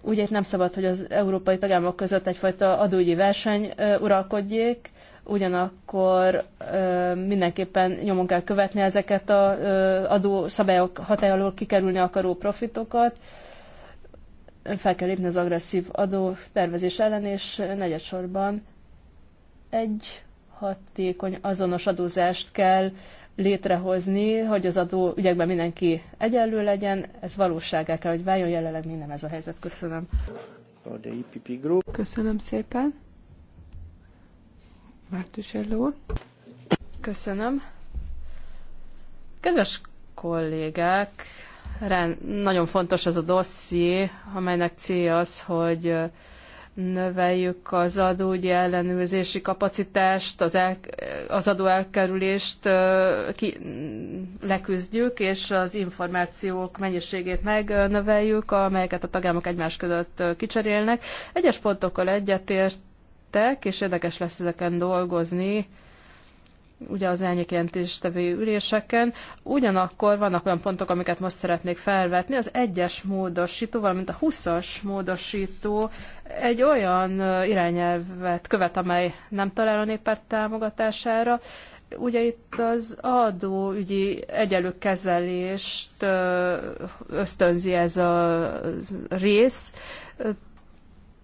Ugye itt nem szabad, hogy az európai tagállamok között egyfajta adóügyi verseny uralkodjék, ugyanakkor mindenképpen nyomon kell követni ezeket a adó szabályok hatály alól kikerülni akaró profitokat. Fel kell lépni az agresszív adó tervezés ellen, és negyedsorban egy hatékony azonos adózást kell létrehozni, hogy az adó ügyekben mindenki egyenlő legyen, ez valóságá kell, hogy váljon, jelenleg még nem ez a helyzet. Köszönöm. Köszönöm szépen. Mártuselló úr. Köszönöm. Kedves kollégák, nagyon fontos az a dosszié, amelynek célja az, hogy növeljük az adógyi ellenőrzési kapacitást, az, el, az adóelkerülést ki, leküzdjük, és az információk mennyiségét megnöveljük, amelyeket a tagállamok egymás között kicserélnek. Egyes pontokkal egyetért tettek, és érdekes lesz ezeken dolgozni, ugye az tevő üléseken. Ugyanakkor vannak olyan pontok, amiket most szeretnék felvetni. Az egyes módosító, valamint a 20-as módosító egy olyan irányelvet követ, amely nem talál a néppárt támogatására. Ugye itt az adóügyi egyelő kezelést ösztönzi ez a rész,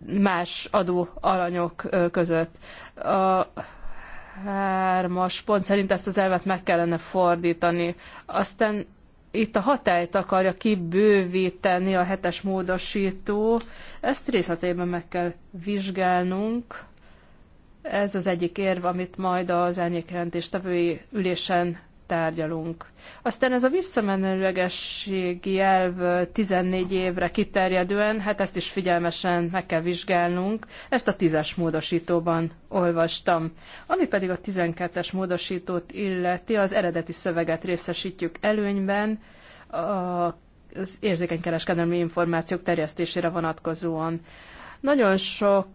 más adóalanyok között. A hármas pont szerint ezt az elvet meg kellene fordítani. Aztán itt a hatályt akarja kibővíteni a hetes módosító. Ezt részletében meg kell vizsgálnunk. Ez az egyik érv, amit majd az tevői ülésen tárgyalunk. Aztán ez a visszamenőlegességi elv 14 évre kiterjedően, hát ezt is figyelmesen meg kell vizsgálnunk, ezt a tízes módosítóban olvastam. Ami pedig a 12-es módosítót illeti, az eredeti szöveget részesítjük előnyben, a az érzékeny kereskedelmi információk terjesztésére vonatkozóan. Nagyon sok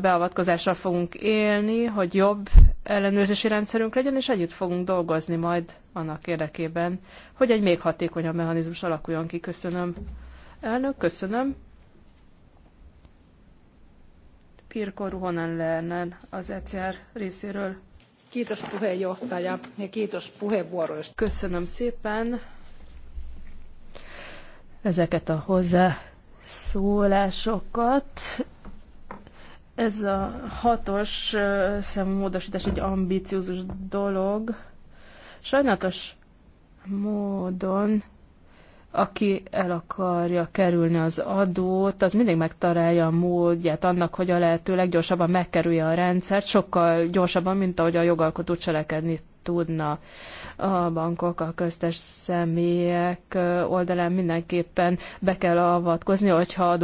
beavatkozással fogunk élni, hogy jobb ellenőrzési rendszerünk legyen, és együtt fogunk dolgozni majd annak érdekében, hogy egy még hatékonyabb mechanizmus alakuljon ki. Köszönöm. Elnök, köszönöm. Pirko Ruhonen Lernen az ECR részéről. Kiitos puheenjohtaja ja kiitos puheenvuoroista. Köszönöm szépen ezeket a hozzá szólásokat. Ez a hatos szemmódosítás egy ambíciózus dolog. Sajnálatos módon aki el akarja kerülni az adót, az mindig megtalálja a módját annak, hogy a lehető leggyorsabban megkerülje a rendszert, sokkal gyorsabban, mint ahogy a jogalkotó cselekedni tudna. A bankok, a köztes személyek oldalán mindenképpen be kell avatkozni, hogyha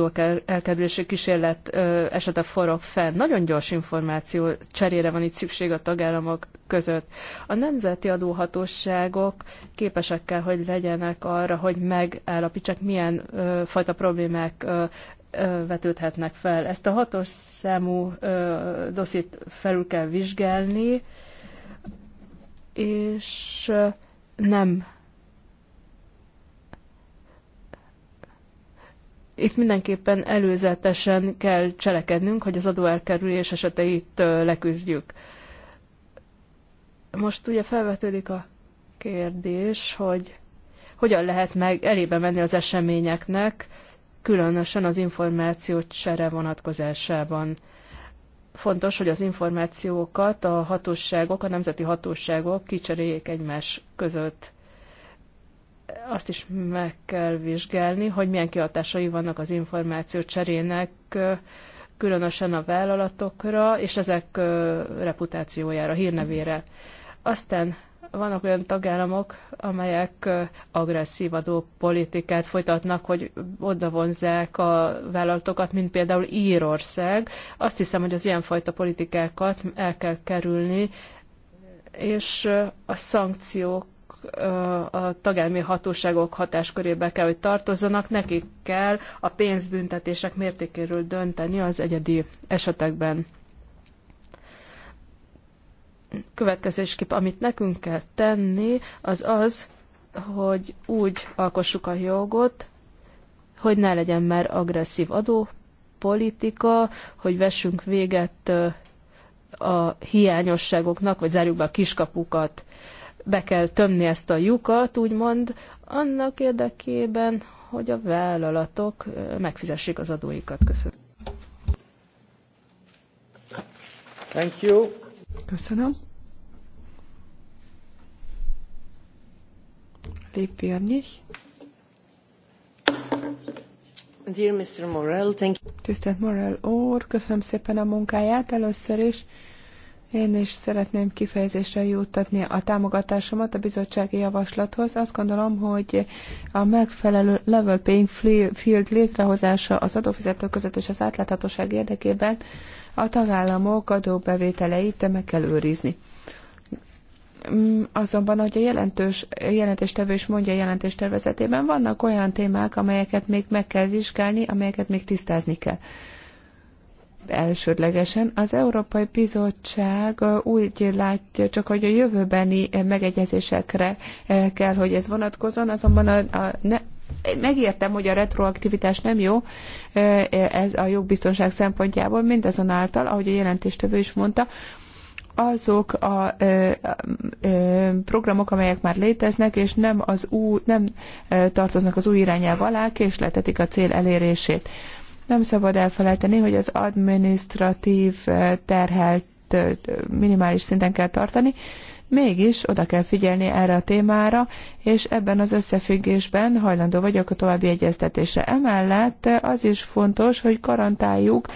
elkerülési kísérlet esete forog fenn. Nagyon gyors információ cserére van itt szükség a tagállamok között. A nemzeti adóhatóságok képesek kell, hogy legyenek arra, hogy megállapítsák, milyen ö, fajta problémák ö, ö, vetődhetnek fel. Ezt a hatos számú ö, doszit felül kell vizsgálni, ö, és nem. Itt mindenképpen előzetesen kell cselekednünk, hogy az adóelkerülés eseteit leküzdjük. Most ugye felvetődik a kérdés, hogy hogyan lehet meg elébe menni az eseményeknek, különösen az információ csere vonatkozásában fontos, hogy az információkat a hatóságok, a nemzeti hatóságok kicseréljék egymás között. Azt is meg kell vizsgálni, hogy milyen kihatásai vannak az információ cserének, különösen a vállalatokra, és ezek reputációjára, hírnevére. Aztán vannak olyan tagállamok, amelyek agresszív politikát folytatnak, hogy vonzák a vállalatokat, mint például Írország. Azt hiszem, hogy az ilyenfajta politikákat el kell kerülni, és a szankciók a tagállami hatóságok hatáskörébe kell, hogy tartozzanak, nekik kell a pénzbüntetések mértékéről dönteni az egyedi esetekben következésképp, amit nekünk kell tenni, az az, hogy úgy alkossuk a jogot, hogy ne legyen már agresszív adópolitika, hogy vessünk véget a hiányosságoknak, vagy zárjuk be a kiskapukat. Be kell tömni ezt a lyukat, úgymond, annak érdekében, hogy a vállalatok megfizessék az adóikat. Köszönöm. Thank you. Köszönöm.
lebt wie Dear Mr. Morel, thank you. Tisztelt Morel úr, köszönöm szépen a munkáját először is. Én is szeretném kifejezésre juttatni a támogatásomat a bizottsági javaslathoz. Azt gondolom, hogy a megfelelő level playing field létrehozása az adófizetők között és az átláthatóság érdekében a tagállamok adóbevételeit meg kell őrizni. Azonban, hogy a jelentős, jelentéstevő is mondja a jelentéstervezetében, vannak olyan témák, amelyeket még meg kell vizsgálni, amelyeket még tisztázni kell. Elsődlegesen az Európai Bizottság úgy látja csak, hogy a jövőbeni megegyezésekre kell, hogy ez vonatkozon, azonban a, a ne, megértem, hogy a retroaktivitás nem jó, ez a jogbiztonság szempontjából, mindazonáltal, ahogy a jelentéstevő is mondta, azok a ö, ö, programok, amelyek már léteznek, és nem, az új, nem tartoznak az új irányába alá, késletetik a cél elérését. Nem szabad elfelejteni, hogy az administratív terhelt minimális szinten kell tartani, mégis oda kell figyelni erre a témára, és ebben az összefüggésben hajlandó vagyok a további egyeztetésre. Emellett az is fontos, hogy garantáljuk,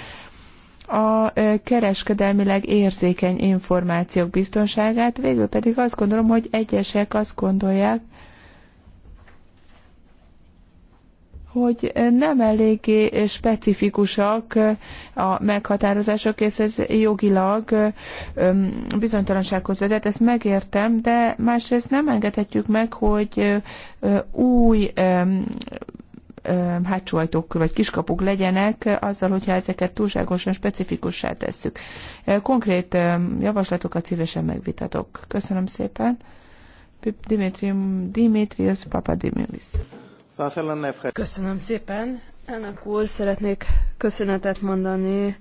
a kereskedelmileg érzékeny információk biztonságát, végül pedig azt gondolom, hogy egyesek azt gondolják, hogy nem eléggé specifikusak a meghatározások, és ez jogilag bizonytalansághoz vezet, ezt megértem, de másrészt nem engedhetjük meg, hogy új hátsó ajtók vagy kiskapuk legyenek azzal, hogyha ezeket túlságosan specifikussá tesszük. Konkrét javaslatokat szívesen megvitatok. Köszönöm szépen. Dimitrium, Dimitrios Papadimulis.
Köszönöm szépen. Ennek úr, szeretnék köszönetet mondani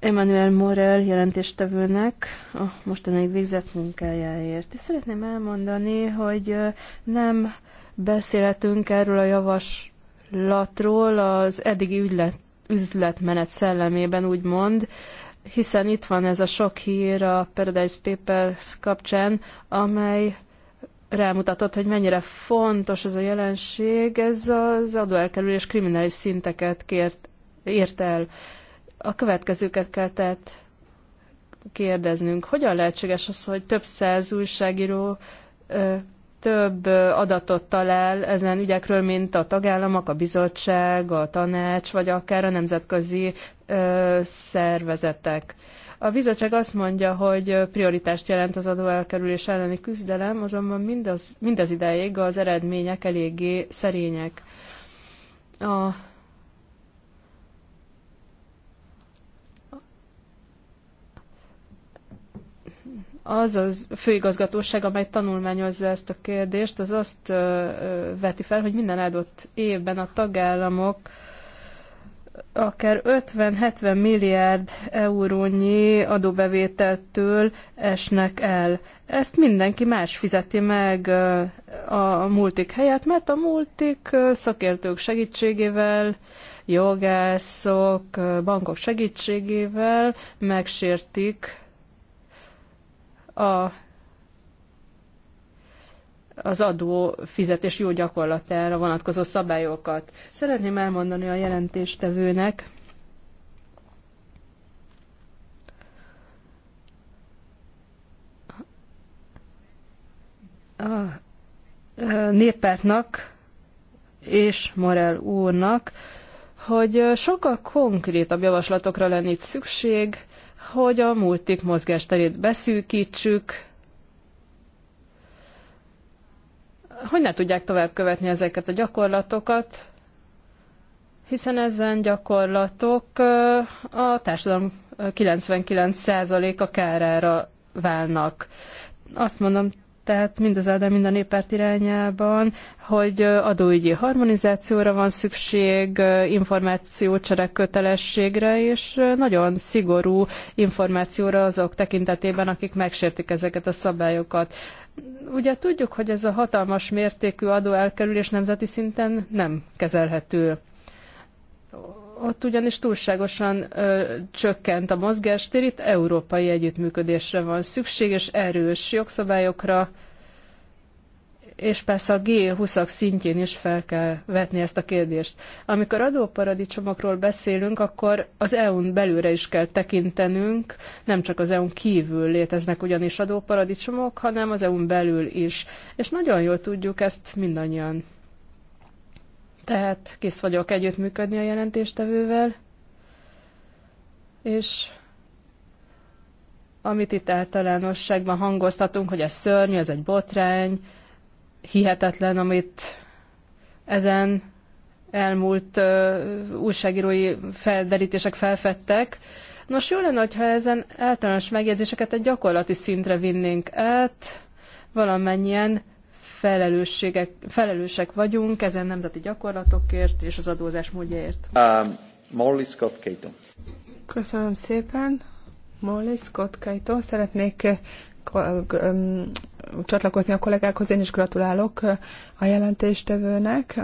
Emmanuel Morel jelentéstevőnek a mostanáig végzett munkájáért. És szeretném elmondani, hogy nem beszélhetünk erről a javas gyakorlatról az eddigi ügylet, üzletmenet szellemében úgymond, hiszen itt van ez a sok hír a Paradise Papers kapcsán, amely rámutatott, hogy mennyire fontos ez a jelenség, ez az adóelkerülés kriminális szinteket kért, ért el. A következőket kell tehát kérdeznünk. Hogyan lehetséges az, hogy több száz újságíró több adatot talál ezen ügyekről, mint a tagállamok, a bizottság, a tanács, vagy akár a nemzetközi ö, szervezetek. A bizottság azt mondja, hogy prioritást jelent az adóelkerülés elleni küzdelem, azonban mindaz, mindez ideig az eredmények eléggé szerények. A az az főigazgatóság, amely tanulmányozza ezt a kérdést, az azt veti fel, hogy minden adott évben a tagállamok akár 50-70 milliárd eurónyi adóbevételtől esnek el. Ezt mindenki más fizeti meg a multik helyett, mert a multik szakértők segítségével, jogászok, bankok segítségével megsértik a, az adó fizetés jó gyakorlatára vonatkozó szabályokat. Szeretném elmondani a jelentéstevőnek, a néppártnak és Morel úrnak, hogy sokkal konkrétabb javaslatokra lenne itt szükség, hogy a multik mozgásterét beszűkítsük, hogy ne tudják tovább követni ezeket a gyakorlatokat, hiszen ezen gyakorlatok a társadalom 99%-a kárára válnak. Azt mondom tehát mind az Ádám, mind a néppárt irányában, hogy adóügyi harmonizációra van szükség, információcsere kötelességre, és nagyon szigorú információra azok tekintetében, akik megsértik ezeket a szabályokat. Ugye tudjuk, hogy ez a hatalmas mértékű adóelkerülés nemzeti szinten nem kezelhető ott ugyanis túlságosan ö, csökkent a mozgástér, itt európai együttműködésre van szükség, és erős jogszabályokra, és persze a G20-ak szintjén is fel kell vetni ezt a kérdést. Amikor adóparadicsomokról beszélünk, akkor az EU-n belőle is kell tekintenünk, nem csak az EU-n kívül léteznek ugyanis adóparadicsomok, hanem az EU-n belül is. És nagyon jól tudjuk ezt mindannyian. Tehát kész vagyok együttműködni a jelentéstevővel, és amit itt általánosságban hangoztatunk, hogy ez szörnyű, ez egy botrány, hihetetlen, amit ezen elmúlt uh, újságírói felderítések felfedtek. Nos, jó lenne, ha ezen általános megjegyzéseket egy gyakorlati szintre vinnénk át, valamennyien felelősségek, felelősek vagyunk ezen nemzeti gyakorlatokért és az adózás módjáért.
Um, Molly Scott Cato.
Köszönöm szépen. Molly
Scott Cato. Szeretnék eh, eh, csatlakozni a kollégákhoz. Én is gratulálok eh, a jelentéstevőnek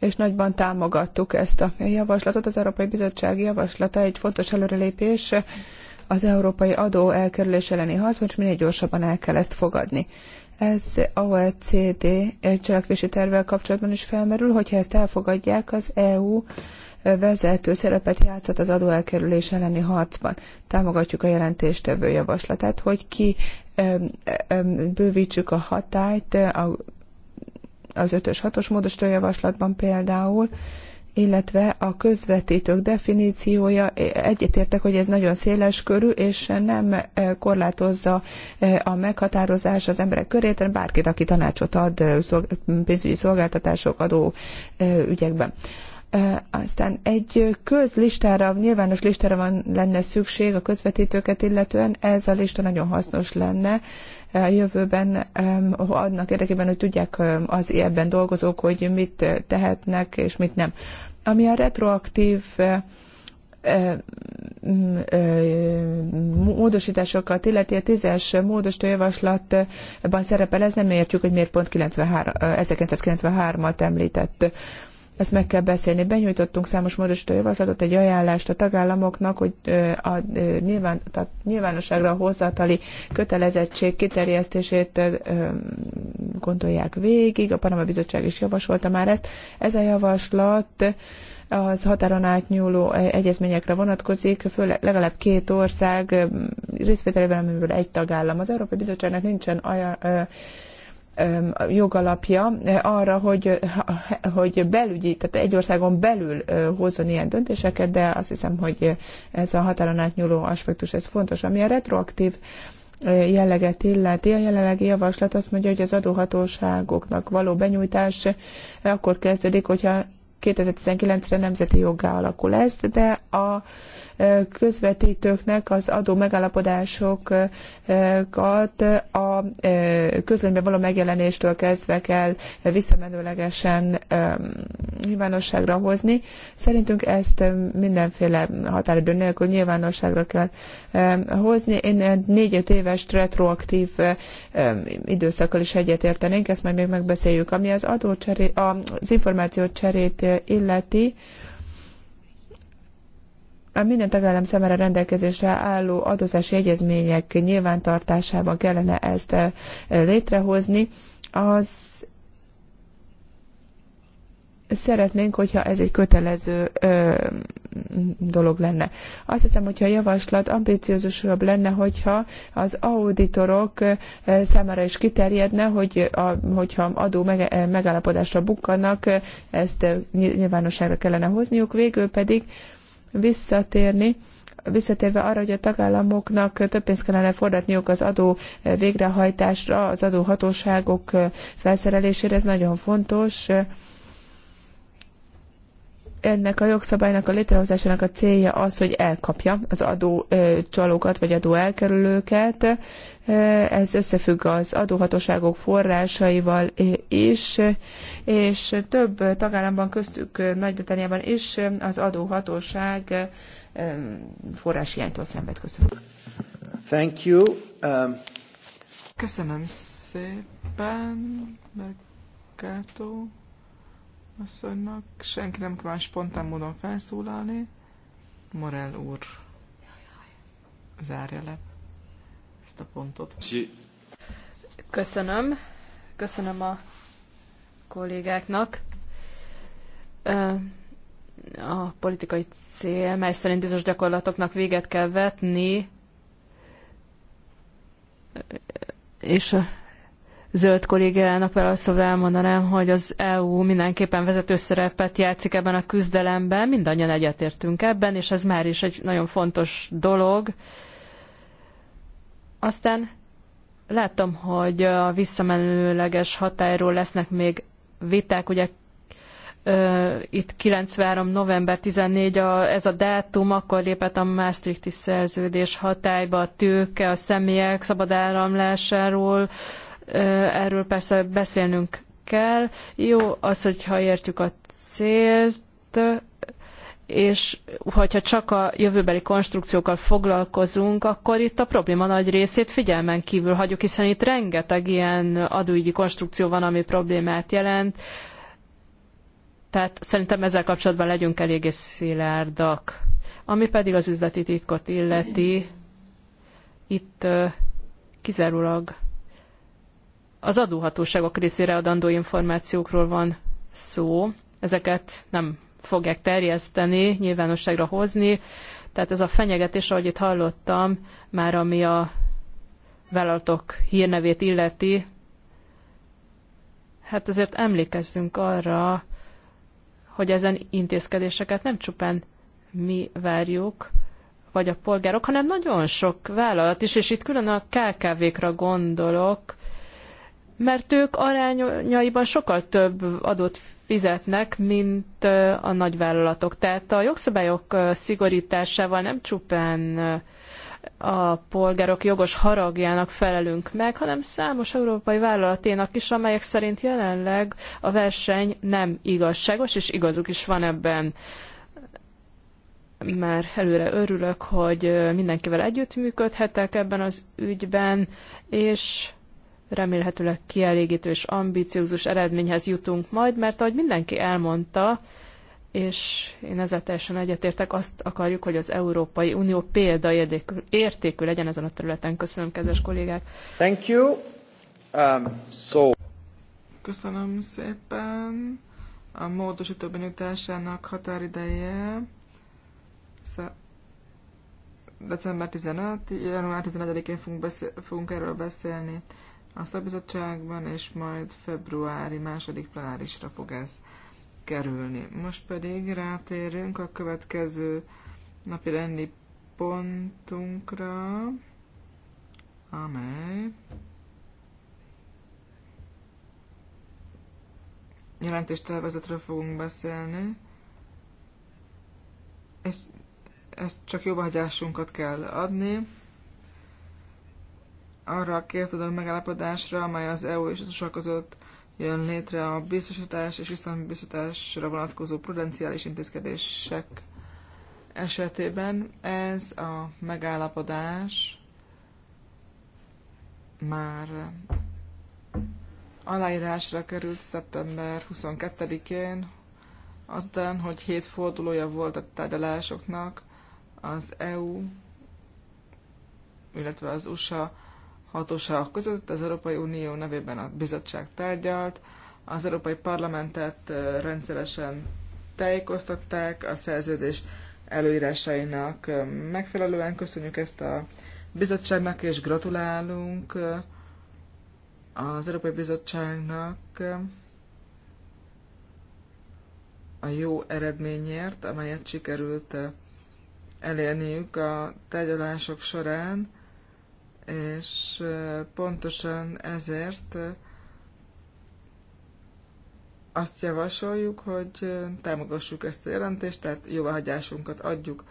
és nagyban támogattuk ezt a javaslatot. Az Európai Bizottság javaslata egy fontos előrelépés az európai adó elkerülés elleni harcban, és minél gyorsabban el kell ezt fogadni. Ez a OECD eh, cselekvési tervvel kapcsolatban is felmerül, hogyha ezt elfogadják, az EU eh, vezető szerepet játszhat az adóelkerülés elleni harcban. Támogatjuk a jelentéstevő javaslatát, hogy ki bővítsük a hatályt eh, az 5-ös 6-os módosító javaslatban például, illetve a közvetítők definíciója, e, egyetértek, hogy ez nagyon széles körű, és nem e, korlátozza e, a meghatározás az emberek körét, hanem bárkit, aki tanácsot ad pénzügyi szolgáltatások adó ügyekben. Aztán egy közlistára, nyilvános listára van, lenne szükség a közvetítőket illetően, ez a lista nagyon hasznos lenne a jövőben, annak érdekében, hogy tudják az ebben dolgozók, hogy mit tehetnek és mit nem. Ami a retroaktív módosításokat, illeti a tízes módosító javaslatban szerepel, ez nem értjük, hogy miért pont 93, 1993-at említett ezt meg kell beszélni. Benyújtottunk számos módosító javaslatot, egy ajánlást a tagállamoknak, hogy a nyilván, tehát nyilvánosságra hozzatali kötelezettség kiterjesztését gondolják végig. A Panama Bizottság is javasolta már ezt. Ez a javaslat az határon átnyúló egyezményekre vonatkozik, főleg legalább két ország részvételével, amiből egy tagállam. Az Európai Bizottságnak nincsen olyan jogalapja arra, hogy, hogy belügyi, tehát egy országon belül hozzon ilyen döntéseket, de azt hiszem, hogy ez a határon átnyúló aspektus, ez fontos. Ami a retroaktív jelleget illeti. A jelenlegi javaslat azt mondja, hogy az adóhatóságoknak való benyújtás akkor kezdődik, hogyha 2019-re nemzeti joggá alakul ez, de a közvetítőknek az adó megállapodásokat a közlönyben való megjelenéstől kezdve kell visszamenőlegesen nyilvánosságra hozni. Szerintünk ezt mindenféle határidő nélkül nyilvánosságra kell hozni. Én négy-öt éves retroaktív időszakkal is egyetértenénk, ezt majd még megbeszéljük. Ami az adócseré, az információcserét illeti, a minden tagállam számára rendelkezésre álló adózási egyezmények nyilvántartásában kellene ezt eh, létrehozni. Az szeretnénk, hogyha ez egy kötelező ö, dolog lenne. Azt hiszem, hogyha a javaslat ambiciózusabb lenne, hogyha az auditorok számára is kiterjedne, hogy a, hogyha adó megállapodásra bukkannak, ezt nyilvánosságra kellene hozniuk, végül pedig ö, visszatérni, visszatérve arra, hogy a tagállamoknak több pénzt kellene fordatniuk az adó végrehajtásra, az adóhatóságok felszerelésére, ez nagyon fontos ennek a jogszabálynak a létrehozásának a célja az, hogy elkapja az adócsalókat vagy adóelkerülőket. Ez összefügg az adóhatóságok forrásaival is, és több tagállamban köztük Nagy-Britanniában is az adóhatóság forráshiánytól szenved. Köszönöm.
Thank you. Um...
Köszönöm szépen,
Mercato asszonynak. Senki nem kíván spontán módon felszólalni. Morel úr zárja le
ezt a pontot. Köszönöm. Köszönöm a kollégáknak. A politikai cél, mely szerint bizonyos gyakorlatoknak véget kell vetni, és a zöld kollégának válaszolva elmondanám, hogy az EU mindenképpen vezető szerepet játszik ebben a küzdelemben, mindannyian egyetértünk ebben, és ez már is egy nagyon fontos dolog. Aztán láttam, hogy a visszamenőleges hatályról lesznek még viták, ugye itt 93. november 14 a, ez a dátum, akkor lépett a Maastrichti szerződés hatályba a tőke, a személyek szabad áramlásáról erről persze beszélnünk kell. Jó az, hogyha értjük a célt, és hogyha csak a jövőbeli konstrukciókkal foglalkozunk, akkor itt a probléma nagy részét figyelmen kívül hagyjuk, hiszen itt rengeteg ilyen adóügyi konstrukció van, ami problémát jelent. Tehát szerintem ezzel kapcsolatban legyünk eléggé szilárdak. Ami pedig az üzleti titkot illeti, itt kizárólag az adóhatóságok részére adandó információkról van szó. Ezeket nem fogják terjeszteni, nyilvánosságra hozni. Tehát ez a fenyegetés, ahogy itt hallottam, már ami a vállalatok hírnevét illeti, hát azért emlékezzünk arra, hogy ezen intézkedéseket nem csupán mi várjuk, vagy a polgárok, hanem nagyon sok vállalat is, és itt külön a KKV-kra gondolok, mert ők arányaiban sokkal több adót fizetnek, mint a nagyvállalatok. Tehát a jogszabályok szigorításával nem csupán a polgárok jogos haragjának felelünk meg, hanem számos európai vállalaténak is, amelyek szerint jelenleg a verseny nem igazságos, és igazuk is van ebben. Már előre örülök, hogy mindenkivel együttműködhetek ebben az ügyben, és remélhetőleg kielégítő és ambiciózus eredményhez jutunk majd, mert ahogy mindenki elmondta, és én ezzel teljesen egyetértek, azt akarjuk, hogy az Európai Unió példaértékű legyen ezen a területen. Köszönöm, kedves kollégák!
Thank you! Um, so... Köszönöm szépen! A módosító benyújtásának határideje december 15, január 14 én fogunk, beszél, fogunk erről beszélni a szabizottságban, és majd februári második plenárisra fog ez kerülni. Most pedig rátérünk a következő napi rendi pontunkra, amely jelentéstervezetről fogunk beszélni, és ezt csak jóvágyásunkat kell adni arra a kétoldalú megállapodásra, amely az EU és az USA között jön létre a biztosítás és biztosításra vonatkozó prudenciális intézkedések esetében. Ez a megállapodás már aláírásra került szeptember 22-én, azután, hogy hét fordulója volt a tárgyalásoknak, az EU, illetve az USA hatóságok között. Az Európai Unió nevében a bizottság tárgyalt, az Európai Parlamentet rendszeresen tájékoztatták a szerződés előírásainak megfelelően. Köszönjük ezt a bizottságnak, és gratulálunk az Európai Bizottságnak a jó eredményért, amelyet sikerült elérniük a tárgyalások során és pontosan ezért azt javasoljuk, hogy támogassuk ezt a jelentést, tehát jóváhagyásunkat adjuk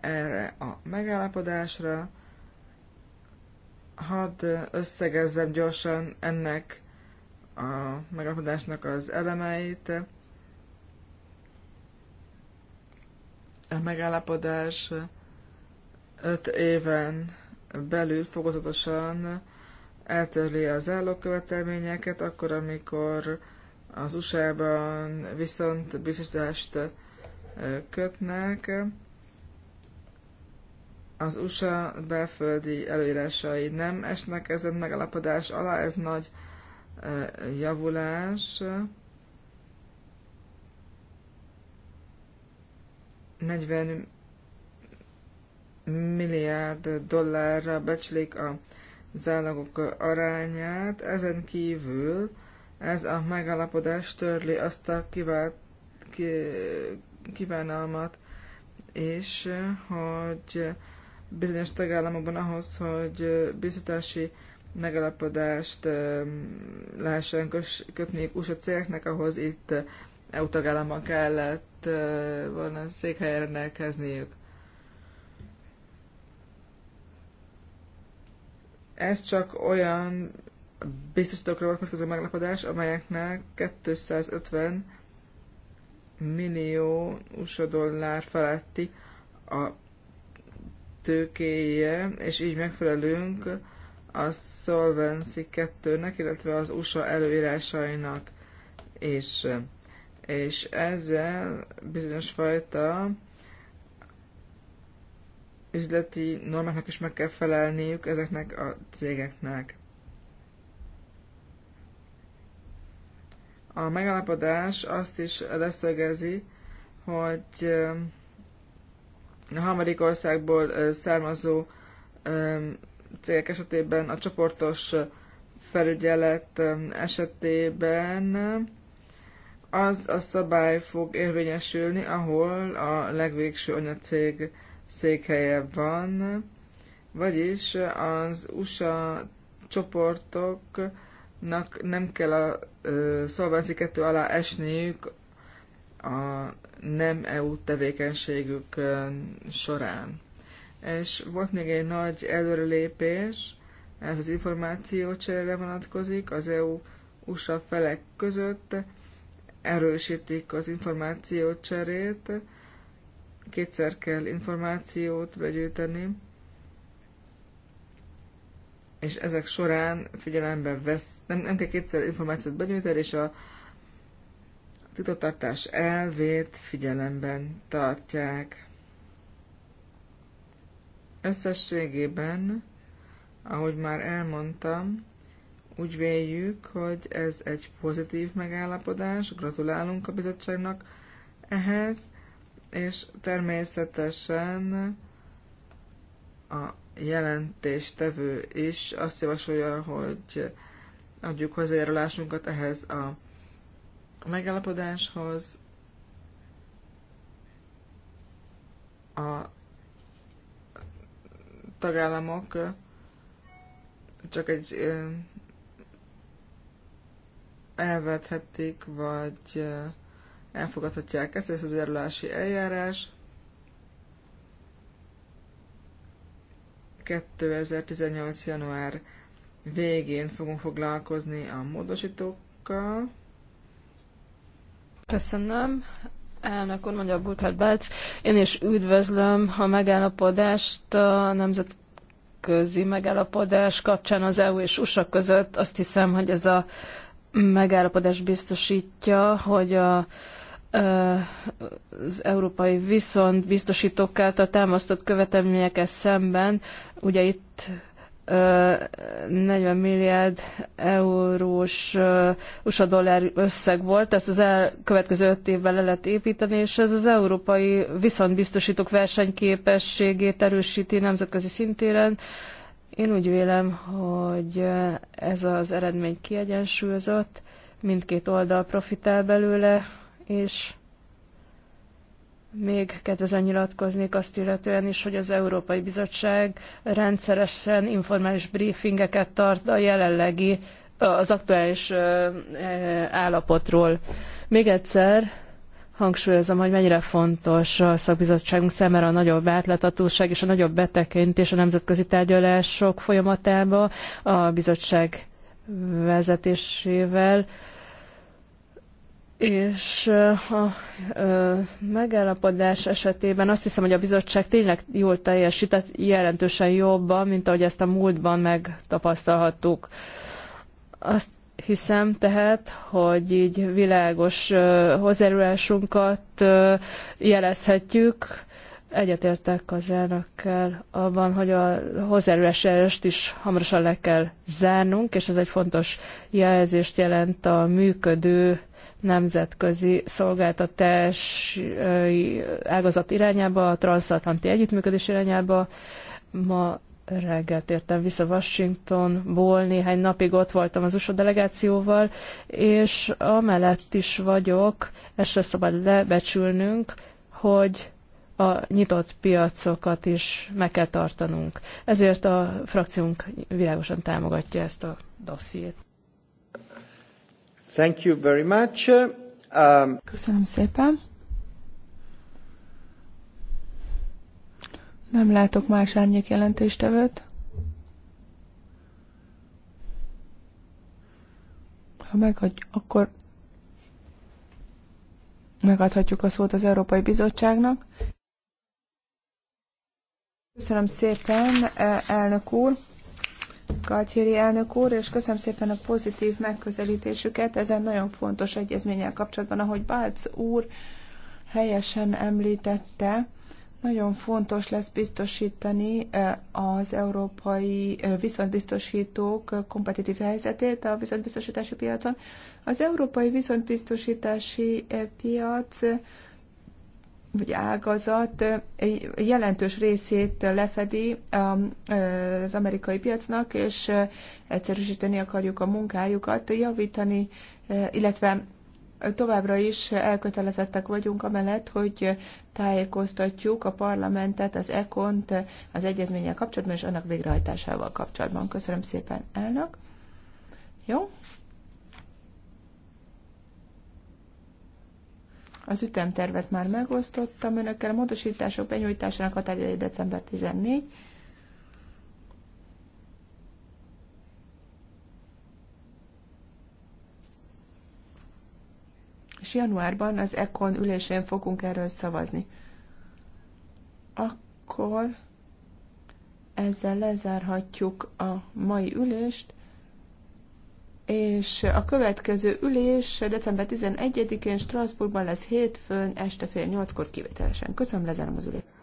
erre a megállapodásra. Hadd összegezzem gyorsan ennek a megállapodásnak az elemeit. A megállapodás öt éven belül fokozatosan eltörli az állókövetelményeket, akkor, amikor az USA-ban viszont biztosítást kötnek, az USA belföldi előírásai nem esnek ezen megalapodás alá, ez nagy javulás. 40 milliárd dollárra becslik a zálogok arányát. Ezen kívül ez a megállapodás törli azt a kivált, ki, kívánalmat, és hogy bizonyos tagállamokban ahhoz, hogy biztosítási megállapodást lehessen kötniük USA cégeknek, ahhoz itt EU tagállamban kellett volna székhelyre rendelkezniük. Ez csak olyan biztosítókra vonatkozó meglepadás, amelyeknek 250 millió USA dollár feletti a tőkéje, és így megfelelünk a Solvency 2-nek, illetve az USA előírásainak, és, és ezzel bizonyos fajta üzleti normáknak is meg kell felelniük ezeknek a cégeknek. A megállapodás azt is leszögezi, hogy um, a harmadik országból származó um, cégek esetében a csoportos felügyelet um, esetében az a szabály fog érvényesülni, ahol a legvégső anyacég székhelye van, vagyis az USA csoportoknak nem kell a Solvency 2 alá esniük a nem EU tevékenységük során. És volt még egy nagy előrelépés, ez az információ cserére vonatkozik az EU-USA felek között, erősítik az információ cserét, kétszer kell információt begyűjteni, és ezek során figyelembe vesz, nem, nem kell kétszer információt begyűjteni, és a titottartás elvét figyelemben tartják. Összességében, ahogy már elmondtam, úgy véljük, hogy ez egy pozitív megállapodás, gratulálunk a bizottságnak ehhez, és természetesen a jelentéstevő is azt javasolja, hogy adjuk hozzájárulásunkat ehhez a megállapodáshoz. A tagállamok csak egy elvethetik, vagy elfogadhatják ezt, ez az járulási eljárás. 2018. január végén fogunk foglalkozni a módosítókkal.
Köszönöm. Elnök úr, mondja Burkhard Bálc. Én is üdvözlöm a megállapodást a nemzetközi megállapodás kapcsán az EU és USA között. Azt hiszem, hogy ez a megállapodás biztosítja, hogy a az európai viszont biztosítók által támasztott követelményekkel szemben, ugye itt 40 milliárd eurós USA dollár összeg volt, ezt az elkövetkező öt évben le lehet építeni, és ez az európai viszonbiztosítók versenyképességét erősíti nemzetközi szintéren, én úgy vélem, hogy ez az eredmény kiegyensúlyozott, mindkét oldal profitál belőle, és még kedvezően nyilatkoznék azt illetően is, hogy az Európai Bizottság rendszeresen informális briefingeket tart a jelenlegi, az aktuális állapotról. Még egyszer, hangsúlyozom, hogy mennyire fontos a szakbizottságunk számára a nagyobb átláthatóság és a nagyobb betekintés a nemzetközi tárgyalások folyamatába a bizottság vezetésével. És eh, a eh, megállapodás esetében azt hiszem, hogy a bizottság tényleg jól teljesített, jelentősen jobban, mint ahogy ezt a múltban megtapasztalhattuk. Azt hiszem tehát, hogy így világos hozzájárulásunkat jelezhetjük. Egyetértek az elnökkel abban, hogy a hozzájárulást is hamarosan le kell zárnunk, és ez egy fontos jelzést jelent a működő nemzetközi szolgáltatás ágazat irányába, a transatlanti együttműködés irányába. Ma reggelt értem vissza Washingtonból, néhány napig ott voltam az USA delegációval, és amellett is vagyok, ezt se szabad lebecsülnünk, hogy a nyitott piacokat is meg kell tartanunk. Ezért a frakciónk világosan támogatja ezt a dossziét. Thank you very much. Um... Köszönöm szépen.
Nem látok más árnyék jelentéstevőt. Ha megadj, akkor megadhatjuk a szót az Európai Bizottságnak. Köszönöm szépen, e, elnök úr, Galtieri elnök úr, és köszönöm szépen a pozitív megközelítésüket ezen nagyon fontos egyezménnyel kapcsolatban, ahogy Bálc úr helyesen említette, nagyon fontos lesz biztosítani e, az európai e, viszontbiztosítók kompetitív helyzetét a viszontbiztosítási piacon. Az európai viszontbiztosítási e, piac vagy ágazat jelentős részét lefedi az amerikai piacnak, és egyszerűsíteni akarjuk a munkájukat, javítani, illetve továbbra is elkötelezettek vagyunk amellett, hogy tájékoztatjuk a parlamentet, az ECONT az egyezménnyel kapcsolatban és annak végrehajtásával kapcsolatban. Köszönöm szépen, elnök. Jó? Az ütemtervet már megosztottam önökkel. A módosítások benyújtásának határideje december 14. és januárban az ECON ülésén fogunk erről szavazni. Akkor ezzel lezárhatjuk a mai ülést, és a következő ülés december 11-én Strasbourgban lesz hétfőn este fél nyolckor kivételesen. Köszönöm, lezárom az ülést.